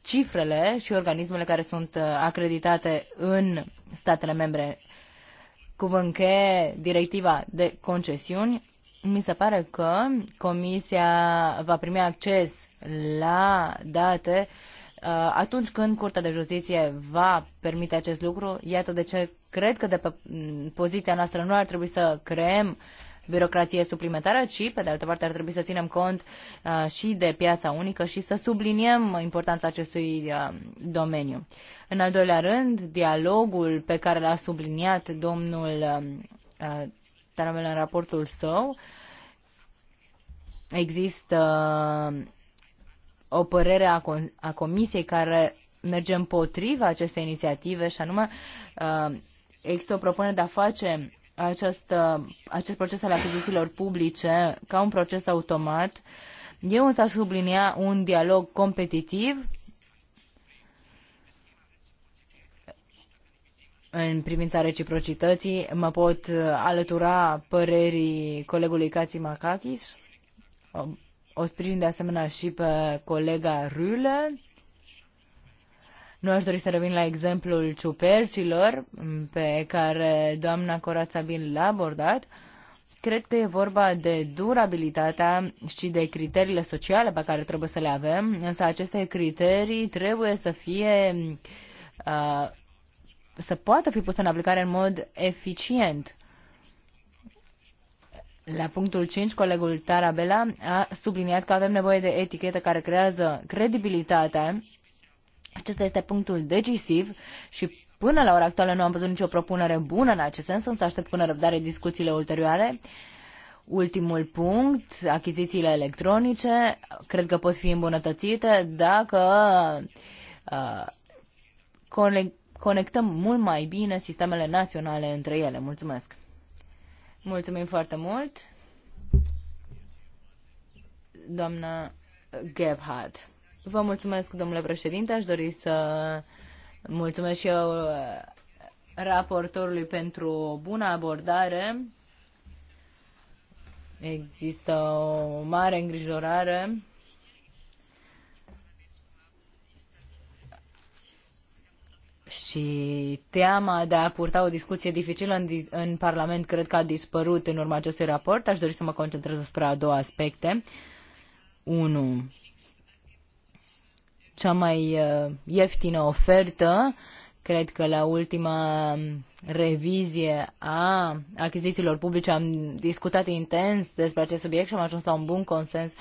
cifrele și organismele care sunt uh, acreditate în statele membre. Cuvânt că directiva de concesiuni mi se pare că Comisia va primi acces la date uh, atunci când Curtea de Justiție va permite acest lucru. Iată de ce cred că de pe mm, poziția noastră nu ar trebui să creăm birocrație suplimentară, ci, pe de altă parte, ar trebui să ținem cont uh, și de piața unică și să subliniem importanța acestui uh, domeniu. În al doilea rând, dialogul pe care l-a subliniat domnul Taramel în raportul său există o părere a, a Comisiei care merge împotriva acestei inițiative și anume uh, există o propunere de a face acest, acest proces al achizițiilor publice ca un proces automat. Eu însă aș sublinia un dialog competitiv în privința reciprocității. Mă pot alătura părerii colegului Cații Macachis Um, o sprijin de asemenea și pe colega Rule. Nu aș dori să revin la exemplul ciupercilor um, pe care doamna Corața bine l-a abordat. Cred că e vorba de durabilitatea și de criteriile sociale pe care trebuie să le avem, însă aceste criterii trebuie să fie uh, să poată fi puse în aplicare în mod eficient. La punctul 5, colegul Tarabella a subliniat că avem nevoie de etichetă care creează credibilitate. Acesta este punctul decisiv și până la ora actuală nu am văzut nicio propunere bună în acest sens, însă aștept până răbdare discuțiile ulterioare. Ultimul punct, achizițiile electronice, cred că pot fi îmbunătățite dacă uh, conectăm mult mai bine sistemele naționale între ele. Mulțumesc! Mulțumim foarte mult. Doamna Gebhardt. Vă mulțumesc, domnule președinte. Aș dori să mulțumesc și eu uh, raportorului pentru o bună abordare. Există o mare îngrijorare și teama de a purta o discuție dificilă în, în Parlament cred că a dispărut în urma acestui raport. Aș dori să mă concentrez asupra două aspecte. unu, Cea mai uh, ieftină ofertă, cred că la ultima revizie a achizițiilor publice am discutat intens despre acest subiect și am ajuns la un bun consens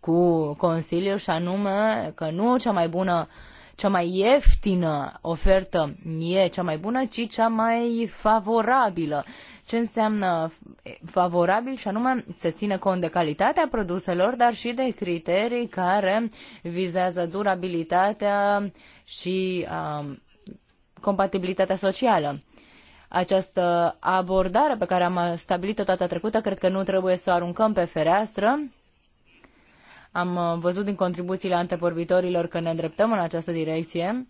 cu Consiliul și anume că nu cea mai bună uh, cea mai ieftină ofertă e cea mai bună, ci cea mai favorabilă. Ce înseamnă favorabil și anume să ține cont de calitatea produselor, dar și de criterii care vizează durabilitatea și um, compatibilitatea socială această abordare pe care am stabilit-o data trecută, cred că nu trebuie să o aruncăm pe fereastră. Am uh, văzut din contribuțiile antevorbitorilor că ne îndreptăm în această direcție.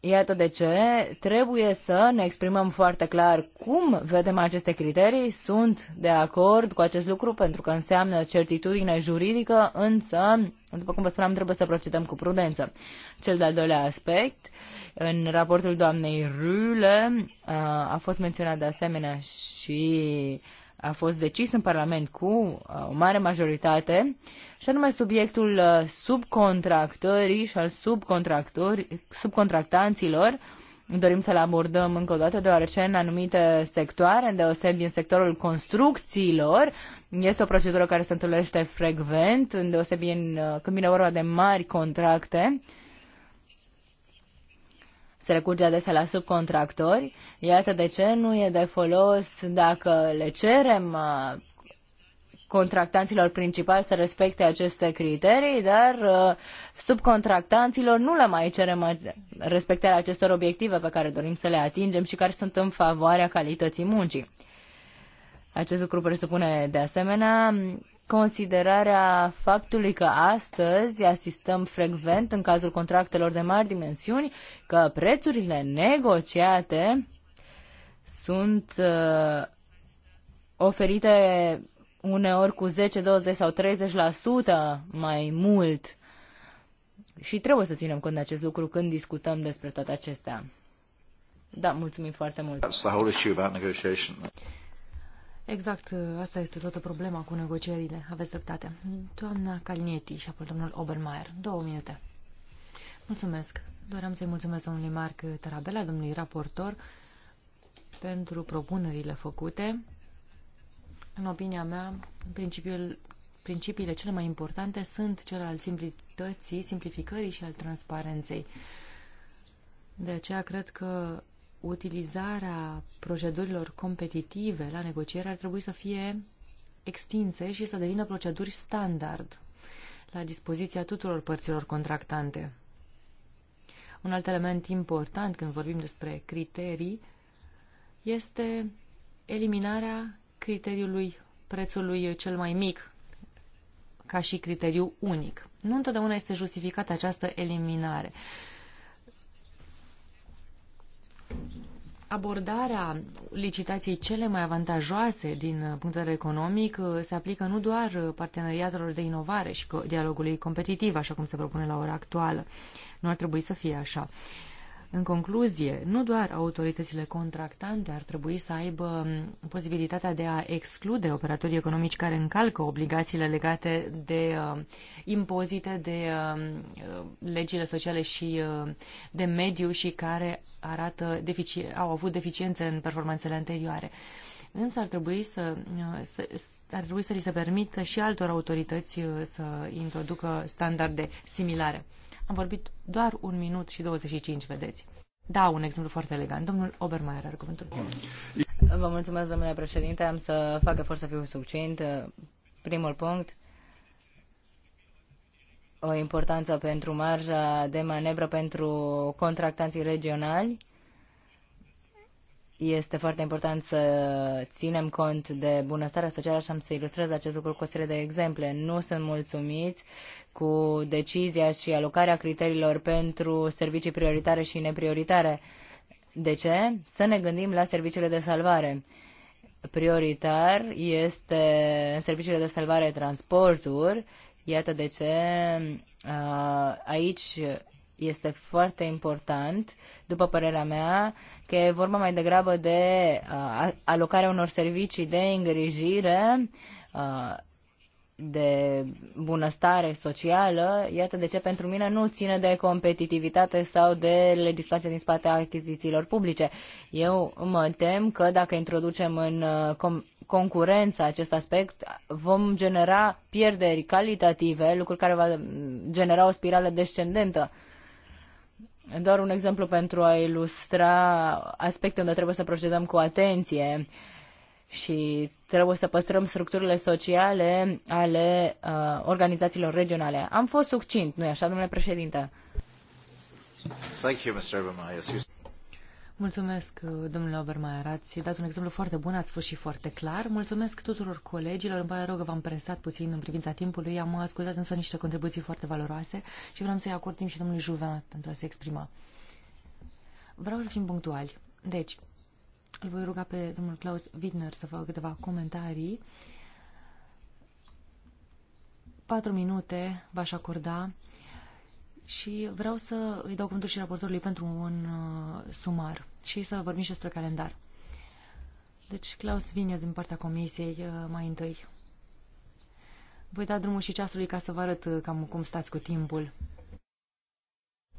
Iată de ce trebuie să ne exprimăm foarte clar cum vedem aceste criterii. Sunt de acord cu acest lucru pentru că înseamnă certitudine juridică, însă, după cum vă spuneam, trebuie să procedăm cu prudență. Cel de-al doilea aspect, în raportul doamnei Rule uh, a fost menționat de asemenea și a fost decis în Parlament cu uh, o mare majoritate, și anume subiectul uh, subcontractării și al subcontractanților. Dorim să-l abordăm încă o dată, deoarece în anumite sectoare, deosebi în sectorul construcțiilor, este o procedură care se întâlnește frecvent, deosebi în, uh, când vine vorba de mari contracte, se recurge adesea la subcontractori. Iată de ce nu e de folos dacă le cerem uh, contractanților principali să respecte aceste criterii, dar uh, subcontractanților nu le mai cerem respectarea acestor obiective pe care dorim să le atingem și care sunt în favoarea calității muncii. Acest lucru presupune de asemenea considerarea faptului că astăzi asistăm frecvent în cazul contractelor de mari dimensiuni că prețurile negociate sunt uh, oferite uneori cu 10, 20 sau 30% mai mult și trebuie să ținem cont de acest lucru când discutăm despre toate acestea. Da, mulțumim foarte mult. Exact, asta este toată problema cu negocierile. Aveți dreptate. Doamna Calinieti și apoi domnul Obermeier. Două minute. Mulțumesc. Doream să-i mulțumesc domnului Marc Tarabela, domnului raportor, pentru propunerile făcute. În opinia mea, principiul, principiile cele mai importante sunt cele al simplității, simplificării și al transparenței. De aceea cred că utilizarea procedurilor competitive la negociere ar trebui să fie extinse și să devină proceduri standard la dispoziția tuturor părților contractante. Un alt element important când vorbim despre criterii este eliminarea criteriului prețului cel mai mic ca și criteriu unic. Nu întotdeauna este justificată această eliminare. abordarea licitației cele mai avantajoase din punct de vedere economic uh, se aplică nu doar parteneriatelor de inovare și dialogului competitiv, așa cum se propune la ora actuală. Nu ar trebui să fie așa. În concluzie, nu doar autoritățile contractante ar trebui să aibă posibilitatea de a exclude operatorii economici care încalcă obligațiile legate de uh, impozite, de uh, uh legile sociale și uh, de mediu și care arată au avut deficiențe în performanțele anterioare. Însă ar trebui să, uh, să, ar trebui să li se permită și altor autorități uh, să introducă standarde similare. Am vorbit doar un minut și 25, vedeți. Da, un exemplu foarte elegant. Domnul Obermeier are cuvântul. Vă mulțumesc, domnule președinte. Am să fac efort să fiu succint. Primul punct, o importanță pentru marja de manevră pentru contractanții regionali. Este foarte important să ținem cont de bunăstarea socială și am să ilustrez acest lucru cu o serie de exemple. Nu sunt mulțumiți cu decizia și alocarea criteriilor pentru servicii prioritare și neprioritare. De ce? Să ne gândim la serviciile de salvare. Prioritar este serviciile de salvare transporturi. Iată de ce aici este foarte important, după părerea mea, că e vorba mai degrabă de alocarea unor servicii de îngrijire de bunăstare socială, iată de ce pentru mine nu ține de competitivitate sau de legislație din spate a achizițiilor publice. Eu mă tem că dacă introducem în uh, concurență acest aspect, vom genera pierderi calitative, lucruri care va genera o spirală descendentă. Doar un exemplu pentru a ilustra aspecte unde trebuie să procedăm cu atenție. Uh, și trebuie să păstrăm structurile sociale ale uh, organizațiilor regionale. Am fost succint, nu-i așa, domnule președinte? Thank you, Mr. Mulțumesc, domnule Obermaier, Ați dat un exemplu foarte bun, ați fost și foarte clar. Mulțumesc tuturor colegilor. Îmi pare rău că v-am presat puțin în privința timpului. Am ascultat însă niște contribuții foarte valoroase și vreau să-i acord timp și domnului Juven pentru a se exprima. Vreau să fim punctuali. Deci, îl voi ruga pe domnul Klaus Widner să facă câteva comentarii. Patru minute v-aș acorda și vreau să îi dau cuvântul și raportorului pentru un uh, sumar și să vorbim și despre calendar. Deci, Klaus vine din partea comisiei uh, mai întâi. Voi da drumul și ceasului ca să vă arăt uh, cam cum stați cu timpul.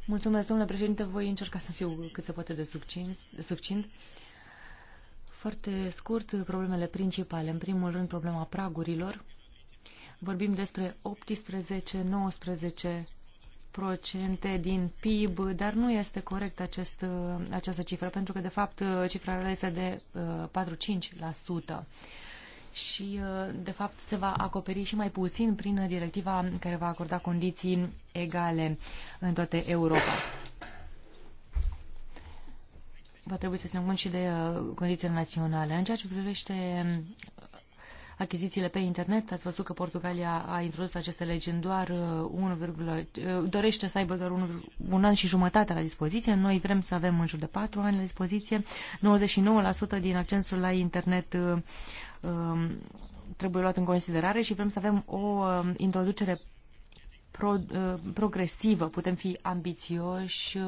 Mulțumesc, domnule președinte, voi încerca să fiu cât se poate de succint. succint. Foarte scurt, problemele principale. În primul rând, problema pragurilor. Vorbim despre 18-19 procente din PIB, dar nu este corect acest, această cifră, pentru că, de fapt, cifra reală este de uh, 4-5% și, de fapt, se va acoperi și mai puțin prin directiva care va acorda condiții egale în toată Europa va trebui să se cont și de uh, condițiile naționale. În ceea ce privește um, achizițiile pe internet, ați văzut că Portugalia a introdus aceste legi în doar 1, uh, uh, dorește să aibă doar un, un an și jumătate la dispoziție. Noi vrem să avem în jur de 4 ani la dispoziție. 99% din accesul la internet um, trebuie luat în considerare și vrem să avem o um, introducere pro, uh, progresivă, putem fi ambițioși uh,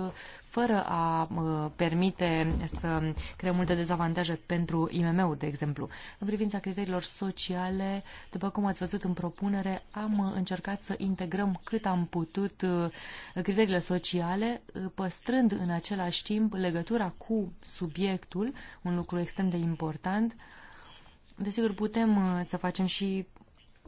fără a uh, permite să creăm multe dezavantaje pentru IMM-uri, de exemplu. În privința criteriilor sociale, după cum ați văzut în propunere, am încercat să integrăm cât am putut criteriile sociale, păstrând în același timp legătura cu subiectul, un lucru extrem de important, Desigur, putem să facem și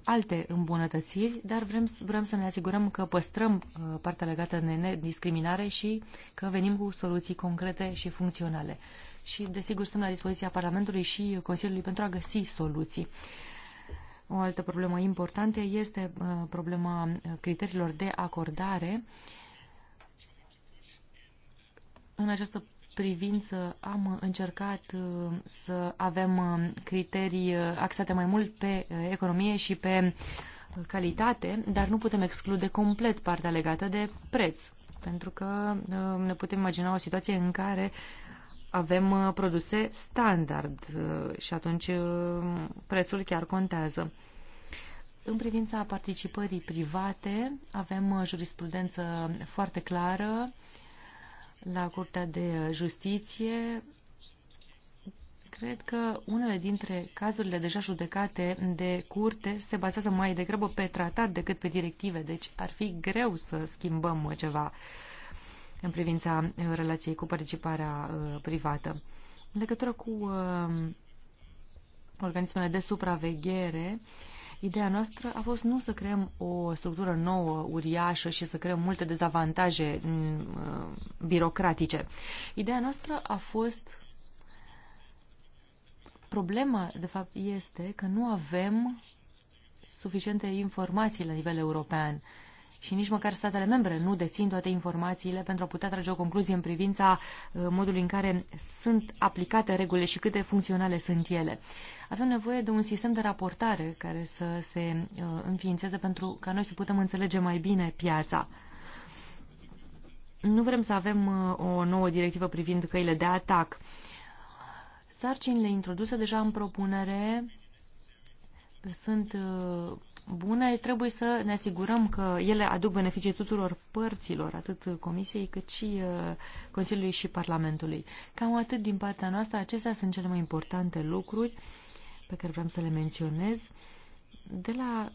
alte îmbunătățiri, dar vrem, vrem să ne asigurăm că păstrăm uh, partea legată de nediscriminare și că venim cu soluții concrete și funcționale. Și, desigur, suntem la dispoziția Parlamentului și Consiliului pentru a găsi soluții. O altă problemă importantă este uh, problema uh, criteriilor de acordare. În această privință am încercat uh, să avem uh, criterii uh, axate mai mult pe economie și pe calitate, dar nu putem exclude complet partea legată de preț, pentru că ne putem imagina o situație în care avem produse standard și atunci prețul chiar contează. În privința participării private, avem jurisprudență foarte clară la Curtea de Justiție, cred că unele dintre cazurile deja judecate de curte se bazează mai degrabă pe tratat decât pe directive, deci ar fi greu să schimbăm ceva în privința uh, relației cu participarea uh, privată. În legătură cu uh, organismele de supraveghere, uh, Ideea noastră a fost nu să creăm o structură nouă, uriașă și să creăm multe dezavantaje mm, uh, birocratice. Ideea noastră a fost problema, de fapt, este că nu avem suficiente informații la nivel european și nici măcar statele membre nu dețin toate informațiile pentru a putea trage o concluzie în privința uh, modului în care sunt aplicate regulile și cât de funcționale sunt ele. Avem nevoie de un sistem de raportare care să se uh, înființeze pentru ca noi să putem înțelege mai bine piața. Nu vrem să avem uh, o nouă directivă privind căile de atac. Sarcinile introduse deja în propunere sunt uh, bune, trebuie să ne asigurăm că ele aduc beneficii tuturor părților, atât Comisiei cât și uh, Consiliului și Parlamentului. Cam atât din partea noastră, acestea sunt cele mai importante lucruri pe care vreau să le menționez. De la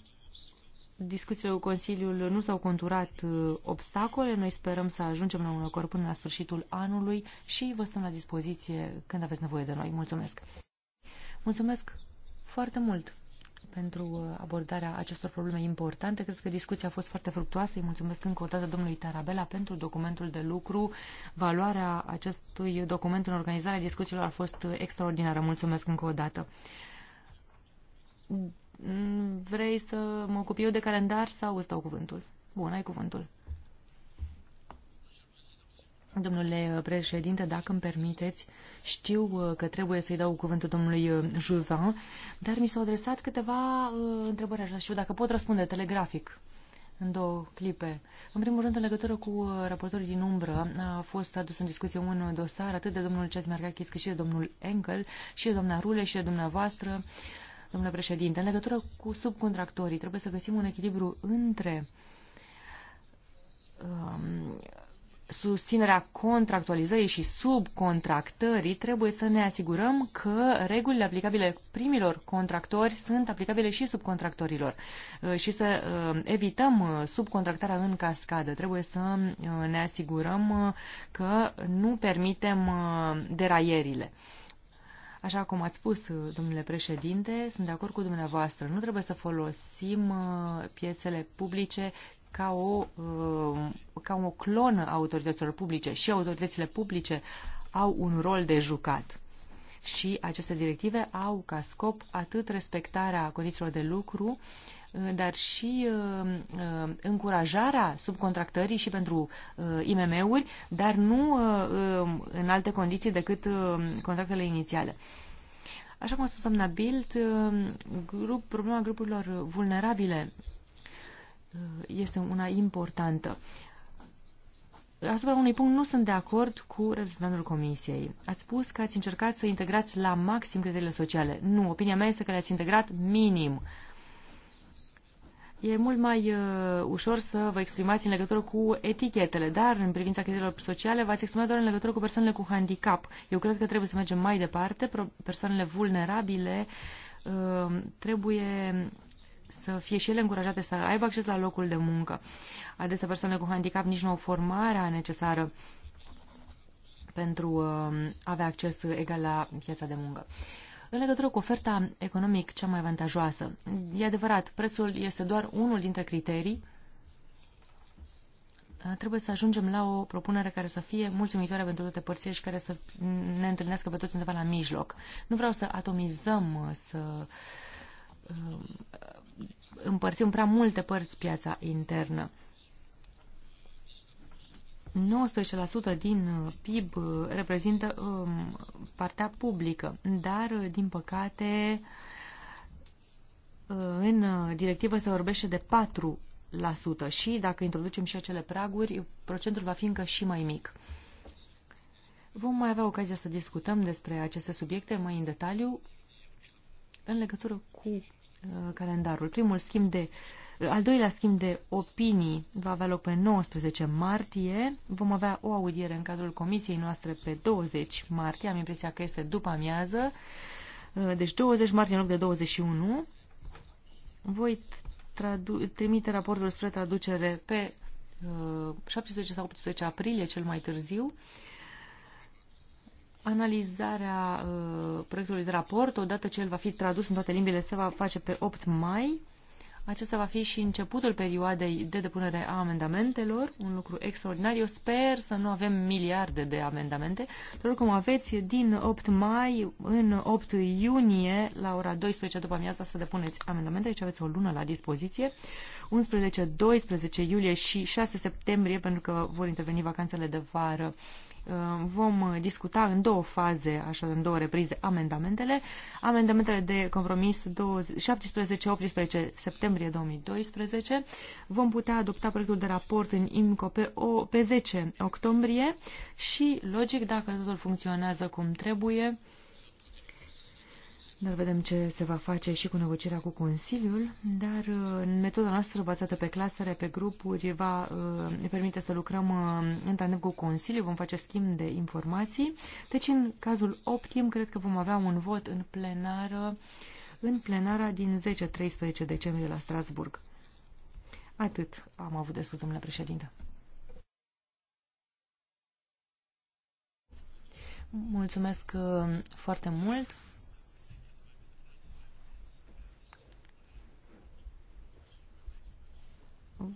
discuțiile cu Consiliul nu s-au conturat uh, obstacole, noi sperăm să ajungem la un acord până la sfârșitul anului și vă stăm la dispoziție când aveți nevoie de noi. Mulțumesc! Mulțumesc foarte mult! pentru uh, abordarea acestor probleme importante. Cred că discuția a fost foarte fructuoasă. Îi mulțumesc încă o dată domnului Tarabela pentru documentul de lucru. Valoarea acestui document în organizarea discuțiilor a fost uh, extraordinară. Mulțumesc încă o dată. Mm, vrei să mă ocup eu de calendar sau îți dau cuvântul? Bun, ai cuvântul. Domnule președinte, dacă îmi permiteți, știu uh, că trebuie să-i dau cuvântul domnului uh, Juvin, dar mi s-au adresat câteva uh, întrebări, așa știu dacă pot răspunde telegrafic în două clipe. În primul rând, în legătură cu raportorii din umbră, a fost adus în discuție un dosar atât de domnul Cezmergachis cât și de domnul Enkel și de doamna Rule și de dumneavoastră. Domnule președinte, în legătură cu subcontractorii, trebuie să găsim un echilibru între um, susținerea contractualizării și subcontractării, trebuie să ne asigurăm că regulile aplicabile primilor contractori sunt aplicabile și subcontractorilor uh, și să uh, evităm uh, subcontractarea în cascadă. Trebuie să ne asigurăm că nu permitem deraierile. Așa cum ați spus, domnule președinte, sunt de acord cu dumneavoastră. Nu trebuie să folosim piețele publice ca o, uh, ca o clonă a autorităților publice și autoritățile publice au un rol de jucat. Și aceste directive au ca scop atât respectarea condițiilor de lucru, uh, dar și uh, încurajarea subcontractării și pentru IMM-uri, dar nu în alte condiții decât contractele inițiale. Așa cum a spus doamna Bild, grup, problema grupurilor vulnerabile Uh, este una importantă. Asupra unui punct nu sunt de acord cu reprezentantul Comisiei. Ați spus că ați încercat să integrați la maxim criteriile sociale. Nu, opinia mea este că le-ați integrat minim. E mult mai uh, ușor să vă exprimați în legătură cu etichetele, dar în privința criteriilor sociale v-ați exprimat doar în legătură cu persoanele cu handicap. Eu cred că trebuie să mergem mai departe. Persoanele vulnerabile uh, trebuie să fie și ele încurajate să aibă acces la locul de muncă. Adesea persoanele cu handicap nici nu au formarea necesară pentru um, a avea acces egal la piața de muncă. În legătură cu oferta economic cea mai avantajoasă, e adevărat, prețul este doar unul dintre criterii. Trebuie să ajungem la o propunere care să fie mulțumitoare pentru toate părțile și care să ne întâlnească pe toți undeva la mijloc. Nu vreau să atomizăm, să um, împărțim prea multe părți piața internă. 19% din uh, PIB uh, reprezintă um, partea publică, dar, uh, din păcate, în directivă se vorbește de 4% și, dacă introducem și acele praguri, procentul va fi încă și mai mic. Vom mai avea ocazia să discutăm despre aceste subiecte mai în detaliu în legătură cu Uh, calendarul. Primul schimb de uh, al doilea schimb de opinii va avea loc pe 19 martie. Vom avea o audiere în cadrul comisiei noastre pe 20 martie. Am impresia că este după amiază. Uh, deci 20 martie în loc de 21. Voi trimite raportul spre traducere pe 17 sau 18 aprilie cel mai târziu. Analizarea uh, proiectului de raport, odată ce el va fi tradus în toate limbile, se va face pe 8 mai. Acesta va fi și începutul perioadei de depunere a amendamentelor, un lucru extraordinar. Eu sper să nu avem miliarde de amendamente, dar oricum aveți din 8 mai în 8 iunie la ora 12 după amiaza să depuneți amendamente, deci aveți o lună la dispoziție, 11, 12 iulie și 6 septembrie, pentru că vor interveni vacanțele de vară Uh, vom uh, discuta în două faze, așa, în două reprize, amendamentele. Amendamentele de compromis 17-18 septembrie 2012. Vom putea adopta proiectul de raport în IMCO pe, o, pe 10 octombrie și, logic, dacă totul funcționează cum trebuie, dar vedem ce se va face și cu negocierea cu Consiliul, dar uh, metoda noastră bazată pe clasere, pe grupuri, va, uh, ne permite să lucrăm uh, în tandem cu Consiliul, vom face schimb de informații. Deci, în cazul optim, cred că vom avea un vot în plenară, în plenara din 10-13 decembrie la Strasburg. Atât am avut de spus, domnule președinte. Mulțumesc foarte mult.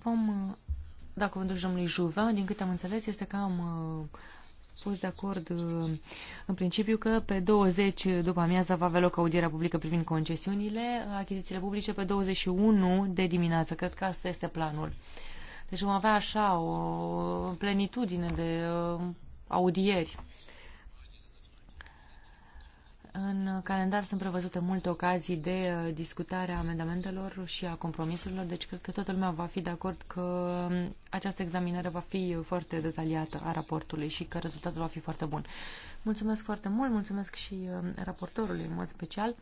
Vom uh, vă îndrujăm lui juva, Din câte am înțeles, este că am uh, pus de acord uh, în principiu că pe 20 după amiază va avea loc audierea publică privind concesiunile, achizițiile publice pe 21 de dimineață. Cred că asta este planul. Deci vom avea așa o plenitudine de audieri. În calendar sunt prevăzute multe ocazii de uh, discutare a amendamentelor și a compromisurilor, deci cred că toată lumea va fi de acord că um, această examinare va fi uh, foarte detaliată a raportului și că rezultatul va fi foarte bun. Mulțumesc foarte mult, mulțumesc și um, raportorului în mod special.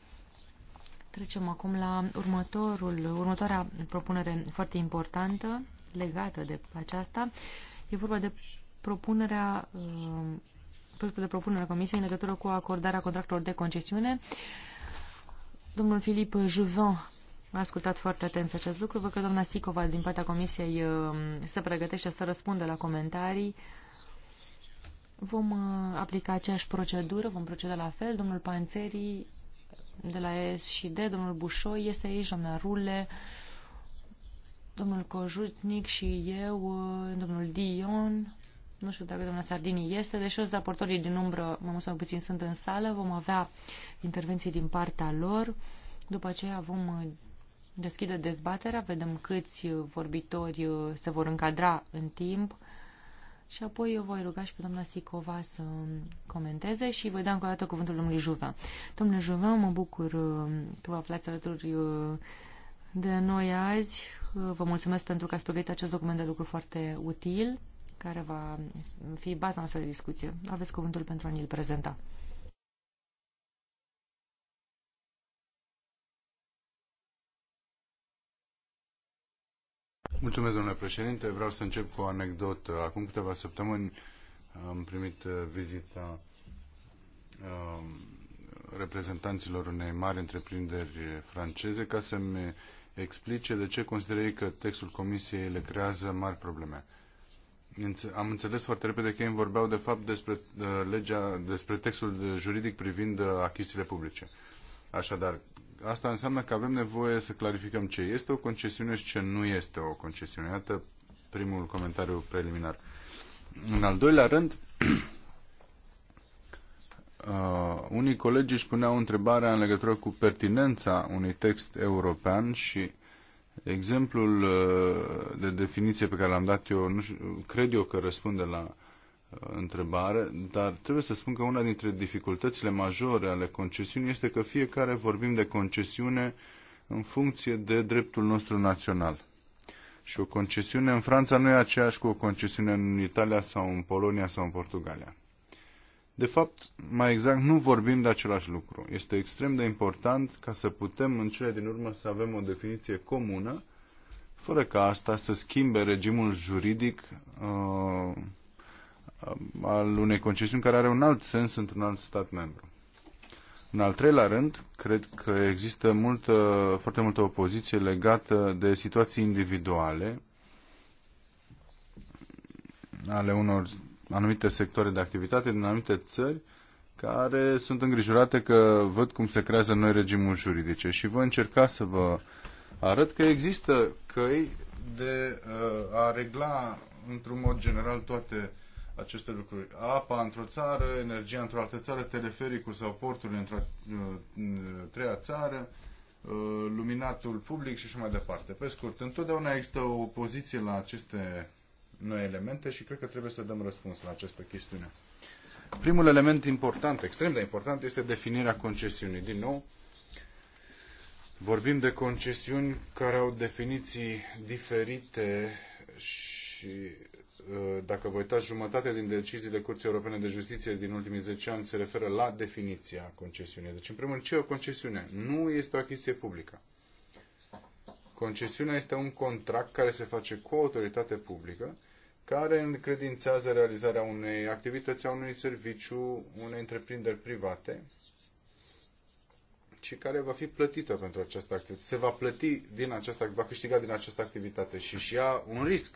Trecem acum la următorul, următoarea propunere foarte importantă legată de aceasta. E vorba de propunerea um, proiectul de propunere a Comisiei în legătură cu acordarea contractelor de concesiune. Domnul Filip Juvin a ascultat foarte atent acest lucru. Văd că doamna Sicova din partea Comisiei um, se pregătește să răspundă la comentarii. Vom uh, aplica aceeași procedură, vom proceda la fel. Domnul Panțerii de la S și D, domnul Bușoi este aici, doamna Rule, domnul Cojutnic și eu, uh, domnul Dion nu știu dacă doamna Sardini este, deși toți raportorii din umbră, mai mult sau puțin, sunt în sală. Vom avea intervenții din partea lor. După aceea vom uh, deschide dezbaterea, vedem câți uh, vorbitori uh, se vor încadra în timp. Și apoi eu voi ruga și pe doamna Sicova să um, comenteze și voi da încă o dată cuvântul domnului Juvea. Domnule Juvea, mă bucur um, că vă aflați alături de noi azi. Vă mulțumesc pentru că ați pregătit acest document de lucru foarte util care va fi baza noastră de discuție. Aveți cuvântul pentru a ne-l prezenta. Mulțumesc, domnule președinte. Vreau să încep cu o anecdotă. Acum câteva săptămâni am primit uh, vizita um, reprezentanților unei mari întreprinderi franceze ca să-mi explice de ce consideră ei că textul Comisiei le creează mari probleme. Uh, am înțeles foarte repede că ei vorbeau de fapt despre uh, legea, despre textul juridic privind uh, achizițiile publice. Așadar, asta înseamnă că avem nevoie să clarificăm ce este o concesiune și ce nu este o concesiune. Iată primul comentariu preliminar. În al doilea rând, *clears throat* uh, unii colegi își puneau întrebarea în legătură cu pertinența unui text european și Exemplul uh, de definiție pe care l-am dat eu, nu știu, cred eu că răspunde la uh, întrebare, dar trebuie să spun că una dintre dificultățile majore ale concesiunii este că fiecare vorbim de concesiune în funcție de dreptul nostru național. Și o concesiune în Franța nu e aceeași cu o concesiune în Italia sau în Polonia sau în Portugalia. De fapt, mai exact, nu vorbim de același lucru. Este extrem de important ca să putem în cele din urmă să avem o definiție comună, fără ca asta să schimbe regimul juridic uh, al unei concesiuni care are un alt sens într-un alt stat membru. În al treilea rând, cred că există multă, foarte multă opoziție legată de situații individuale ale unor anumite sectoare de activitate din anumite țări care sunt îngrijorate că văd cum se creează noi regimuri juridice și voi încerca să vă arăt că există căi de uh, a regla într-un mod general toate aceste lucruri. Apa într-o țară, energia într-o altă țară, telefericul sau portul într-o uh, treia țară, uh, luminatul public și așa mai departe. Pe scurt, întotdeauna există o opoziție la aceste noi elemente și cred că trebuie să dăm răspuns la această chestiune. Primul element important, extrem de important, este definirea concesiunii. Din nou, vorbim de concesiuni care au definiții diferite și uh, dacă vă uitați, jumătate din deciziile Curții Europene de Justiție din ultimii 10 ani se referă la definiția concesiunii. Deci, în primul rând, ce e o concesiune? Nu este o achiziție publică. Concesiunea este un contract care se face cu o autoritate publică care încredințează realizarea unei activități, a unui serviciu, unei întreprinderi private și care va fi plătită pentru această activitate. Se va plăti din această, va câștiga din această activitate și și ia un risc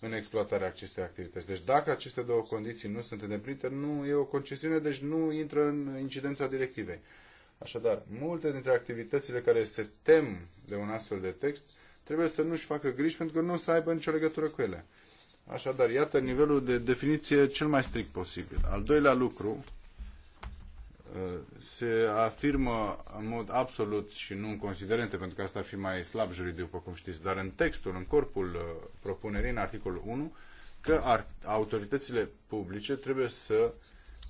în exploatarea acestei activități. Deci dacă aceste două condiții nu sunt îndeplinite, nu e o concesiune, deci nu intră în incidența directivei. Așadar, multe dintre activitățile care se tem de un astfel de text trebuie să nu-și facă griji pentru că nu o să aibă nicio legătură cu ele. Așadar, iată nivelul de definiție cel mai strict posibil. Al doilea lucru, uh, se afirmă în mod absolut și nu în considerente, pentru că asta ar fi mai slab juridic, după cum știți, dar în textul, în corpul uh, propunerii, în articolul 1, că autoritățile publice trebuie să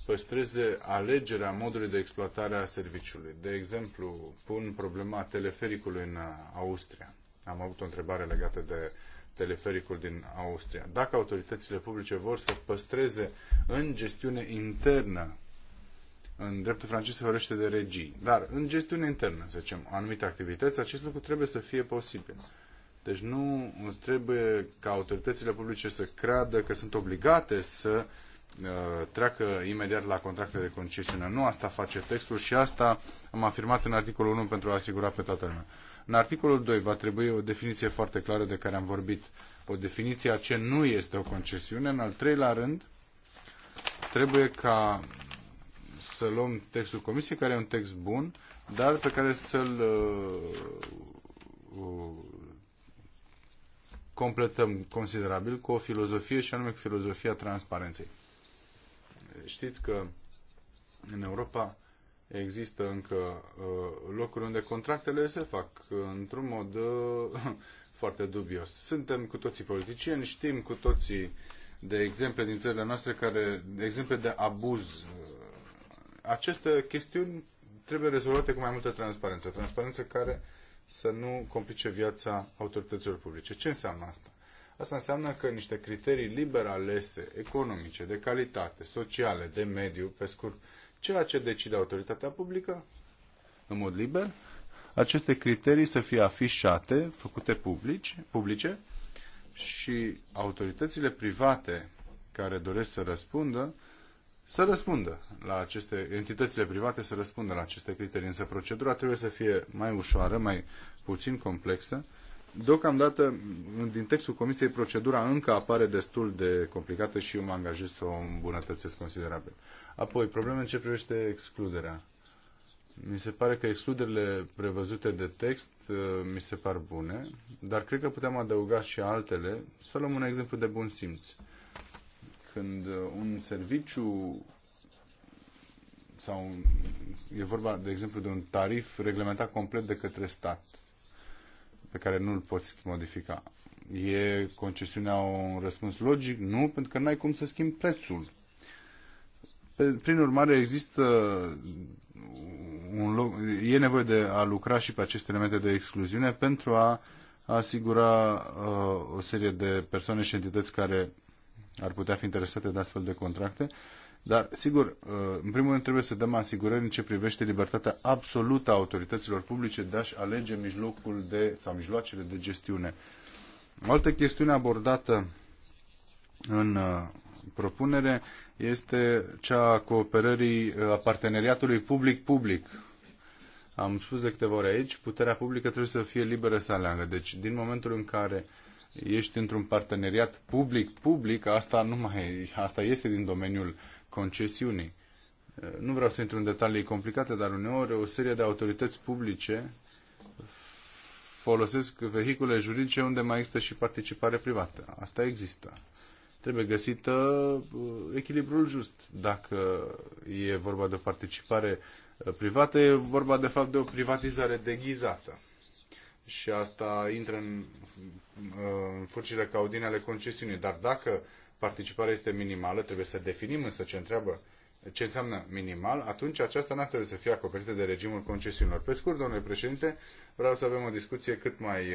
păstreze alegerea modului de exploatare a serviciului. De exemplu, pun problema telefericului în uh, Austria. Am avut o întrebare legată de telefericul din Austria. Dacă autoritățile publice vor să păstreze în gestiune internă, în dreptul francez se vorbește de regii, dar în gestiune internă, să zicem, anumite activități, acest lucru trebuie să fie posibil. Deci nu trebuie ca autoritățile publice să creadă că sunt obligate să uh, treacă imediat la contracte de concesiune. Nu asta face textul și asta am afirmat în articolul 1 pentru a asigura pe toată lumea. În articolul 2 va trebui o definiție foarte clară de care am vorbit. O definiție a ce nu este o concesiune. În al treilea rând, trebuie ca să luăm textul comisiei, care e un text bun, dar pe care să-l uh, uh completăm considerabil cu o filozofie și anume filozofia transparenței. Știți că în Europa există încă uh, locuri unde contractele se fac uh, într-un mod uh, *laughs* foarte dubios. Suntem cu toții politicieni, știm cu toții de exemple din țările noastre care, de exemple de abuz. Aceste chestiuni trebuie rezolvate cu mai multă transparență. Transparență care să nu complice viața autorităților publice. Ce înseamnă asta? Asta înseamnă că niște criterii liber alese, economice, de calitate, sociale, de mediu, pe scurt, ceea ce decide autoritatea publică în mod liber, aceste criterii să fie afișate, făcute publici, publice și autoritățile private care doresc să răspundă, să răspundă la aceste, entitățile private să răspundă la aceste criterii, însă procedura trebuie să fie mai ușoară, mai puțin complexă. Deocamdată, din textul Comisiei, procedura încă apare destul de complicată și eu mă angajez să o îmbunătățesc considerabil. Apoi, probleme în ce privește excluderea. Mi se pare că excluderile prevăzute de text uh, mi se par bune, dar cred că putem adăuga și altele. Să luăm un exemplu de bun simț. Când uh, un serviciu sau e vorba, de exemplu, de un tarif reglementat complet de către stat, pe care nu îl poți modifica. E concesiunea un răspuns logic? Nu, pentru că n-ai cum să schimbi prețul. Prin urmare, există un loc, e nevoie de a lucra și pe aceste elemente de excluziune pentru a asigura uh, o serie de persoane și entități care ar putea fi interesate de astfel de contracte. Dar, sigur, uh, în primul rând trebuie să dăm asigurări în ce privește libertatea absolută a autorităților publice de a-și alege mijlocul de, sau mijloacele de gestiune. O altă chestiune abordată în uh, propunere este cea a cooperării, a parteneriatului public-public. Am spus de câteva ori aici, puterea publică trebuie să fie liberă să aleagă. Deci, din momentul în care ești într-un parteneriat public-public, asta, nu mai, asta este din domeniul concesiunii. Nu vreau să intru în detalii complicate, dar uneori o serie de autorități publice folosesc vehicule juridice unde mai există și participare privată. Asta există trebuie găsită uh, echilibrul just. Dacă e vorba de o participare uh, privată, e vorba de fapt de o privatizare deghizată. Și asta intră în, uh, în furcile caudine ale concesiunii. Dar dacă participarea este minimală, trebuie să definim însă ce întreabă ce înseamnă minimal, atunci aceasta nu trebuie să fie acoperită de regimul concesiunilor. Pe scurt, domnule președinte, vreau să avem o discuție cât mai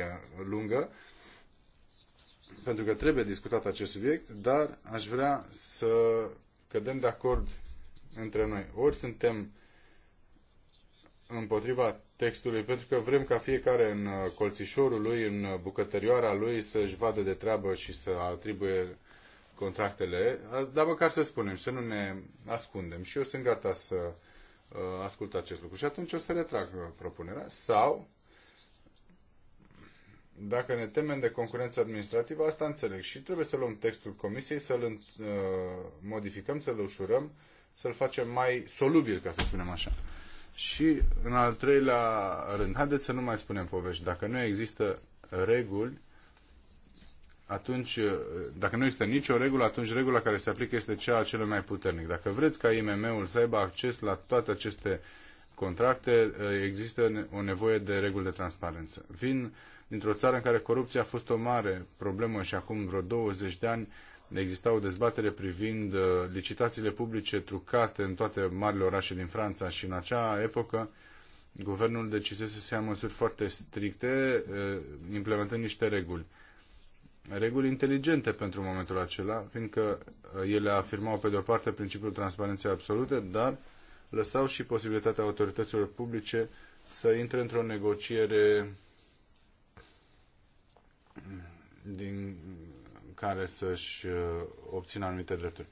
lungă pentru că trebuie discutat acest subiect, dar aș vrea să cădem de acord între noi. Ori suntem împotriva textului, pentru că vrem ca fiecare în uh, colțișorul lui, în uh, bucătărioara lui, să-și vadă de treabă și să atribuie contractele, dar măcar să spunem, să nu ne ascundem. Și eu sunt gata să uh, ascult acest lucru. Și atunci o să retrag propunerea. Sau dacă ne temem de concurență administrativă, asta înțeleg. Și trebuie să luăm textul comisiei, să-l uh, modificăm, să-l ușurăm, să-l facem mai solubil, ca să spunem așa. Și, în al treilea rând, haideți să nu mai spunem povești. Dacă nu există reguli, atunci, uh, dacă nu există nicio regulă, atunci regula care se aplică este cea a celui mai puternic. Dacă vreți ca IMM-ul să aibă acces la toate aceste contracte, uh, există o nevoie de reguli de transparență. Vin dintr-o țară în care corupția a fost o mare problemă și acum vreo 20 de ani exista o dezbatere privind uh, licitațiile publice trucate în toate marile orașe din Franța și în acea epocă guvernul decisese să ia măsuri foarte stricte, uh, implementând niște reguli. Reguli inteligente pentru momentul acela, fiindcă uh, ele afirmau pe de o parte principiul transparenței absolute, dar lăsau și posibilitatea autorităților publice să intre într-o negociere din care să-și uh, obțină anumite drepturi.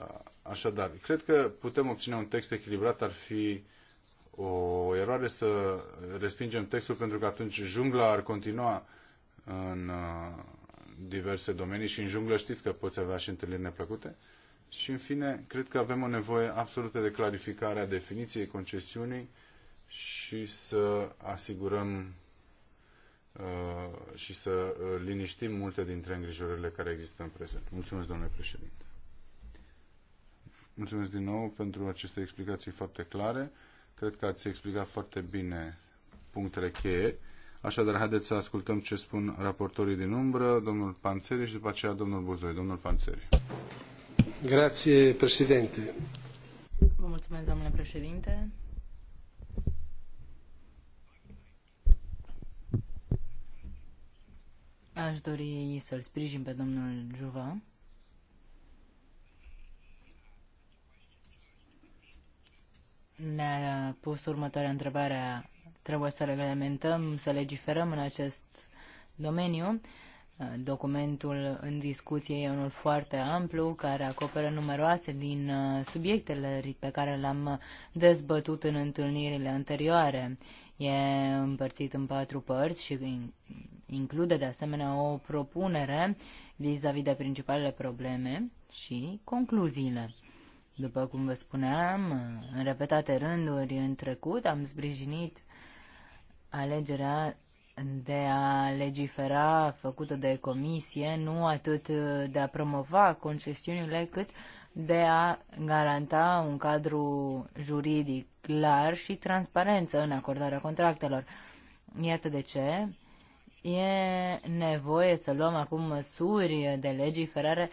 Uh, așadar, cred că putem obține un text echilibrat, ar fi o eroare să respingem textul pentru că atunci jungla ar continua în uh, diverse domenii și în junglă știți că poți avea și întâlniri neplăcute. Și în fine, cred că avem o nevoie absolută de clarificare a definiției concesiunii și să asigurăm Uh, și să uh, liniștim multe dintre îngrijorările care există în prezent. Mulțumesc, domnule președinte. Mulțumesc din nou pentru aceste explicații foarte clare. Cred că ați explicat foarte bine punctele cheie. Așadar, haideți să ascultăm ce spun raportorii din umbră, domnul Panțeri și după aceea domnul Buzoi. Domnul Panțeri. Grazie, președinte. Vă mulțumesc, domnule președinte. Aș dori să-l sprijin pe domnul Juva. Ne-a pus următoarea întrebare. Trebuie să reglementăm, să legiferăm în acest domeniu. Documentul în discuție e unul foarte amplu, care acoperă numeroase din uh, subiectele pe care le-am dezbătut în întâlnirile anterioare. E împărțit în patru părți și include de asemenea o propunere vis-a-vis -vis de principalele probleme și concluziile. După cum vă spuneam, în repetate rânduri în trecut am sprijinit alegerea de a legifera făcută de comisie, nu atât de a promova concesiunile, cât de a garanta un cadru juridic clar și transparență în acordarea contractelor. Iată de ce e nevoie să luăm acum măsuri de legiferare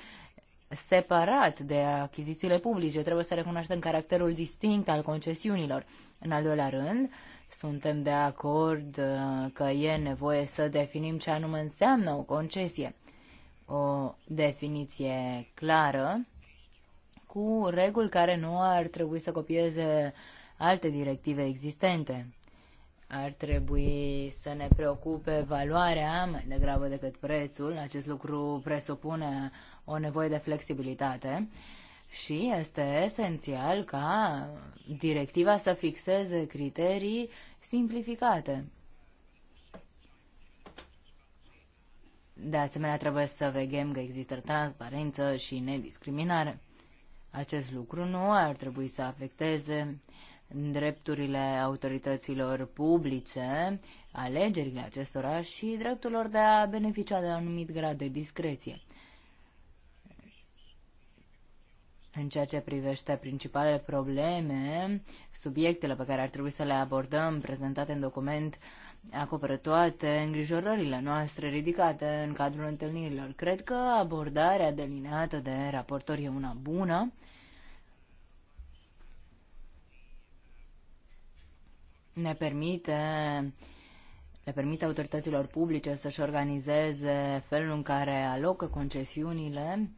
separat de achizițiile publice. Trebuie să recunoaștem caracterul distinct al concesiunilor. În al doilea rând, suntem de acord uh, că e nevoie să definim ce anume înseamnă o concesie. O definiție clară cu reguli care nu ar trebui să copieze alte directive existente ar trebui să ne preocupe valoarea mai degrabă decât prețul. Acest lucru presupune o nevoie de flexibilitate și este esențial ca directiva să fixeze criterii simplificate. De asemenea, trebuie să vegem că există transparență și nediscriminare. Acest lucru nu ar trebui să afecteze uh, drepturile autorităților publice, alegerile acestora și dreptul lor de a beneficia de un anumit grad de discreție. În ceea ce privește principalele probleme, subiectele pe care ar trebui să le abordăm prezentate în document acoperă toate îngrijorările noastre ridicate în cadrul întâlnirilor. Cred că abordarea delineată de raportor e una bună ne permite le permite autorităților publice să-și organizeze felul în care alocă concesiunile,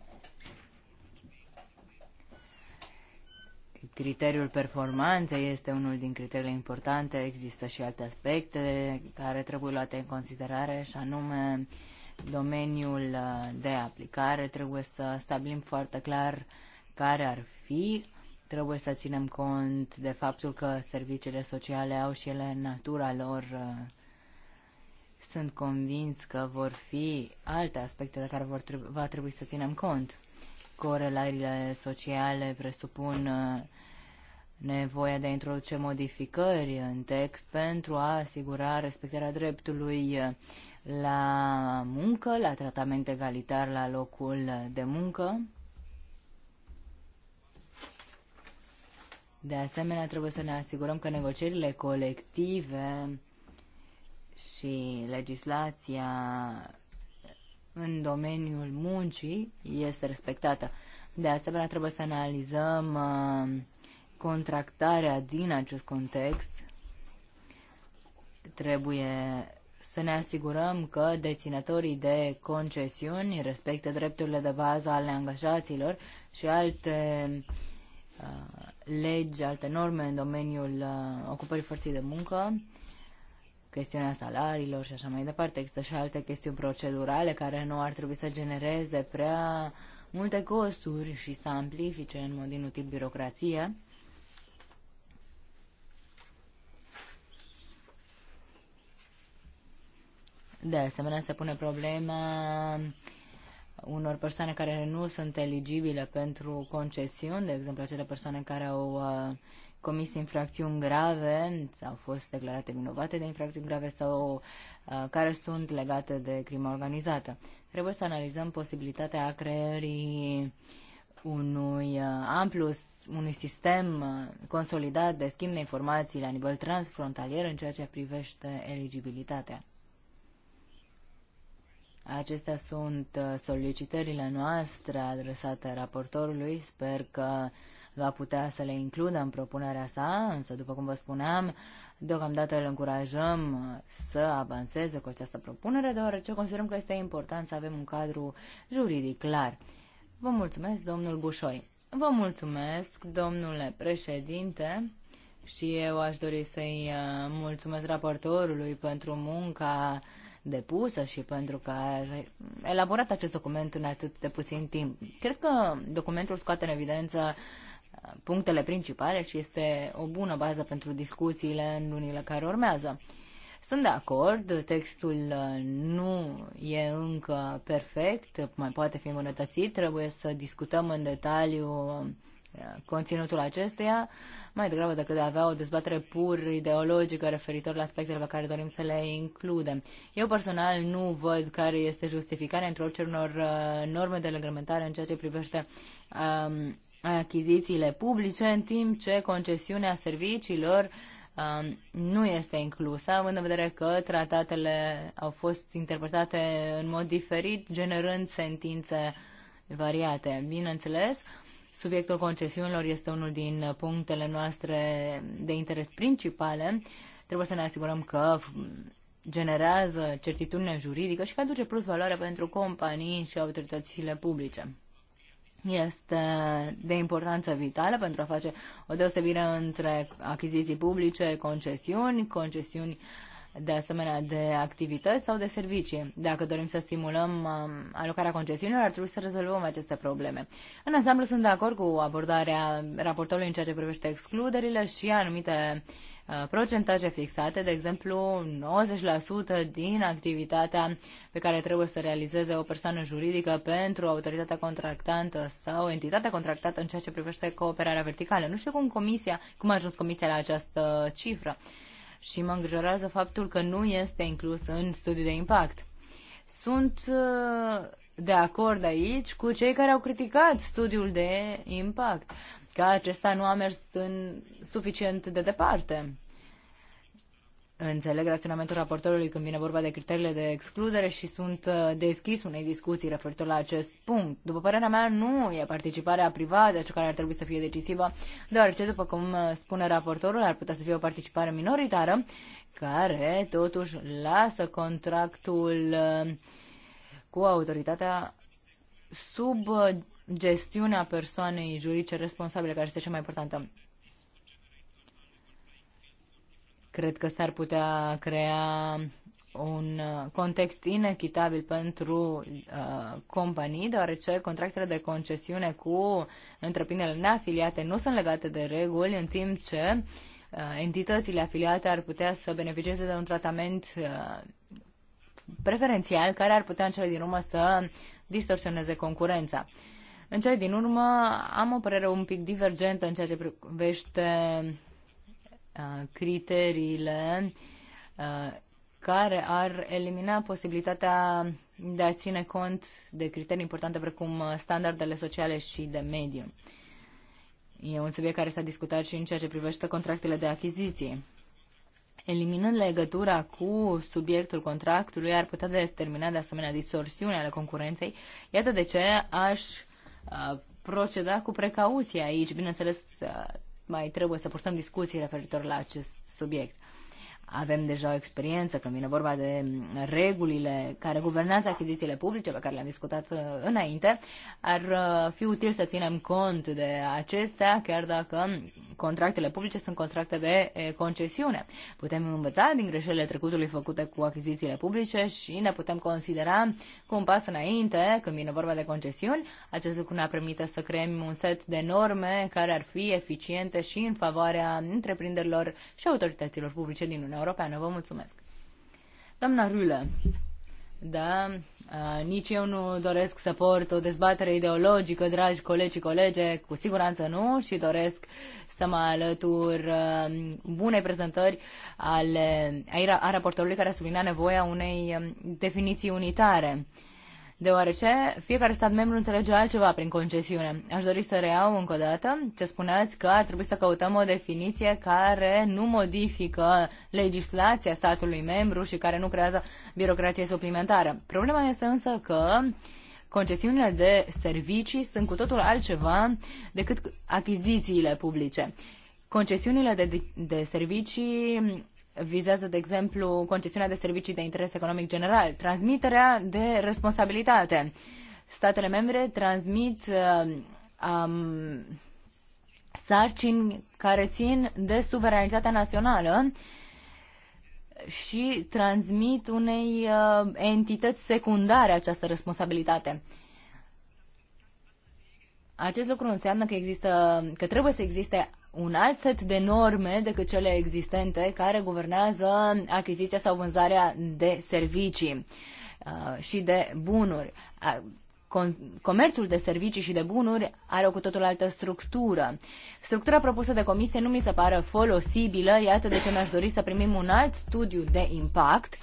Criteriul performanței este unul din criteriile importante, există și alte aspecte care trebuie luate în considerare și anume domeniul uh, de aplicare. Trebuie să stabilim foarte clar care ar fi Trebuie să ținem cont de faptul că serviciile sociale au și ele natura lor. Uh, sunt convins că vor fi alte aspecte de care vor trebui, va trebui să ținem cont. Corelările sociale presupun uh, nevoia de a introduce modificări în text pentru a asigura respectarea dreptului uh, la muncă, la tratament egalitar la locul de muncă. De asemenea, trebuie să ne asigurăm că negocierile colective și legislația în domeniul muncii este respectată. De asemenea, trebuie să analizăm uh, contractarea din acest context. Trebuie să ne asigurăm că deținătorii de concesiuni respectă drepturile de bază ale angajaților și alte uh, legi, alte norme în domeniul uh, ocupării forței de muncă, chestiunea salariilor și așa mai departe. Există și alte chestiuni procedurale care nu ar trebui să genereze prea multe costuri și să amplifice în mod inutil birocrație. De asemenea, se pune problema unor persoane care nu sunt eligibile pentru concesiuni, de exemplu acele persoane care au uh, comis infracțiuni grave, au fost declarate vinovate de infracțiuni grave sau uh, care sunt legate de crimă organizată. Trebuie să analizăm posibilitatea creării unui uh, amplu, unui sistem consolidat de schimb de informații la nivel transfrontalier în ceea ce privește eligibilitatea. Acestea sunt uh, solicitările noastre adresate raportorului. Sper că va putea să le includă în propunerea sa, însă, după cum vă spuneam, deocamdată îl încurajăm uh, să avanseze cu această propunere, deoarece considerăm că este important să avem un cadru juridic clar. Vă mulțumesc, domnul Bușoi. Vă mulțumesc, domnule președinte. Și eu aș dori să-i uh, mulțumesc raportorului pentru munca depusă și pentru că a elaborat acest document în atât de puțin timp. Cred că documentul scoate în evidență uh, punctele principale și este o bună bază pentru discuțiile în lunile care urmează. Sunt de acord, textul uh, nu e încă perfect, mai poate fi îmbunătățit, trebuie să discutăm în detaliu um, conținutul acestuia, mai degrabă decât de a avea o dezbatere pur ideologică referitor la aspectele pe care dorim să le includem. Eu personal nu văd care este justificarea orice unor uh, norme de reglementare în ceea ce privește um, achizițiile publice, în timp ce concesiunea serviciilor um, nu este inclusă, având în vedere că tratatele au fost interpretate în mod diferit, generând sentințe variate. Bineînțeles, uh, Subiectul concesiunilor este unul din punctele noastre de interes principale. Trebuie să ne asigurăm că generează certitudine juridică și că aduce plus valoare pentru companii și autoritățile publice. Este de importanță vitală pentru a face o deosebire între achiziții publice, concesiuni, concesiuni uh, de asemenea de activități sau de servicii. Dacă dorim să stimulăm um, alocarea concesiunilor, ar trebui să rezolvăm aceste probleme. În ansamblu sunt de acord cu abordarea raportorului în ceea ce privește excluderile și anumite uh, procentaje fixate, de exemplu 90% din activitatea pe care trebuie să realizeze o persoană juridică pentru autoritatea contractantă sau entitatea contractată în ceea ce privește cooperarea verticală. Nu știu cum comisia, cum a ajuns comisia la această cifră. Uh, și mă îngrijorează faptul că nu este inclus în studiul de impact. Sunt uh, de acord aici cu cei care au criticat studiul de impact, că acesta nu a mers în suficient de departe. Înțeleg raționamentul raportorului când vine vorba de criteriile de excludere și sunt uh, deschis unei discuții referitor la acest punct. După părerea mea, nu e participarea privată cea deci care ar trebui să fie decisivă, deoarece, după cum uh, spune raportorul, ar putea să fie o participare minoritară, care totuși lasă contractul uh, cu autoritatea sub gestiunea persoanei juridice responsabile, care este cea mai importantă. Cred că s-ar putea crea un uh, context inechitabil pentru uh, companii, deoarece contractele de concesiune cu întreprinderile neafiliate nu sunt legate de reguli, în timp ce uh, entitățile afiliate ar putea să beneficieze de un tratament uh, preferențial care ar putea în cele din urmă să distorsioneze concurența. În cele din urmă am o părere un pic divergentă în ceea ce privește Uh, criteriile uh, care ar elimina posibilitatea de a ține cont de criterii importante precum uh, standardele sociale și de mediu. E un subiect care s-a discutat și în ceea ce privește contractele de achiziție. Eliminând legătura cu subiectul contractului, ar putea determina de asemenea distorsiunea ale concurenței. Iată de ce aș proceda cu precauție aici. Bineînțeles, mai trebuie să purtăm discuții referitor la acest subiect. Avem deja o experiență când vine vorba de regulile care guvernează achizițiile publice, pe care le-am discutat uh, înainte. Ar uh, fi util să ținem cont de acestea, chiar dacă contractele publice sunt contracte de concesiune. Putem învăța din greșelile trecutului făcute cu achizițiile publice și ne putem considera cu un pas înainte când vine vorba de concesiuni. Acest lucru ne-a permite să creăm un set de norme care ar fi eficiente și în favoarea întreprinderilor și autorităților publice din Uniunea Uniunea Europeană. Vă mulțumesc. Doamna Rulă, da, nici eu nu doresc să port o dezbatere ideologică, dragi colegi și colege, cu siguranță nu, și doresc să mă alătur bunei prezentări ale, a raportorului care a nevoia unei definiții unitare deoarece fiecare stat membru înțelege altceva prin concesiune. Aș dori să reiau încă o dată ce spuneați că ar trebui să căutăm o definiție care nu modifică legislația statului membru și care nu creează birocrație suplimentară. Problema este însă că concesiunile de servicii sunt cu totul altceva decât achizițiile publice. Concesiunile de, de servicii vizează, de exemplu, concesiunea de servicii de interes economic general, transmiterea de responsabilitate. Statele membre transmit uh, um, sarcini care țin de suveranitatea națională și transmit unei uh, entități secundare această responsabilitate. Acest lucru înseamnă că există, că trebuie să existe un alt set de norme decât cele existente care guvernează achiziția sau vânzarea de servicii uh, și de bunuri. Comerțul de servicii și de bunuri are o cu totul altă structură. Structura propusă de comisie nu mi se pare folosibilă, iată de ce mi-aș dori să primim un alt studiu de impact.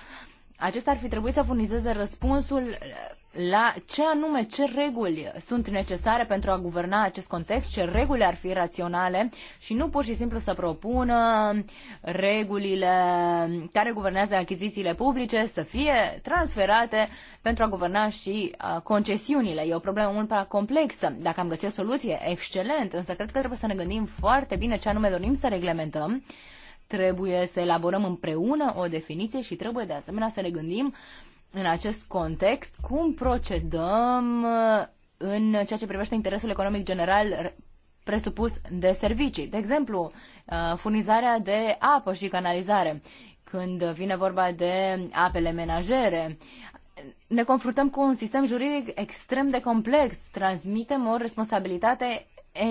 Acesta ar fi trebuit să furnizeze răspunsul uh, la ce anume, ce reguli sunt necesare pentru a guverna acest context, ce reguli ar fi raționale și nu pur și simplu să propună regulile care guvernează achizițiile publice să fie transferate pentru a guverna și concesiunile. E o problemă mult prea complexă. Dacă am găsit o soluție, excelent, însă cred că trebuie să ne gândim foarte bine ce anume dorim să reglementăm trebuie să elaborăm împreună o definiție și trebuie de asemenea să ne gândim în acest context cum procedăm uh, în ceea ce privește interesul economic general presupus de servicii. De exemplu, uh, furnizarea de apă și canalizare. Când vine vorba de apele menajere, ne confruntăm cu un sistem juridic extrem de complex. Transmitem o responsabilitate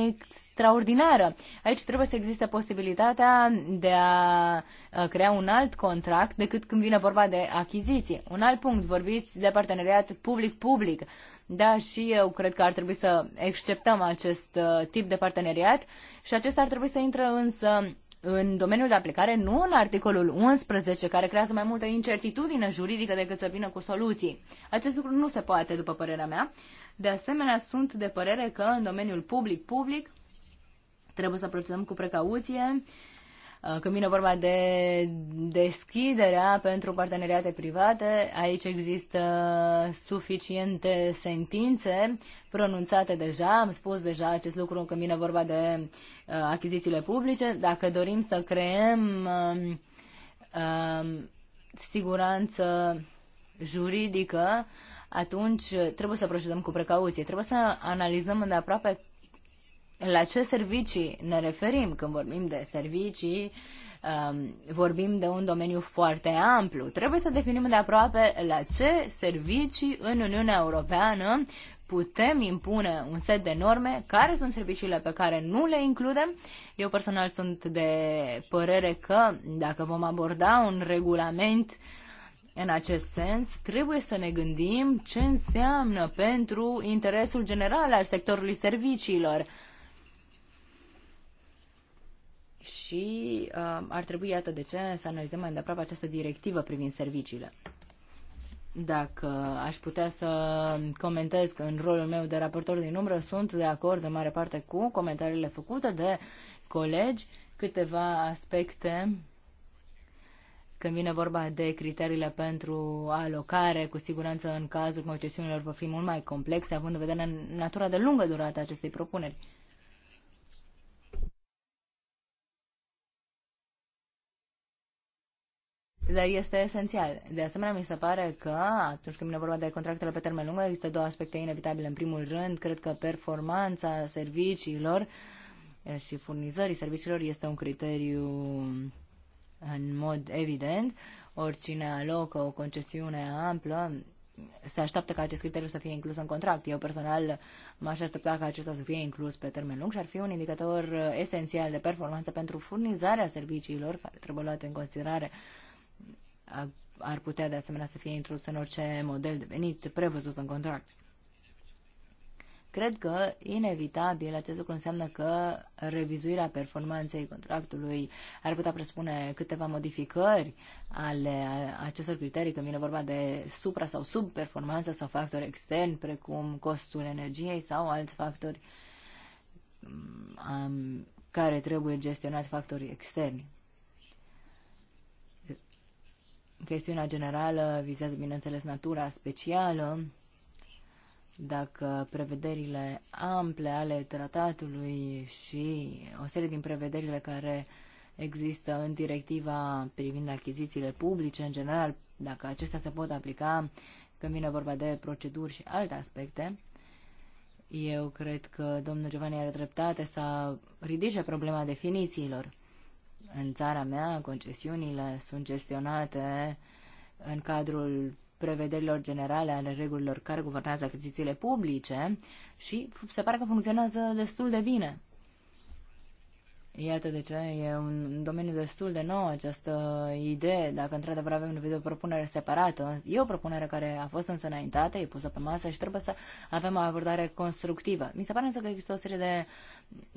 extraordinară. Aici trebuie să existe posibilitatea de a crea un alt contract decât când vine vorba de achiziții. Un alt punct, vorbiți de parteneriat public-public. Da, și eu cred că ar trebui să exceptăm acest uh, tip de parteneriat și acesta ar trebui să intre însă în domeniul de aplicare, nu în articolul 11, care creează mai multă incertitudine juridică decât să vină cu soluții. Acest lucru nu se poate, după părerea mea. De asemenea, sunt de părere că în domeniul public-public trebuie să procedăm cu precauție uh, când vine vorba de deschiderea pentru parteneriate private, aici există suficiente sentințe pronunțate deja, am spus deja acest lucru când vine vorba de uh, achizițiile publice. Dacă dorim să creăm um, um, siguranță juridică, atunci eh, trebuie să procedăm cu precauție. Trebuie să analizăm îndeaproape la ce servicii ne referim când vorbim de servicii ehm, vorbim de un domeniu foarte amplu. Trebuie să definim de aproape la ce servicii în Uniunea Europeană putem impune un set de norme, care sunt serviciile pe care nu le includem. Eu personal sunt de părere că dacă vom aborda un regulament uh, în acest sens, trebuie să ne gândim ce înseamnă pentru interesul general al sectorului serviciilor. Și uh, ar trebui, iată de ce, să analizăm mai îndeaproape această directivă privind serviciile. Dacă aș putea să comentez că în rolul meu de raportor din umbră sunt de acord în mare parte cu comentariile făcute de colegi, câteva aspecte când vine vorba de criteriile pentru alocare, cu siguranță în cazul concesiunilor vor fi mult mai complexe, având în vedere natura de lungă durată a acestei propuneri. dar este esențial. De asemenea, mi se pare că atunci când vine vorba de contractele pe termen lung, există două aspecte inevitabile. În primul rând, cred că performanța serviciilor și furnizării serviciilor este un criteriu în mod evident. Oricine alocă o concesiune amplă se așteaptă ca acest criteriu să fie inclus în contract. Eu personal m-aș aștepta ca acesta să fie inclus pe termen lung și ar fi un indicator esențial de performanță pentru furnizarea serviciilor care trebuie luate în considerare. Ar putea de asemenea să fie introdus în orice model de venit prevăzut în contract. Cred că, inevitabil, acest lucru înseamnă că revizuirea performanței contractului ar putea presupune câteva modificări ale acestor criterii, când vine vorba de supra- sau subperformanță sau factori externi, precum costul energiei sau alți factori um, care trebuie gestionați factorii externi. Chestiunea generală vizează, bineînțeles, natura specială dacă prevederile ample ale tratatului și o serie din prevederile care există în directiva privind achizițiile publice, în general, dacă acestea se pot aplica când vine vorba de proceduri și alte aspecte, eu cred că domnul Giovanni are dreptate să ridice problema definițiilor. În țara mea, concesiunile sunt gestionate în cadrul prevederilor generale ale regulilor care guvernează achizițiile publice și se pare că funcționează destul de bine. Iată de ce e un domeniu destul de nou această idee, dacă într-adevăr avem nevoie de o propunere separată. E o propunere care a fost însă înaintată, e pusă pe masă și trebuie să avem o abordare constructivă. Mi se pare însă că există o serie de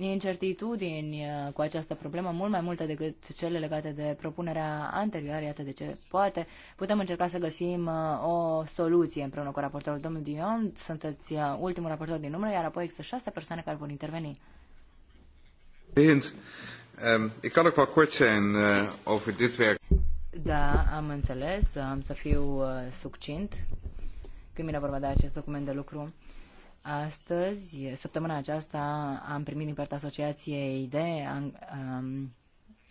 incertitudini uh, cu această problemă, mult mai multe decât cele legate de propunerea anterioară, iată de ce poate. Putem încerca să găsim uh, o soluție împreună cu raportorul domnul Dion, sunteți uh, ultimul raportor din număr, iar apoi există șase persoane care vor interveni. Ehm, ik kan ook wel kort zijn eh, over dit werk. Da, am înțeles, am să fiu uh, succint când vine vorba de acest document de lucru. Astăzi, săptămâna aceasta, am primit din partea Asociației de um,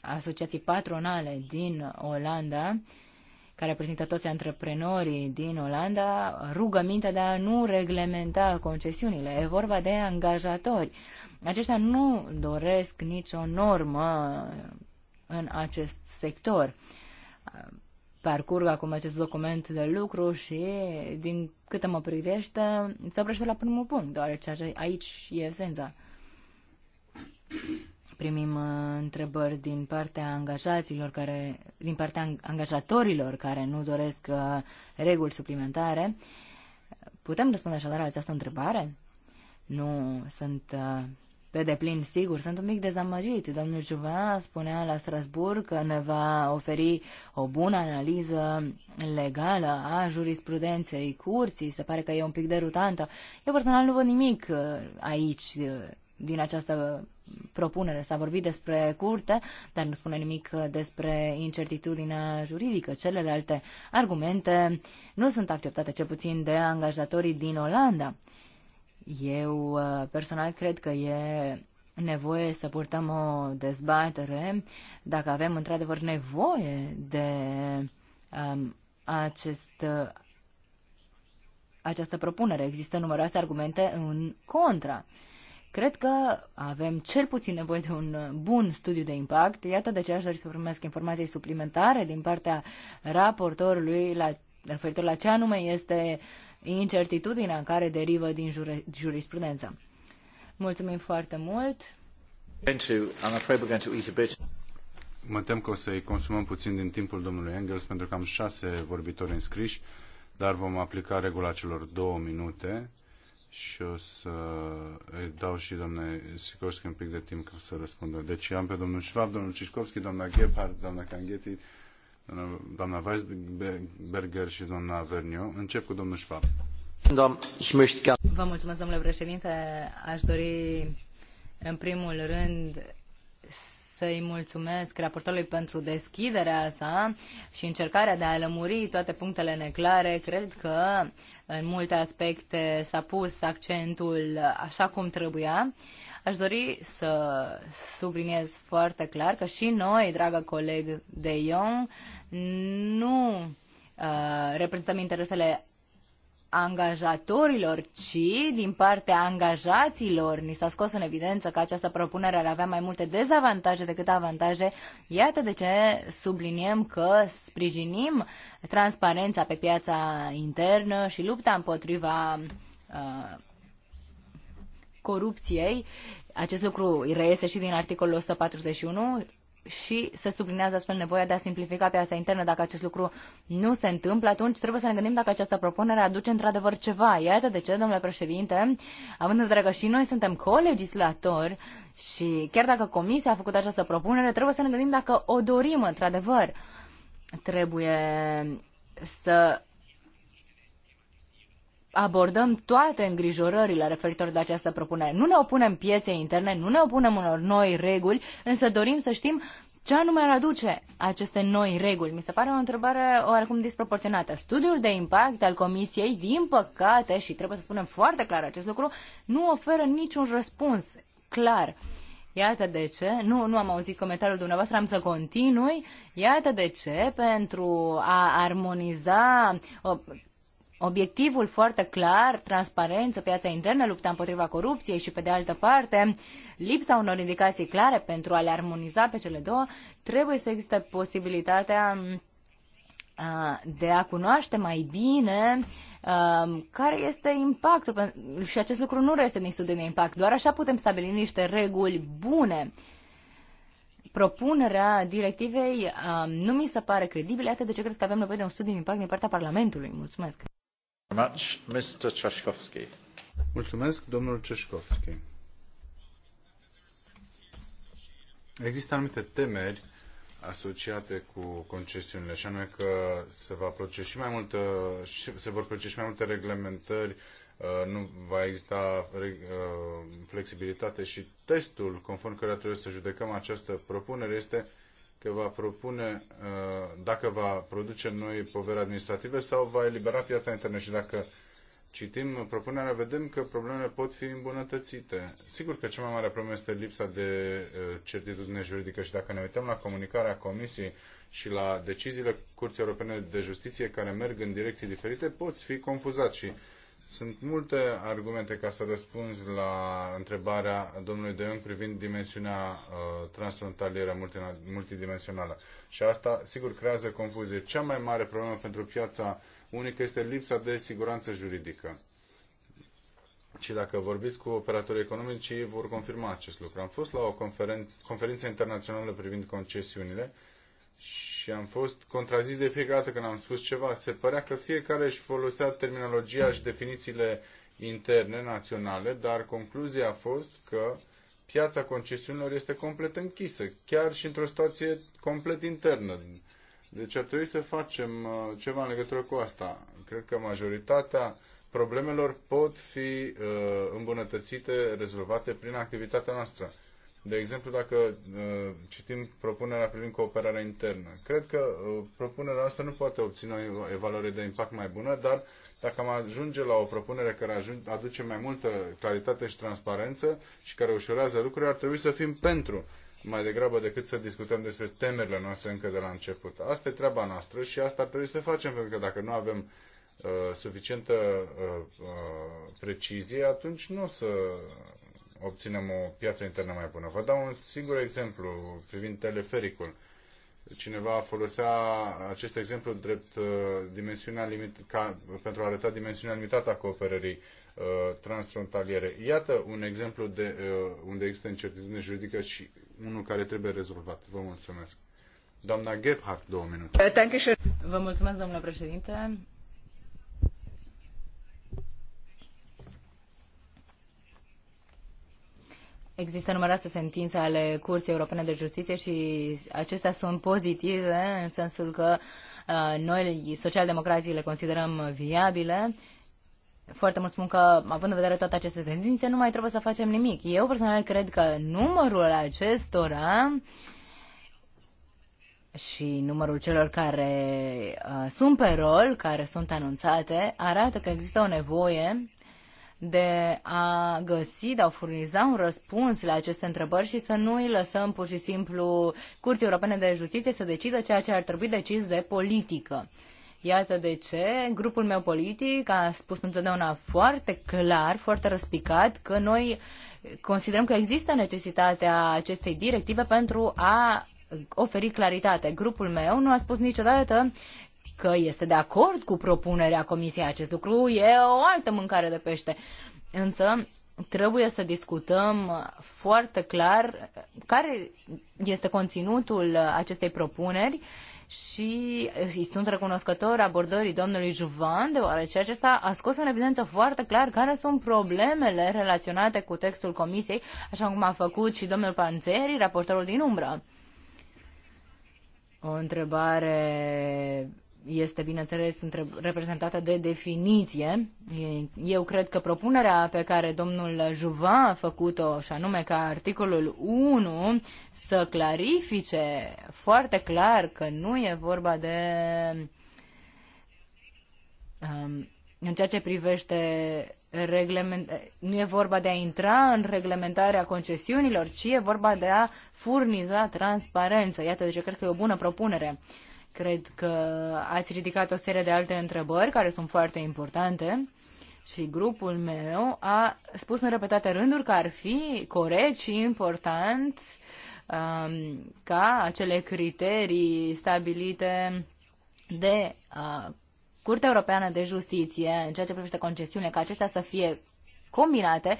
Asociații Patronale din Olanda, care reprezintă toți antreprenorii din Olanda, rugămintea de a nu reglementa concesiunile. E vorba de angajatori. Uh, aceștia nu doresc nicio normă în acest sector. Parcurg acum acest document de lucru și, din câte mă privește, se oprește la primul punct, deoarece aici e esența. Primim uh, întrebări din partea angajaților care, din partea angajatorilor care nu doresc uh, reguli suplimentare. Putem răspunde așadar la această întrebare? Nu sunt uh, pe deplin sigur. Sunt un mic dezamăgit. Domnul Juva spunea la Strasburg că ne va oferi o bună analiză legală a jurisprudenței curții. Se pare că e un pic derutantă. Eu personal nu văd nimic uh, aici uh, din această propunere. S-a vorbit despre curte, dar nu spune nimic uh, despre incertitudinea juridică. Celelalte argumente nu sunt acceptate, cel puțin de angajatorii din Olanda. Eu uh, personal cred că e nevoie să purtăm o dezbatere dacă avem într-adevăr nevoie de um, acest, uh, această propunere. Există numeroase argumente în contra. Cred că avem cel puțin nevoie de un bun studiu de impact. Iată de ce aș dori să primesc informații suplimentare din partea raportorului la, referitor la ce anume este uh, incertitudinea care derivă din jurisprudență. Mulțumim foarte mult! Mă tem că o să-i consumăm puțin din timpul domnului Engels, pentru că am șase vorbitori înscriși, dar vom aplica regula celor două minute și o să îi dau și domnului Sikorski un pic de timp ca să răspundă. Deci am pe domnul Schwab, domnul Ciskovski, doamna Gebhardt, doamna Canghetti, doamna Weisberger și doamna Verniu. Încep cu domnul Schwab. Vă mulțumesc, domnule președinte. Aș dori, în primul rând, să-i mulțumesc raportorului pentru deschiderea sa și încercarea de a lămuri toate punctele neclare. Cred că în multe aspecte s-a pus accentul așa cum trebuia. Uh, Aș dori să subliniez foarte clar că și noi, dragă coleg de ion, nu uh, reprezentăm interesele angajatorilor, ci din partea angajaților. Ni s-a scos în evidență că această propunere ar avea mai multe dezavantaje decât avantaje. Iată de ce subliniem că sprijinim transparența pe piața internă și lupta împotriva uh, corupției. Acest lucru reiese și din articolul 141 și se sublinează astfel nevoia de a simplifica piața internă. Dacă acest lucru nu se întâmplă, atunci trebuie să ne gândim dacă această propunere aduce într-adevăr ceva. Iată de ce, domnule președinte, având în vedere că și noi suntem colegislatori și chiar dacă comisia a făcut această propunere, trebuie să ne gândim dacă o dorim într-adevăr. Trebuie să abordăm toate îngrijorările referitor de această propunere. Nu ne opunem pieței interne, nu ne opunem unor noi reguli, însă dorim să știm ce anume ar aduce aceste noi reguli? Mi se pare o întrebare oarecum disproporționată. Studiul de impact al Comisiei, din păcate, și trebuie să spunem foarte clar acest lucru, nu oferă niciun răspuns clar. Iată de ce, nu, nu am auzit comentariul dumneavoastră, am să continui. Iată de ce, pentru a armoniza obiectivul foarte clar, transparență, piața internă, lupta împotriva corupției și, pe de altă parte, lipsa unor indicații clare pentru a le armoniza pe cele două, trebuie să existe posibilitatea de a cunoaște mai bine care este impactul. Și acest lucru nu reiese din studiul de impact. Doar așa putem stabili niște reguli bune propunerea directivei nu mi se pare credibilă, atât de ce cred că avem nevoie de un studiu de impact din partea Parlamentului. Mulțumesc! Mulțumesc, domnul Ceșkovski. Există anumite temeri asociate cu concesiunile, și anume că se, va produce și mai multă, se vor produce și mai multe reglementări, uh, nu va exista uh, flexibilitate și testul conform căruia trebuie să judecăm această propunere este că va propune uh, dacă va produce noi povere administrative sau va elibera piața internă și dacă citim propunerea, vedem că problemele pot fi îmbunătățite. Sigur că cea mai mare problemă este lipsa de uh, certitudine juridică și dacă ne uităm la comunicarea Comisiei și la deciziile Curții Europene de Justiție care merg în direcții diferite, poți fi confuzat și sunt multe argumente ca să răspunzi la întrebarea domnului Deon privind dimensiunea uh, transfrontalieră multidimensională. Și asta, sigur, creează confuzie. Cea mai mare problemă pentru piața unică este lipsa de siguranță juridică. Și dacă vorbiți cu operatorii economici, ei vor confirma acest lucru. Am fost la o conferință, conferință internațională privind concesiunile și am fost contrazis de fiecare dată când am spus ceva. Se părea că fiecare își folosea terminologia și definițiile interne, naționale, dar concluzia a fost că piața concesiunilor este complet închisă, chiar și într-o situație complet internă. Deci ar trebui să facem uh, ceva în legătură cu asta. Cred că majoritatea problemelor pot fi uh, îmbunătățite, rezolvate prin activitatea noastră. De exemplu, dacă uh, citim propunerea privind cooperarea internă, cred că uh, propunerea asta nu poate obține o evaluare de impact mai bună, dar dacă am ajunge la o propunere care aduce mai multă claritate și transparență și care ușurează lucrurile, ar trebui să fim pentru mai degrabă decât să discutăm despre temerile noastre încă de la început. Asta e treaba noastră și asta ar trebui să facem, pentru că dacă nu avem uh, suficientă uh, uh precizie, atunci nu o să obținem o piață internă mai bună. Vă dau un singur exemplu privind telefericul. Cineva folosea acest exemplu drept uh, dimensiunea limit, ca, pentru a arăta dimensiunea limitată a cooperării uh, transfrontaliere. Iată un exemplu de, uh, unde există incertitudine juridică și unul care trebuie rezolvat. Vă mulțumesc. Doamna Gebhardt, două minute. Vă mulțumesc, domnule președinte. Există numeroase sentințe ale Curții Europene de Justiție și acestea sunt pozitive în sensul că uh, noi, socialdemocrații, le considerăm viabile. Foarte mult spun că, având în vedere toate aceste tendințe, nu mai trebuie să facem nimic. Eu personal cred că numărul acestora și numărul celor care uh, sunt pe rol, care sunt anunțate, arată că există o nevoie de a găsi, de a furniza un răspuns la aceste întrebări și să nu îi lăsăm pur și simplu Curții Europene de Justiție să decidă ceea ce ar trebui decis de politică. Iată de ce grupul meu politic a spus întotdeauna foarte clar, foarte răspicat că noi considerăm că există necesitatea acestei directive pentru a oferi claritate. Grupul meu nu a spus niciodată că este de acord cu propunerea Comisiei. Acest lucru e o altă mâncare de pește. Însă, trebuie să discutăm foarte clar care este conținutul acestei propuneri și îi sunt recunoscător abordării domnului Juvan, deoarece acesta a scos în evidență foarte clar care sunt problemele relaționate cu textul comisiei, așa cum a făcut și domnul Panțeri, raportorul din umbră. O întrebare este, bineînțeles, reprezentată de definiție. Eu cred că propunerea pe care domnul Juva a făcut-o, și anume ca articolul 1 să clarifice foarte clar că nu e vorba de. Um, în ceea ce privește reglement, nu e vorba de a intra în reglementarea concesiunilor, ci e vorba de a furniza transparență. Iată de ce cred că e o bună propunere. Uh, Cred că ați ridicat o serie de alte întrebări care sunt foarte importante și grupul meu a spus în repetate rânduri că ar fi corect și important um, ca acele criterii stabilite de uh, Curtea Europeană de Justiție în ceea ce privește concesiunile, ca acestea să fie combinate,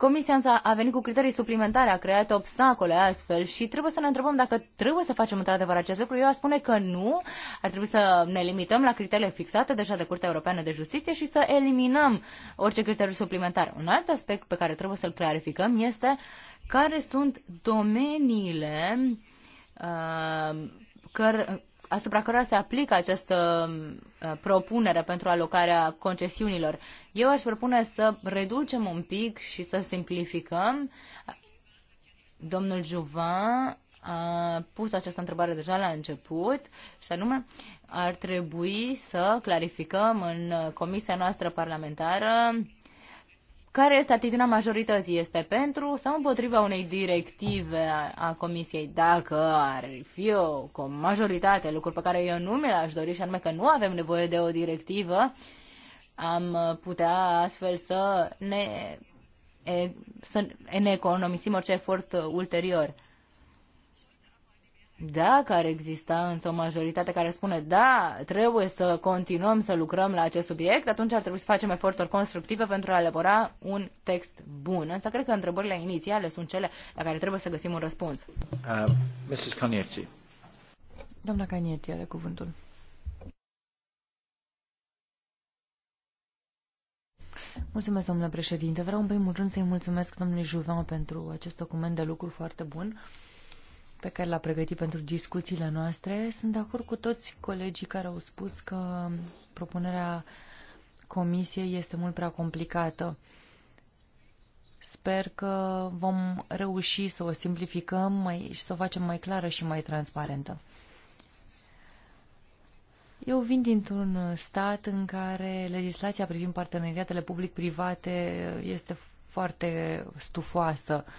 Comisia însă a venit cu criterii suplimentare, a creat obstacole astfel și trebuie să ne întrebăm dacă trebuie să facem într-adevăr acest lucru. Eu aș spune că nu, ar trebui să ne limităm la criteriile fixate deja de Curtea Europeană de Justiție și să eliminăm orice criteriu suplimentar. Un alt aspect pe care trebuie să-l clarificăm este care sunt domeniile uh, căr- asupra cărora se aplică această uh, propunere pentru alocarea concesiunilor. Eu aș propune să reducem un pic și să simplificăm. Domnul Juvan a pus această întrebare deja la început și anume ar trebui să clarificăm în comisia noastră parlamentară care este atitudinea majorității? Este pentru sau împotriva unei directive a, a Comisiei? Dacă ar fi o, o majoritate, lucruri pe care eu nu mi l-aș dori, și anume că nu avem nevoie de o directivă, am putea astfel să ne, e, să ne economisim orice efort ulterior. Dacă ar exista însă o majoritate care spune da, trebuie să continuăm să lucrăm la acest subiect, atunci ar trebui să facem eforturi constructive pentru a elabora un text bun. Însă cred că întrebările inițiale sunt cele la care trebuie să găsim un răspuns. Uh, Mrs. Canieti. Doamna Canieti are cuvântul. Mulțumesc, domnule președinte. Vreau în primul rând să-i mulțumesc domnului Juvan pentru acest document de lucru foarte bun pe care l-a pregătit pentru discuțiile noastre. Sunt de acord cu toți colegii care au spus că propunerea comisiei este mult prea complicată. Sper că vom reuși să o simplificăm mai, și să o facem mai clară și mai transparentă. Eu vin dintr-un stat în care legislația privind parteneriatele public-private este foarte stufoasă. Uh,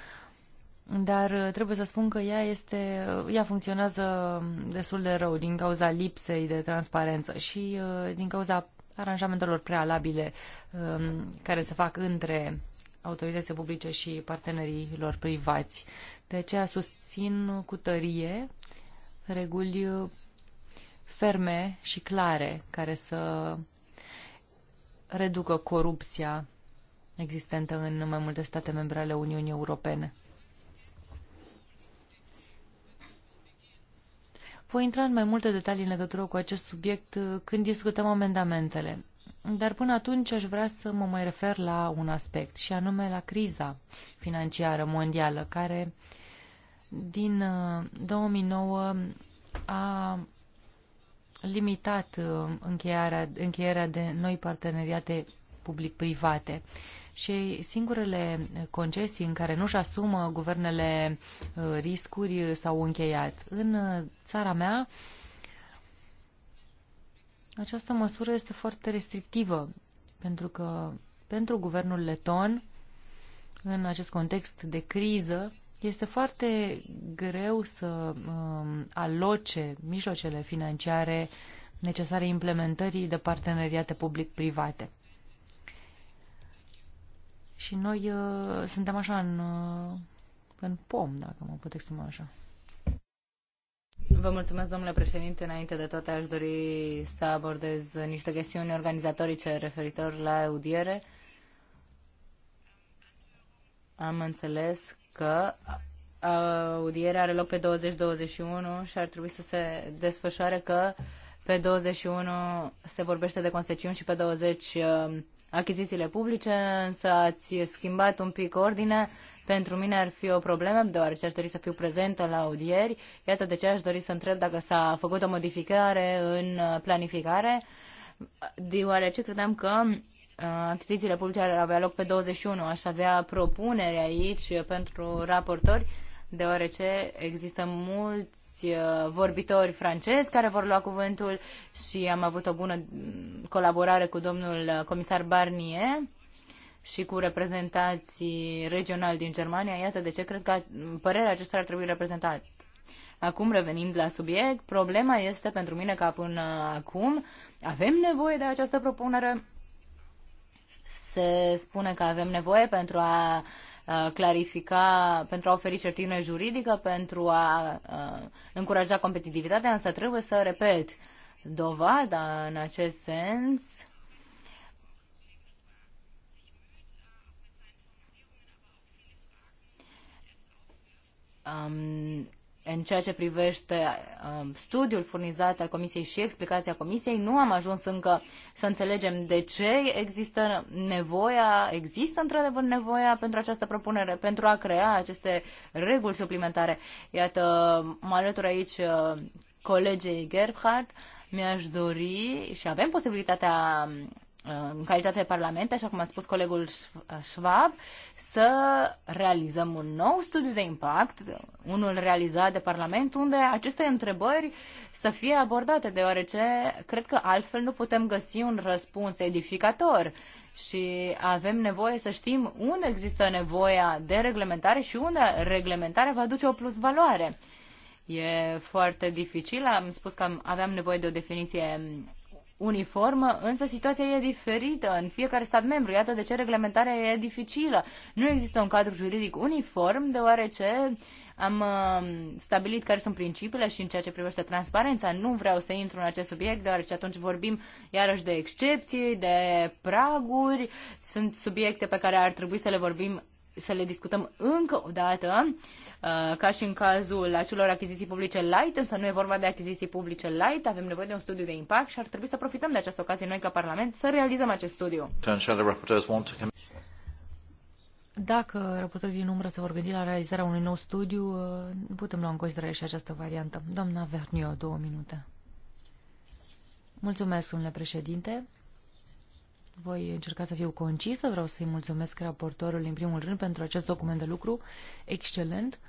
dar uh, trebuie să spun că ea, este, uh, ea funcționează destul de rău din cauza lipsei de transparență și uh, din cauza aranjamentelor prealabile um, care se fac între autoritățile publice și partenerii lor privați. De aceea susțin cu tărie reguli ferme și clare care să reducă corupția existentă în mai multe state membre ale Uniunii Europene. Voi intra în mai multe detalii în legătură cu acest subiect uh, când discutăm amendamentele. Dar până atunci aș vrea să mă mai refer la un aspect, și anume la criza financiară mondială, care din 2009 uh, a limitat uh, încheierea, de noi parteneriate public-private. Uh, și singurele concesii în care nu-și asumă guvernele uh, riscuri s-au încheiat. În uh, țara mea, această măsură este foarte restrictivă, pentru că pentru guvernul leton, în acest context de criză, este foarte greu să um, aloce mijloacele financiare necesare implementării de parteneriate public-private. Și noi uh, suntem așa în, uh, în pom, dacă mă pot exprima așa. Vă mulțumesc, domnule președinte. Înainte de toate, aș dori să abordez niște chestiuni organizatorice referitor la audiere. Am înțeles că audierea are loc pe 20-21 și ar trebui să se desfășoare că pe 21 se vorbește de consecințe și pe 20 achizițiile publice, însă ați schimbat un pic ordinea. Pentru mine ar fi o problemă, deoarece aș dori să fiu prezentă la audieri. Iată de ce aș dori să întreb dacă s-a făcut o modificare în planificare, deoarece credeam că uh, achizițiile publice ar avea loc pe 21. Aș avea propuneri aici pentru raportori deoarece există mulți uh, vorbitori francezi care vor lua cuvântul și am avut o bună colaborare cu domnul uh, comisar Barnier și cu reprezentații regionali din Germania. Iată de ce cred că părerea acestora ar trebui reprezentată. Acum, revenind la subiect, problema este pentru mine ca până acum avem nevoie de această propunere. Se spune că avem nevoie pentru a uh, Uh, clarifica, pentru a oferi certitudine juridică, pentru a uh, încuraja competitivitatea, însă trebuie să repet, dovada în acest sens um, în ceea ce privește um, studiul furnizat al Comisiei și explicația Comisiei, nu am ajuns încă să înțelegem de ce există nevoia, există într-adevăr nevoia pentru această propunere, pentru a crea aceste reguli suplimentare. Iată, mă alătur aici uh, colegei Gerbhardt, mi-aș dori și avem posibilitatea um, Uh, în calitate de parlament, așa cum a spus colegul Schwab, să realizăm un nou studiu de impact, unul realizat de Parlament, unde aceste întrebări să fie abordate, deoarece cred că altfel nu putem găsi un răspuns edificator și avem nevoie să știm unde există nevoia de reglementare și unde reglementarea va duce o plusvaloare. E foarte dificil, am spus că aveam nevoie de o definiție uniformă, însă situația e diferită în fiecare stat membru. Iată de ce reglementarea e dificilă. Nu există un cadru juridic uniform, deoarece am uh, stabilit care sunt principiile și în ceea ce privește transparența. Nu vreau să intru în acest subiect, deoarece atunci vorbim iarăși de excepții, de praguri. Sunt subiecte pe care ar trebui să le vorbim, să le discutăm încă o dată. Uh, Uh, ca și în cazul acelor achiziții publice light, însă nu e vorba de achiziții publice light, avem nevoie de un studiu de impact și ar trebui să profităm de această ocazie noi ca Parlament să realizăm acest studiu. Dacă raportorii din umbră se vor gândi la realizarea unui nou studiu, uh, putem lua în considerare și această variantă. Doamna Vernio, două minute. Mulțumesc, domnule președinte voi încerca să fiu concisă. Vreau să-i mulțumesc raportorului în primul rând pentru acest document de lucru excelent.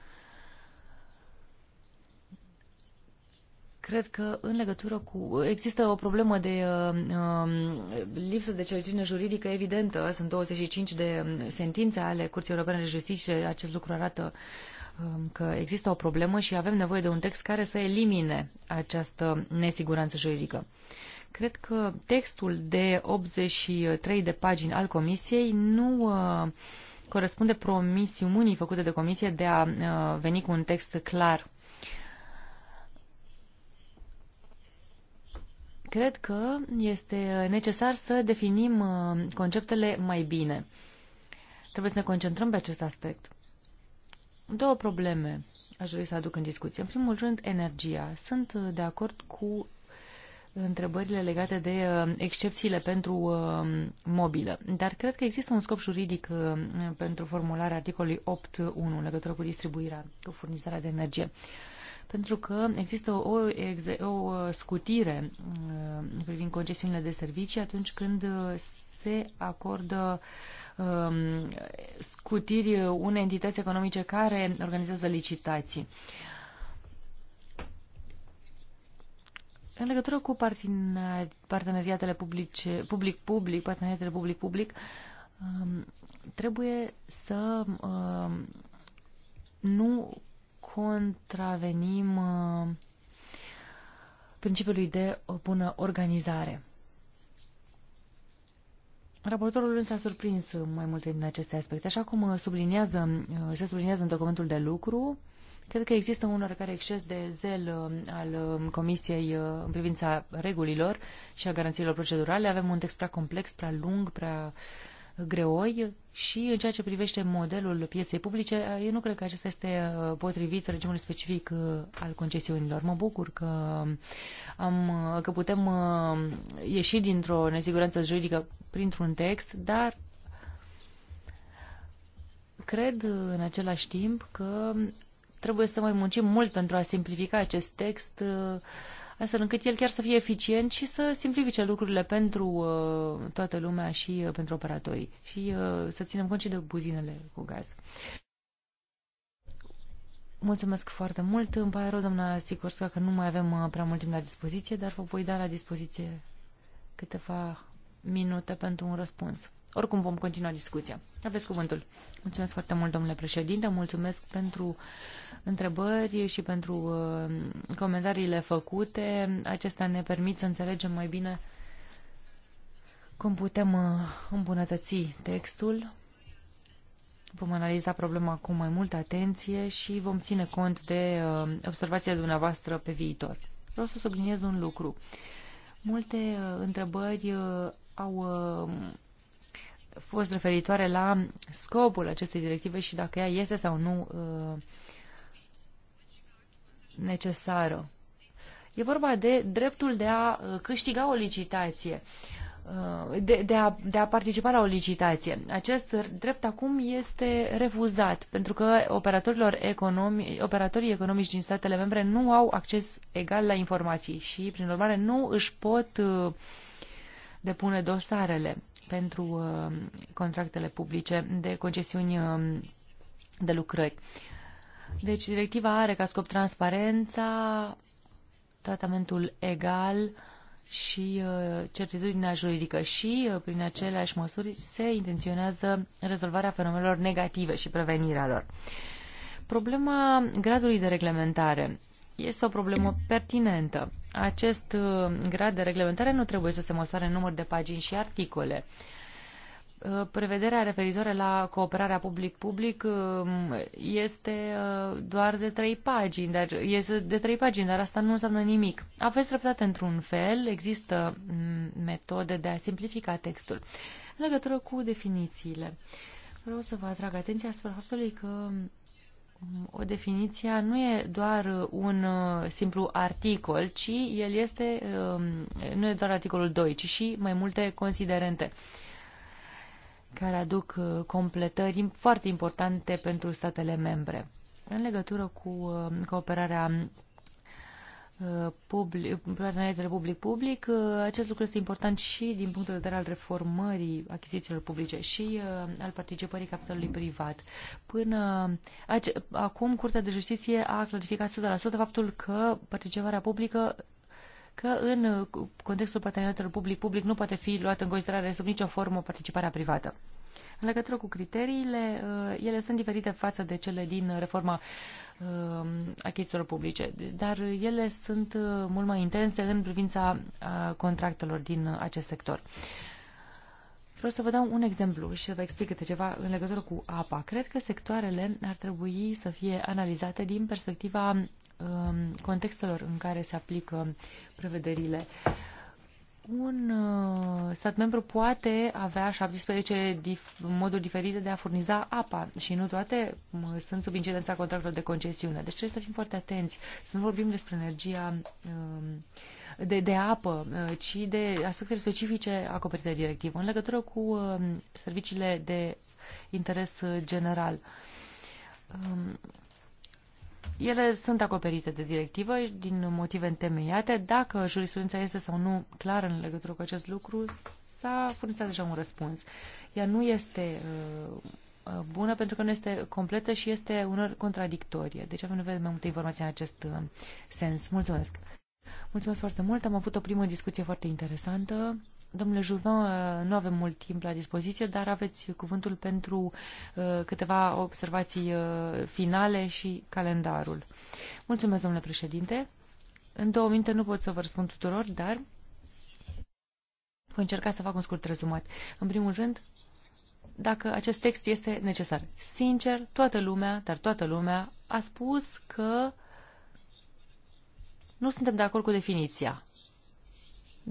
Cred că în legătură cu... Există o problemă de uh, lipsă de certitudine juridică evidentă. Sunt 25 de um, sentințe ale Curții Europene de Justiție. Acest lucru arată că există o problemă și avem nevoie de un text care să elimine această nesiguranță juridică. Uh, Cred că textul de 83 de pagini al Comisiei nu uh, corespunde promisiunii făcute de Comisie de a uh, veni cu un text clar. Cred că este necesar să definim uh, conceptele mai bine. Trebuie să ne concentrăm pe acest aspect. Două probleme aș dori să aduc în discuție. În primul rând, energia. Sunt de acord cu întrebările legate de uh, excepțiile pentru uh, mobilă. Dar cred că există un scop juridic uh, pentru formularea articolului 8.1 în legătură cu distribuirea, cu furnizarea de energie. Pentru că există o, o scutire privind concesiunile de servicii atunci când se acordă um, scutiri unei entități economice care organizează licitații. În legătură cu parteneriatele public-public, parteneriatele public-public, um, trebuie să um, nu contravenim um, principiului de o uh, bună organizare. Raportorul însă a surprins mai multe din aceste aspecte. Așa cum uh, subliniază, uh, se subliniază în documentul de lucru, Cred că există un oarecare exces de zel um, al um, Comisiei uh, în privința regulilor și a garanțiilor procedurale. Avem un text prea complex, prea lung, prea greoi și în ceea ce privește modelul pieței publice, uh, eu nu cred că acesta este uh, potrivit regimului specific al concesiunilor. Mă bucur că, um, am, că putem ieși dintr-o nesiguranță juridică printr-un text, dar cred în același timp că trebuie să mai muncim mult pentru a simplifica acest text, uh, astfel încât el chiar să fie eficient și să simplifice lucrurile pentru uh, toată lumea și uh, pentru operatorii și să ținem cont și de buzinele cu gaz. Mulțumesc foarte mult. Îmi pare rău, doamna Sicorska, că nu mai avem prea mult timp la dispoziție, dar vă voi da la dispoziție câteva minute pentru un răspuns. Oricum vom continua discuția. Aveți cuvântul. Mulțumesc foarte mult, domnule președinte. Mulțumesc pentru uh, întrebări și pentru uh, comentariile făcute. Acestea ne permit să înțelegem mai bine cum putem uh, îmbunătăți textul. Vom analiza problema cu mai multă atenție și vom ține cont de observația dumneavoastră pe viitor. Vreau să subliniez un lucru. Multe întrebări au fost referitoare la scopul acestei directive și dacă ea este sau nu uh, necesară. E vorba de dreptul de a uh, câștiga o licitație, uh, de, de, a, de a participa la o licitație. Acest drept acum este refuzat, pentru că operatorilor economi, operatorii economici din statele membre nu au acces egal la informații și, prin urmare, nu își pot depune dosarele pentru uh, contractele publice de concesiuni um, de lucrări. Deci, directiva are ca scop transparența, tratamentul egal și uh, certitudinea juridică și, uh, prin aceleași măsuri, se intenționează rezolvarea fenomenelor negative și prevenirea lor. Problema gradului de reglementare este o problemă pertinentă acest uh, grad de reglementare nu trebuie să se măsoare în număr de pagini și articole. Uh, prevederea referitoare la cooperarea public-public uh, este doar de trei pagini, dar este de trei pagini, dar asta nu înseamnă nimic. Aveți dreptate într-un fel, există mm, metode de a simplifica textul. În legătură cu definițiile, vreau să vă atrag atenția asupra faptului că o definiție nu e doar un uh, simplu articol, ci el este, um, nu e doar articolul 2, ci și mai multe considerente care aduc uh, completări foarte importante pentru statele membre. În legătură cu uh, cooperarea parteneriatele public-public. Uh, acest lucru este important și din punctul de vedere al reformării achizițiilor publice și uh, al participării capitalului privat. Până acum, Curtea de Justiție a clarificat 100% faptul că participarea publică că în uh, contextul parteneriatelor public-public nu poate fi luată în considerare sub nicio formă participarea privată. În legătură cu criteriile, uh, ele sunt diferite față de cele din reforma uh, achizițiilor publice, dar ele sunt uh, mult mai intense în privința contractelor din acest sector. Vreau să vă dau un exemplu și să vă explic câte ceva în legătură cu apa. Cred că sectoarele ar trebui să fie analizate din perspectiva um, contextelor în care se aplică prevederile un uh, stat membru poate avea 17 dif- moduri diferite de a furniza apa și nu toate sunt sub incidența contractelor de concesiune. Deci trebuie să fim foarte atenți. Să nu vorbim despre energia um, de, de apă, uh, ci de aspecte specifice acoperite directivă în legătură cu um, serviciile de interes uh, general. Um, ele sunt acoperite de directivă din motive întemeiate. Dacă jurisprudența este sau nu clară în legătură cu acest lucru, s-a furnizat deja un răspuns. Ea nu este uh, uh bună pentru că nu este completă și este unor contradictorie. Deci avem nevoie de mai multe informații în acest uh, sens. Mulțumesc! Mulțumesc foarte mult! Am avut o primă discuție foarte interesantă. Domnule Juvin, uh, nu avem mult timp la dispoziție, dar aveți cuvântul pentru uh, câteva observații uh, finale și calendarul. Mulțumesc, domnule președinte. În două minute nu pot să vă răspund tuturor, dar voi încerca să fac un scurt rezumat. În primul rând, dacă acest text este necesar. Sincer, toată lumea, dar toată lumea a spus că nu suntem de acord cu definiția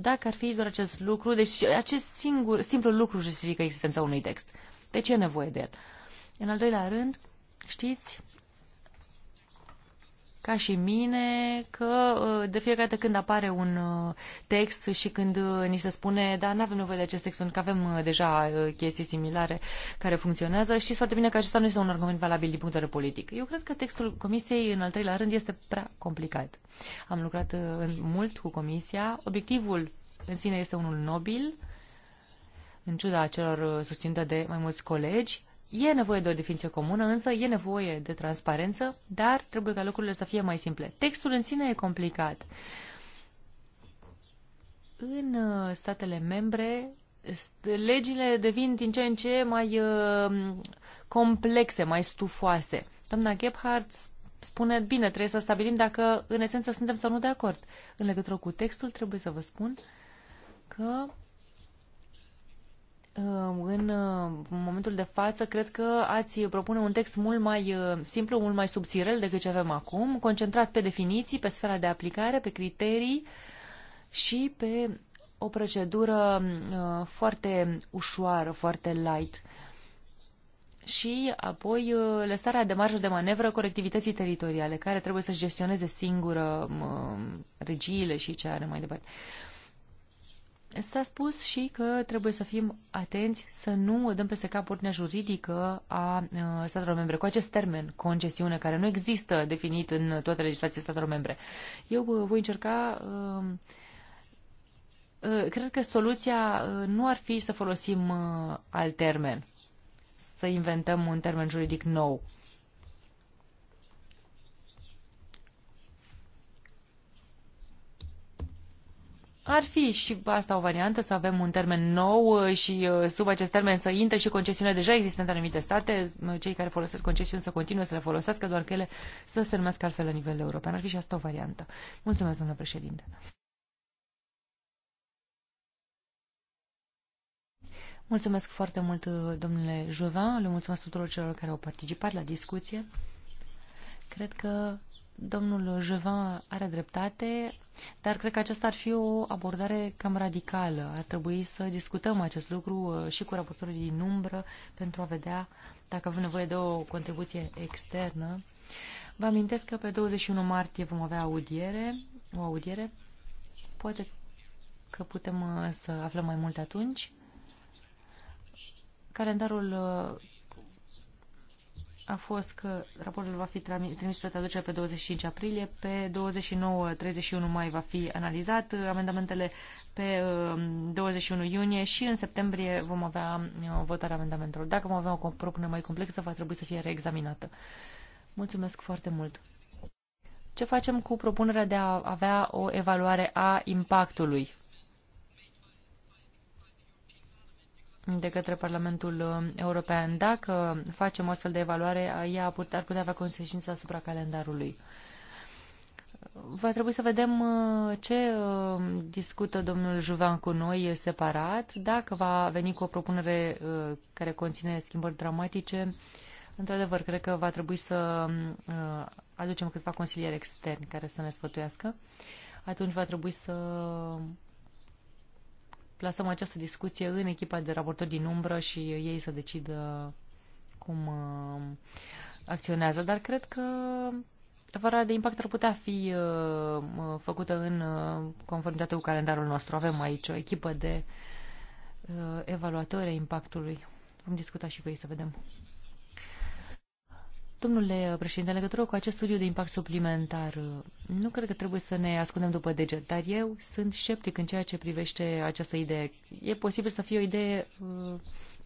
dacă ar fi doar acest lucru, deci acest singur, simplu lucru justifică existența unui text. De ce e nevoie de el? În al doilea rând, știți ca și mine că uh, de fiecare dată când apare un uh, text și când uh, ni se spune da, nu avem nevoie de acest text pentru că avem deja chestii similare care funcționează și foarte bine că acesta nu este un argument valabil din punct de vedere politic. Eu cred că textul comisiei în al treilea rând este prea complicat. Am lucrat mult cu comisia. Obiectivul în sine este unul nobil, în ciuda celor susținute de mai mulți colegi, E nevoie de o definiție comună, însă e nevoie de transparență, dar trebuie ca lucrurile să fie mai simple. Textul în sine e complicat. În uh, statele membre, legile devin din ce în ce mai uh, complexe, mai stufoase. Doamna Gebhardt spune, bine, trebuie să stabilim dacă în esență suntem sau nu de acord. În legătură cu textul, trebuie să vă spun că Um, um, în momentul de față, cred că ați propune un text mult mai uh, simplu, mult mai subțirel decât ce avem acum, concentrat pe definiții, pe sfera de aplicare, pe criterii și pe o procedură um, uh, foarte ușoară, foarte light. Și apoi uh, lăsarea de marjă de manevră colectivității teritoriale, care trebuie să-și gestioneze singură regiile și ce are mai departe. Uh, S-a spus și că trebuie să fim atenți să nu dăm peste cap ordinea juridică a uh, statelor membre cu acest termen, concesiune, care nu există definit în toate legislațiile statelor membre. Eu uh, voi încerca uh, cred că soluția nu ar fi să folosim alt termen, să inventăm un termen juridic nou. Ar fi și asta o variantă, să avem un termen nou uh, și uh, sub acest termen să intre și concesiunile deja existente în anumite state, uh, cei care folosesc concesiuni să continue să le folosească, doar că ele să se numească altfel la nivel european. Ar fi și asta o variantă. Mulțumesc, domnule președinte. Mulțumesc foarte mult, domnule Jovan. Le mulțumesc tuturor celor care au participat la discuție. Cred că domnul Jevan are dreptate, dar cred că aceasta ar fi o abordare cam radicală. Ar trebui să discutăm acest lucru uh, și cu raportorii din umbră pentru a vedea dacă avem nevoie de o contribuție externă. Vă amintesc că pe 21 martie vom avea audiere, o audiere. Poate că putem uh, să aflăm mai multe atunci. Calendarul uh, a fost că raportul va fi trimis spre traducere pe 25 aprilie, pe 29-31 mai va fi analizat, uh, amendamentele pe 21 uh, iunie și în septembrie vom avea uh, votarea amendamentelor. Dacă vom avea o propunere mai complexă, va trebui să fie reexaminată. Mulțumesc foarte mult! Ce facem cu propunerea de a avea o evaluare a impactului? de către Parlamentul uh, European. Dacă facem o astfel de evaluare, uh, ea ar putea avea consecințe asupra calendarului. Va trebui să vedem uh, ce discută domnul Juvan cu noi separat, dacă va veni cu o propunere care conține schimbări dramatice. Într-adevăr, cred că va trebui să aducem câțiva consilieri externi care să ne sfătuiască. Atunci va trebui să plasăm această discuție în echipa de raportori din umbră și ei să decidă cum uh, acționează, dar cred că fără de impact ar putea fi uh, uh, făcută în conformitate cu calendarul nostru. Avem aici o echipă de evaluatori a impactului. Vom discuta și voi să vedem. Domnule președinte, în legătură cu acest studiu de impact suplimentar, nu cred că trebuie să ne ascundem după deget, dar eu sunt sceptic în ceea ce privește această idee. E posibil să fie o idee uh,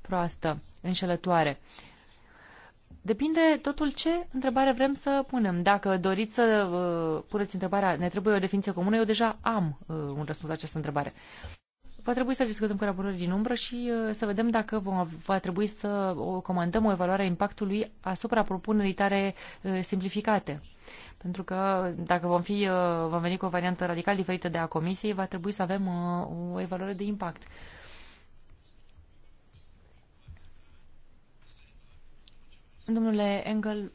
proastă, înșelătoare. Depinde totul ce întrebare vrem să punem. Dacă doriți să uh, puneți întrebarea, ne trebuie o definiție comună, eu deja am uh, un răspuns la această întrebare va trebui să discutăm cu raportorii din umbră și uh, să vedem dacă vom, va trebui să o comandăm o evaluare a impactului asupra propunerii tare uh, simplificate. Pentru că dacă vom, fi, uh, vom veni cu o variantă radical diferită de a comisiei, va trebui să avem o evaluare de impact. Domnule Engel,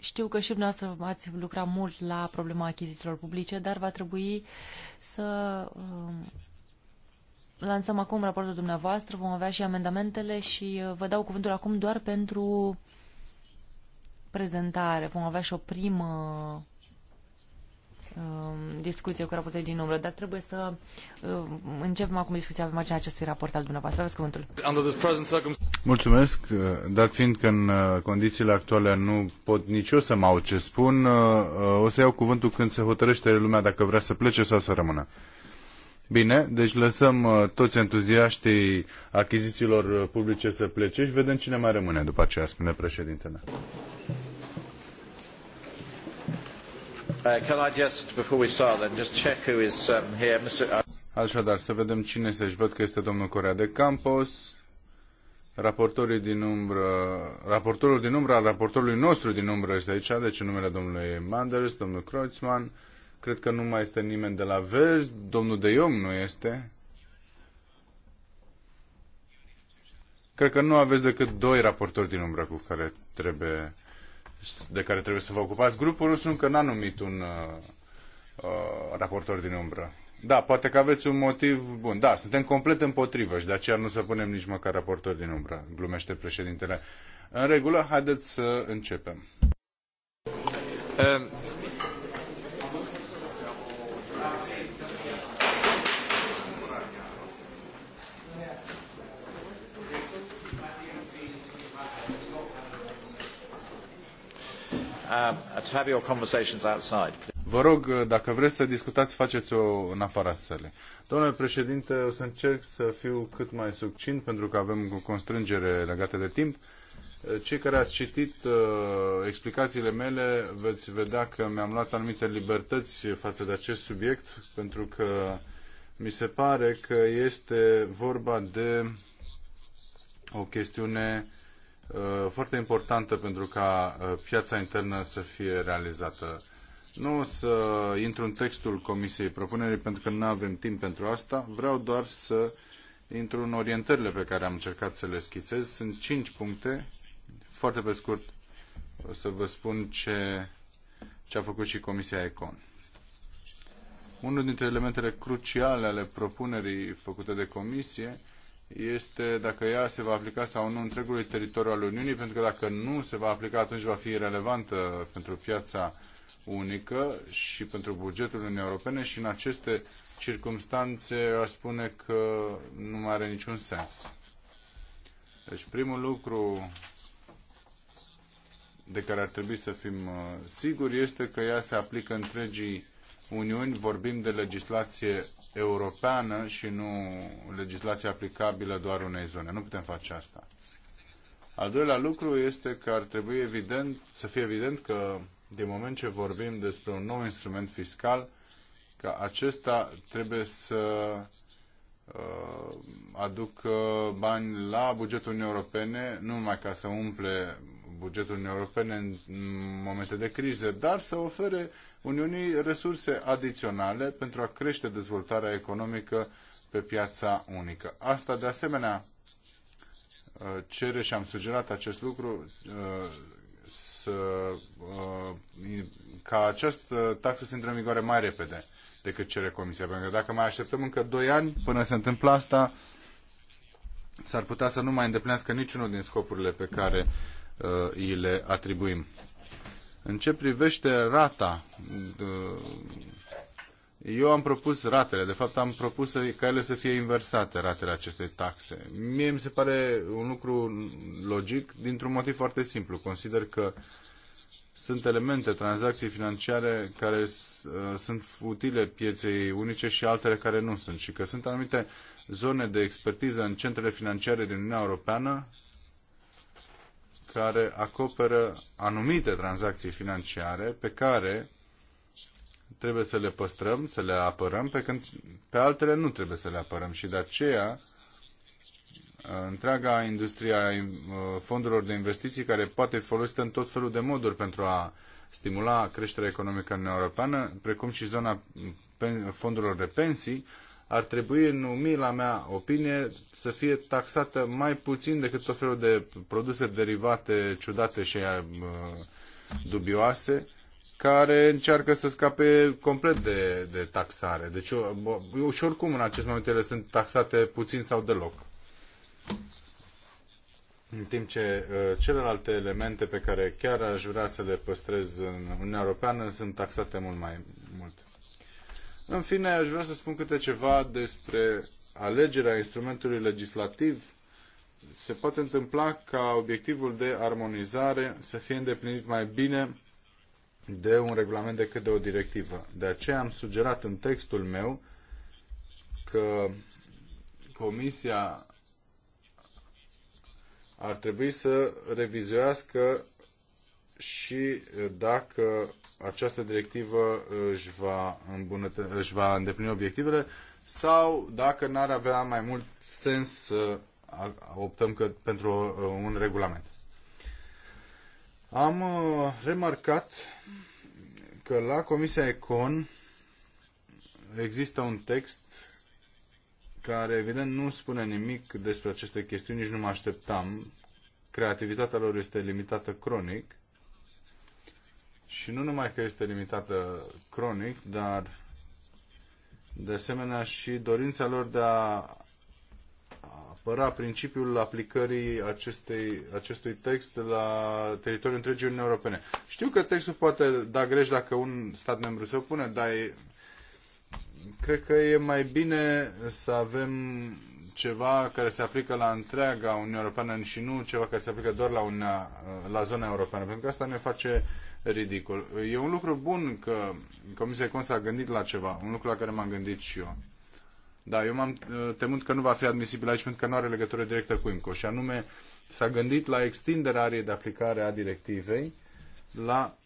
știu că și dumneavoastră ați lucrat mult la problema achizițiilor publice, dar va trebui să um, lansăm acum raportul dumneavoastră, vom avea și amendamentele și uh, vă dau cuvântul acum doar pentru prezentare. Vom avea și o primă um, discuție cu raportul din umbră, dar trebuie să uh, începem acum discuția pe marginea acestui raport al dumneavoastră. Aveți cuvântul. Mulțumesc, uh, dat fiind că în condițiile actuale nu pot nici eu să mă au ce spun, o să iau cuvântul când se hotărăște lumea dacă vrea să plece sau să rămână. Bine, deci lăsăm uh, toți entuziaștii achizițiilor uh, publice să plece și vedem cine mai rămâne după aceea, spune președintele. Așadar, să vedem cine este. Și văd că este domnul Corea de Campos, raportorii din umbră, raportorul din umbră al raportorului nostru din umbră este aici, deci în numele domnului Manders, domnul Kreutzmann, Cred că nu mai este nimeni de la Verzi. Domnul De Jong nu este. Cred că nu aveți decât doi raportori din umbră cu care trebuie, de care trebuie să vă ocupați. Grupul nostru încă n-a numit un uh, uh, raportor din umbră. Da, poate că aveți un motiv bun. Da, suntem complet împotrivă și de aceea nu să punem nici măcar raportor din umbră, glumește președintele. În regulă, haideți să începem. Um, Uh, Vă rog, uh, dacă vreți să discutați, faceți-o în afara sălii. Domnule președinte, o să încerc să fiu cât mai succint, pentru că avem o constrângere legată de timp. Uh, cei care ați citit uh, explicațiile mele veți vedea că mi-am luat anumite libertăți față de acest subiect, pentru că mi se pare că este vorba de o chestiune uh, Uh, foarte importantă pentru ca uh, piața internă să fie realizată. Nu o să intru în textul Comisiei Propunerii pentru că nu avem timp pentru asta. Vreau doar să intru în orientările pe care am încercat să le schițez. Sunt cinci puncte. Foarte pe scurt o să vă spun ce, ce a făcut și Comisia Econ. Unul dintre elementele cruciale ale propunerii făcute de Comisie este dacă ea se va aplica sau nu întregului teritoriu al Uniunii, pentru că dacă nu se va aplica, atunci va fi relevantă pentru piața unică și pentru bugetul Uniunii Europene și în aceste circunstanțe aș spune că nu mai are niciun sens. Deci primul lucru de care ar trebui să fim uh, siguri este că ea se aplică întregii Uniuni vorbim de legislație europeană și nu legislație aplicabilă doar unei zone. Nu putem face asta. Al doilea lucru este că ar trebui evident, să fie evident că din moment ce vorbim despre un nou instrument fiscal, că acesta trebuie să uh, aduc bani la bugetul Uniunii Europene, nu numai ca să umple bugetul Uniunii Europene în momente de criză, dar să ofere Uniunii resurse adiționale pentru a crește dezvoltarea economică pe piața unică. Asta, de asemenea, uh, cere și am sugerat acest lucru uh, să, uh, ca această taxă să intre în vigoare mai repede decât cere Comisia. Pentru că dacă mai așteptăm încă 2 ani până se întâmplă asta, s-ar putea să nu mai îndeplinească niciunul din scopurile pe care îi uh, le atribuim. În ce privește rata, uh, eu am propus ratele, de fapt am propus ca ele să fie inversate, ratele acestei taxe. Mie mi se pare un lucru logic dintr-un motiv foarte simplu. Consider că sunt elemente, tranzacții financiare care uh, sunt utile pieței unice și altele care nu sunt și că sunt anumite zone de expertiză în centrele financiare din Uniunea Europeană care acoperă anumite tranzacții financiare pe care trebuie să le păstrăm, să le apărăm, pe când pe altele nu trebuie să le apărăm și de aceea întreaga industrie a uh, fondurilor de investiții care poate fi folosită în tot felul de moduri pentru a stimula creșterea economică în Europeană, precum și zona fondurilor de pensii, ar trebui, în umila mea opinie, să fie taxată mai puțin decât tot felul de produse derivate ciudate și uh, dubioase care încearcă să scape complet de, de taxare. Deci, și oricum, în acest moment, ele sunt taxate puțin sau deloc. În timp ce uh, celelalte elemente pe care chiar aș vrea să le păstrez în Uniunea Europeană sunt taxate mult mai în fine, aș vrea să spun câte ceva despre alegerea instrumentului legislativ. Se poate întâmpla ca obiectivul de armonizare să fie îndeplinit mai bine de un regulament decât de o directivă. De aceea am sugerat în textul meu că Comisia ar trebui să revizuiască și eh, dacă această directivă eh, își va, îmbunătă- își va îndeplini obiectivele sau dacă n-ar avea mai mult sens să optăm că, pentru eh, un regulament. Am remarcat că la Comisia Econ există un text care evident nu spune nimic despre aceste chestiuni, nici nu mă așteptam. Creativitatea lor este limitată cronic și nu numai că este limitată cronic, dar de asemenea și dorința lor de a apăra principiul aplicării acestei, acestui text la teritoriul întregii Uniunii Europene. Știu că textul poate da greș dacă un stat membru se opune, dar e, cred că e mai bine să avem ceva care se aplică la întreaga Uniunea Europeană și nu ceva care se aplică doar la, una, la zona europeană, pentru că asta ne face uh, ridicol. E un lucru bun că Comisia Econ s-a gândit la ceva, un lucru la care m-am gândit și eu. Da, eu m-am uh, temut că nu va fi admisibil aici pentru că nu are legătură directă cu IMCO și anume s-a gândit la extinderea ariei de aplicare a directivei la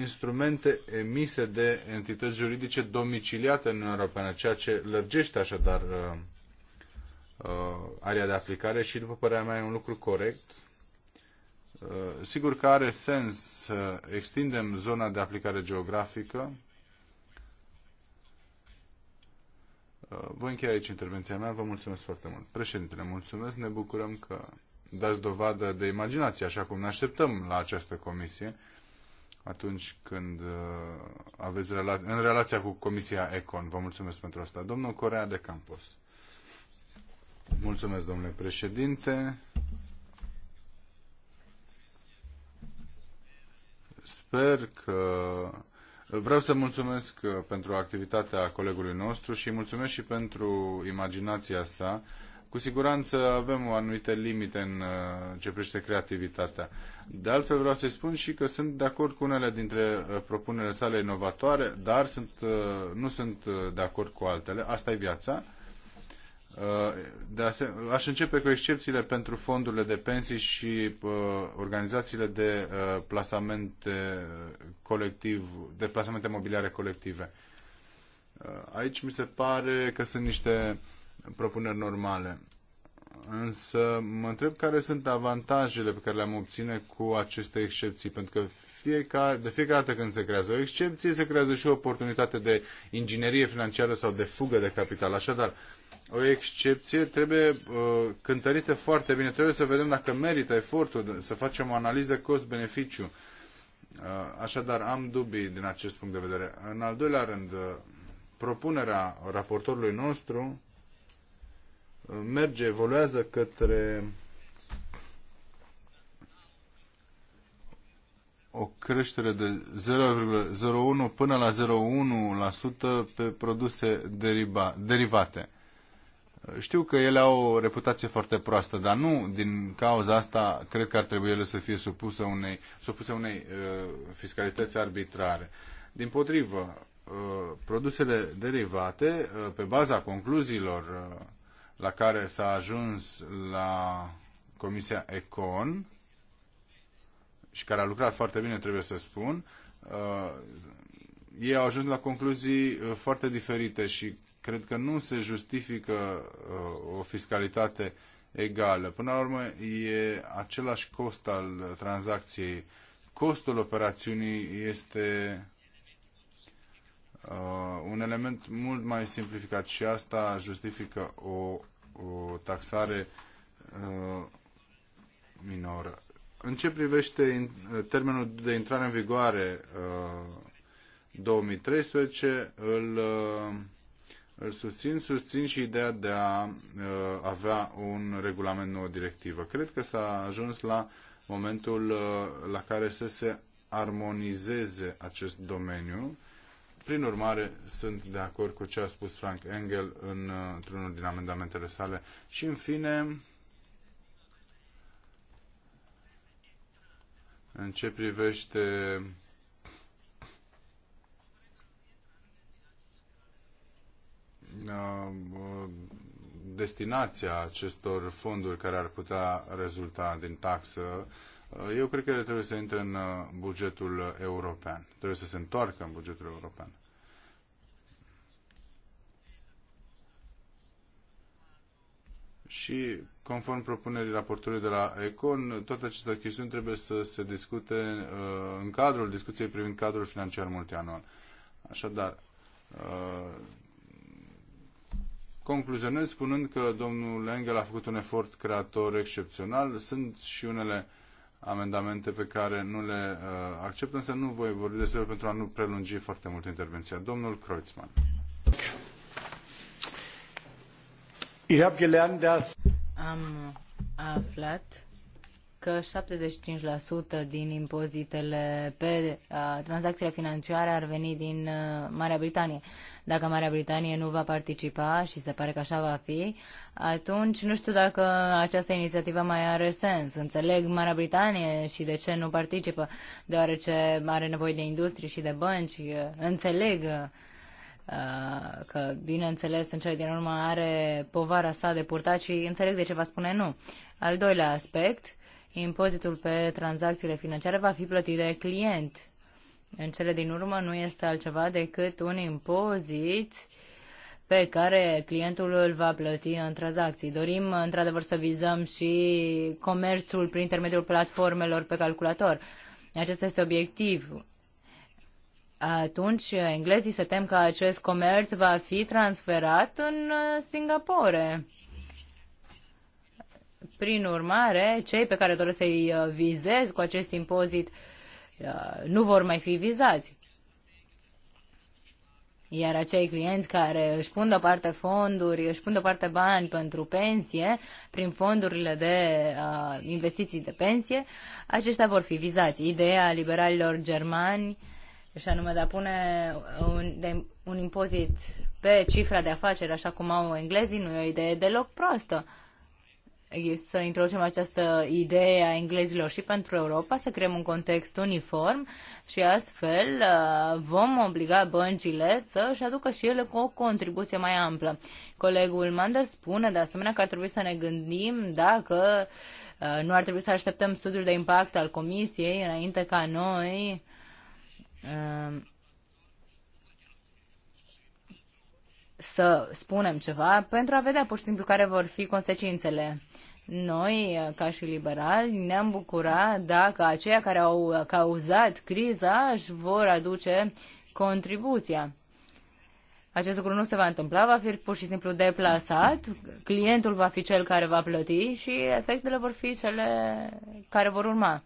instrumente emise de entități juridice domiciliate în Uniunea Europeană, ceea ce lărgește așadar uh, uh, area de aplicare și, după părerea mea, e un lucru corect Uh, sigur că are sens să extindem zona de aplicare geografică. Uh, voi încheia aici intervenția mea. Vă mulțumesc foarte mult. Președintele, mulțumesc. Ne bucurăm că dați dovadă de imaginație, așa cum ne așteptăm la această comisie atunci când uh, aveți rela- în relația cu Comisia Econ. Vă mulțumesc pentru asta. Domnul Corea de Campos. Mulțumesc, domnule președinte. Sper că Vreau să mulțumesc uh, pentru activitatea colegului nostru și mulțumesc și pentru imaginația sa. Cu siguranță avem o anumite limite în uh, ce privește creativitatea. De altfel vreau să-i spun și că sunt de acord cu unele dintre uh, propunerile sale inovatoare, dar sunt, nu sunt de acord cu altele. Asta e viața. Uh, de asemenea, aș începe cu excepțiile pentru fondurile de pensii și uh, organizațiile de uh, plasamente colectiv, de plasamente mobiliare colective. Uh, aici mi se pare că sunt niște propuneri normale. Însă mă întreb care sunt avantajele pe care le-am obține cu aceste excepții, pentru că fiecare, de fiecare dată când se creează o excepție, se creează și o oportunitate de inginerie financiară sau de fugă de capital. Așadar, uh, o excepție, trebuie uh, cântărită foarte bine. Trebuie să vedem dacă merită efortul, să facem o analiză cost-beneficiu. Uh, așadar, am dubii din acest punct de vedere. În al doilea rând, uh, propunerea raportorului nostru uh, merge, evoluează către o creștere de 0,01 până la 0,1% pe produse deriva, derivate. Știu că ele au o reputație foarte proastă, dar nu din cauza asta cred că ar trebui ele să fie supuse unei, supuse unei uh, fiscalități arbitrare. Din potrivă, uh, produsele derivate, uh, pe baza concluziilor uh, la care s-a ajuns la Comisia Econ, și care a lucrat foarte bine, trebuie să spun, uh, ei au ajuns la concluzii uh, foarte diferite și Cred că nu se justifică uh, o fiscalitate egală. Până la urmă, e același cost al tranzacției. Costul operațiunii este uh, un element mult mai simplificat și asta justifică o, o taxare uh, minoră. În ce privește in, termenul de intrare în vigoare uh, 2013, îl uh, îl susțin, susțin și ideea de a uh, avea un regulament nou, o directivă. Cred că s-a ajuns la momentul uh, la care să se armonizeze acest domeniu. Prin urmare, sunt de acord cu ce a spus Frank Engel în, uh, într-unul din amendamentele sale. Și, în fine, în ce privește Uh, destinația acestor fonduri care ar putea rezulta din taxă, uh, eu cred că ele trebuie să intre în uh, bugetul european. Trebuie să se întoarcă în bugetul european. Și conform propunerii raportului de la Econ, toate aceste chestiuni trebuie să se discute în cadrul discuției privind cadrul financiar multianual. Așadar, Concluzionez spunând că domnul Engel a făcut un efort creator excepțional. Sunt și unele amendamente pe care nu le uh, accept, însă nu voi vorbi despre pentru a nu prelungi foarte mult intervenția. Domnul Kreutzmann. Am aflat că 75% din impozitele pe tranzacțiile financiare ar veni din Marea Britanie. Dacă Marea Britanie nu va participa și se pare că așa va fi, atunci nu știu dacă această inițiativă mai are sens. Înțeleg Marea Britanie și de ce nu participă, deoarece are nevoie de industrie și de bănci. Înțeleg că, bineînțeles, în cele din urmă are povara sa de purtat și înțeleg de ce va spune nu. Al doilea aspect, impozitul pe tranzacțiile financiare va fi plătit de client. În cele din urmă nu este altceva decât un impozit pe care clientul îl va plăti în tranzacții. Dorim, într-adevăr, să vizăm și comerțul prin intermediul platformelor pe calculator. Acesta este obiectiv. Atunci, englezii se tem că acest comerț va fi transferat în Singapore prin urmare, cei pe care doresc să-i uh, vizez cu acest impozit uh, nu vor mai fi vizați. Iar acei clienți care își pun deoparte fonduri, își pun deoparte bani pentru pensie, prin fondurile de uh, investiții de pensie, aceștia vor fi vizați. Ideea liberalilor germani, și anume de a pune un, de, un impozit pe cifra de afaceri, așa cum au englezii, nu e o idee deloc proastă. Uh, să introducem această idee a englezilor și pentru Europa, să creăm un context uniform și astfel uh, vom obliga băncile să-și aducă și ele cu o contribuție mai amplă. Colegul Mander spune de asemenea că ar trebui să ne gândim dacă uh, nu ar trebui să așteptăm studiul de impact al Comisiei înainte ca noi uh, să spunem ceva pentru a vedea pur și simplu care vor fi consecințele. Noi, ca și liberali, ne-am bucura dacă aceia care au cauzat criza își vor aduce contribuția. Acest lucru nu se va întâmpla, va fi pur și simplu deplasat, clientul va fi cel care va plăti și efectele vor fi cele care vor urma.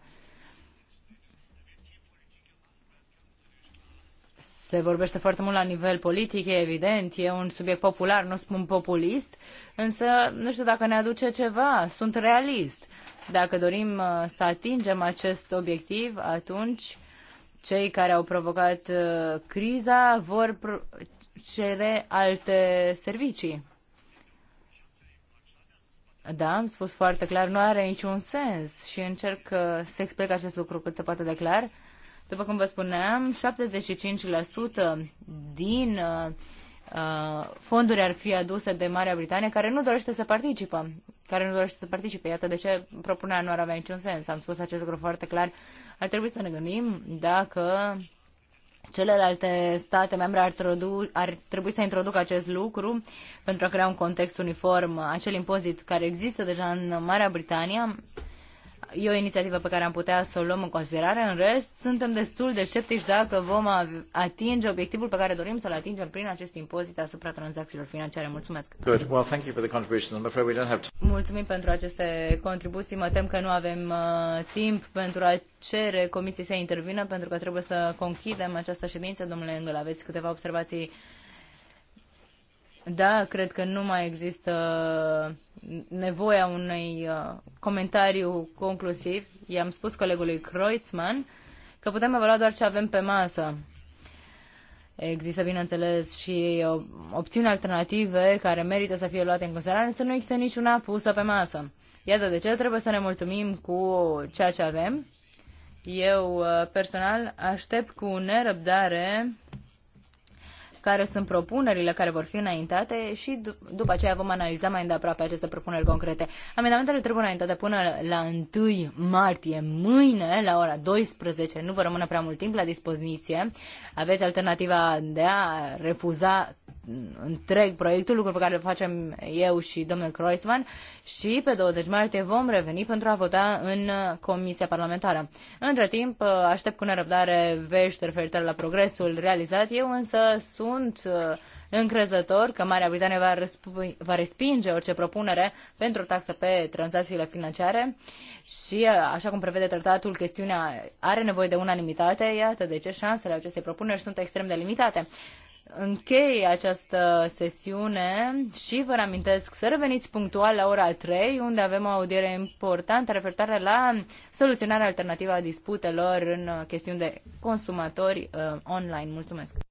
Se vorbește foarte mult la nivel politic, e evident, e un subiect popular, nu spun populist, însă nu știu dacă ne aduce ceva, sunt realist. Dacă dorim uh, să atingem acest obiectiv, atunci cei care au provocat uh, criza vor cere alte servicii. Da, am spus foarte clar, nu are niciun sens și încerc uh, să explic acest lucru cât se poate de clar. După cum vă spuneam, 75% din uh, uh, fonduri ar fi aduse de Marea Britanie care nu dorește să participă, care nu dorește să participe. Iată de ce propunerea nu ar avea niciun sens. Am spus acest lucru foarte clar. Ar trebui să ne gândim dacă celelalte state membre ar, tradu- ar trebui să introducă acest lucru pentru a crea un context uniform. Acel impozit care există deja în Marea Britanie e o inițiativă pe care am putea să o luăm în considerare. În rest, suntem destul de sceptici dacă vom atinge obiectivul pe care dorim să-l atingem prin acest impozit asupra tranzacțiilor financiare. Mulțumesc! Good. Well, thank you for the I'm we don't have Mulțumim pentru aceste contribuții. Mă tem că nu avem uh, timp pentru a cere comisiei să intervină, pentru că trebuie să conchidem această ședință. Domnule Engel, aveți câteva observații da, cred că nu mai există nevoia unui uh, comentariu conclusiv. I-am spus colegului Kreutzmann că putem evalua doar ce avem pe masă. Există, bineînțeles, și opțiuni alternative care merită să fie luate în considerare, însă nu există niciuna pusă pe masă. Iată de ce trebuie să ne mulțumim cu ceea ce avem. Eu, uh, personal, aștept cu nerăbdare care sunt propunerile care vor fi înaintate și după aceea vom analiza mai îndeaproape aceste propuneri concrete. Amendamentele trebuie înaintate până la 1 martie, mâine, la ora 12. Nu vă rămână prea mult timp la dispoziție. Aveți alternativa de a refuza întreg proiectul, lucru pe care îl facem eu și domnul Kreuzmann și pe 20 martie vom reveni pentru a vota în Comisia Parlamentară. Între timp, aștept cu nerăbdare vești referitoare la progresul realizat. Eu însă sunt uh, încrezător că Marea Britanie va, va respinge orice propunere pentru taxă pe tranzacțiile financiare și, uh, așa cum prevede tratatul, chestiunea are nevoie de unanimitate, iată de ce șansele acestei propuneri sunt extrem de limitate închei această sesiune și vă reamintesc să reveniți punctual la ora 3, unde avem o audiere importantă referitoare la soluționarea alternativă a disputelor în chestiuni de consumatori uh, online. Mulțumesc!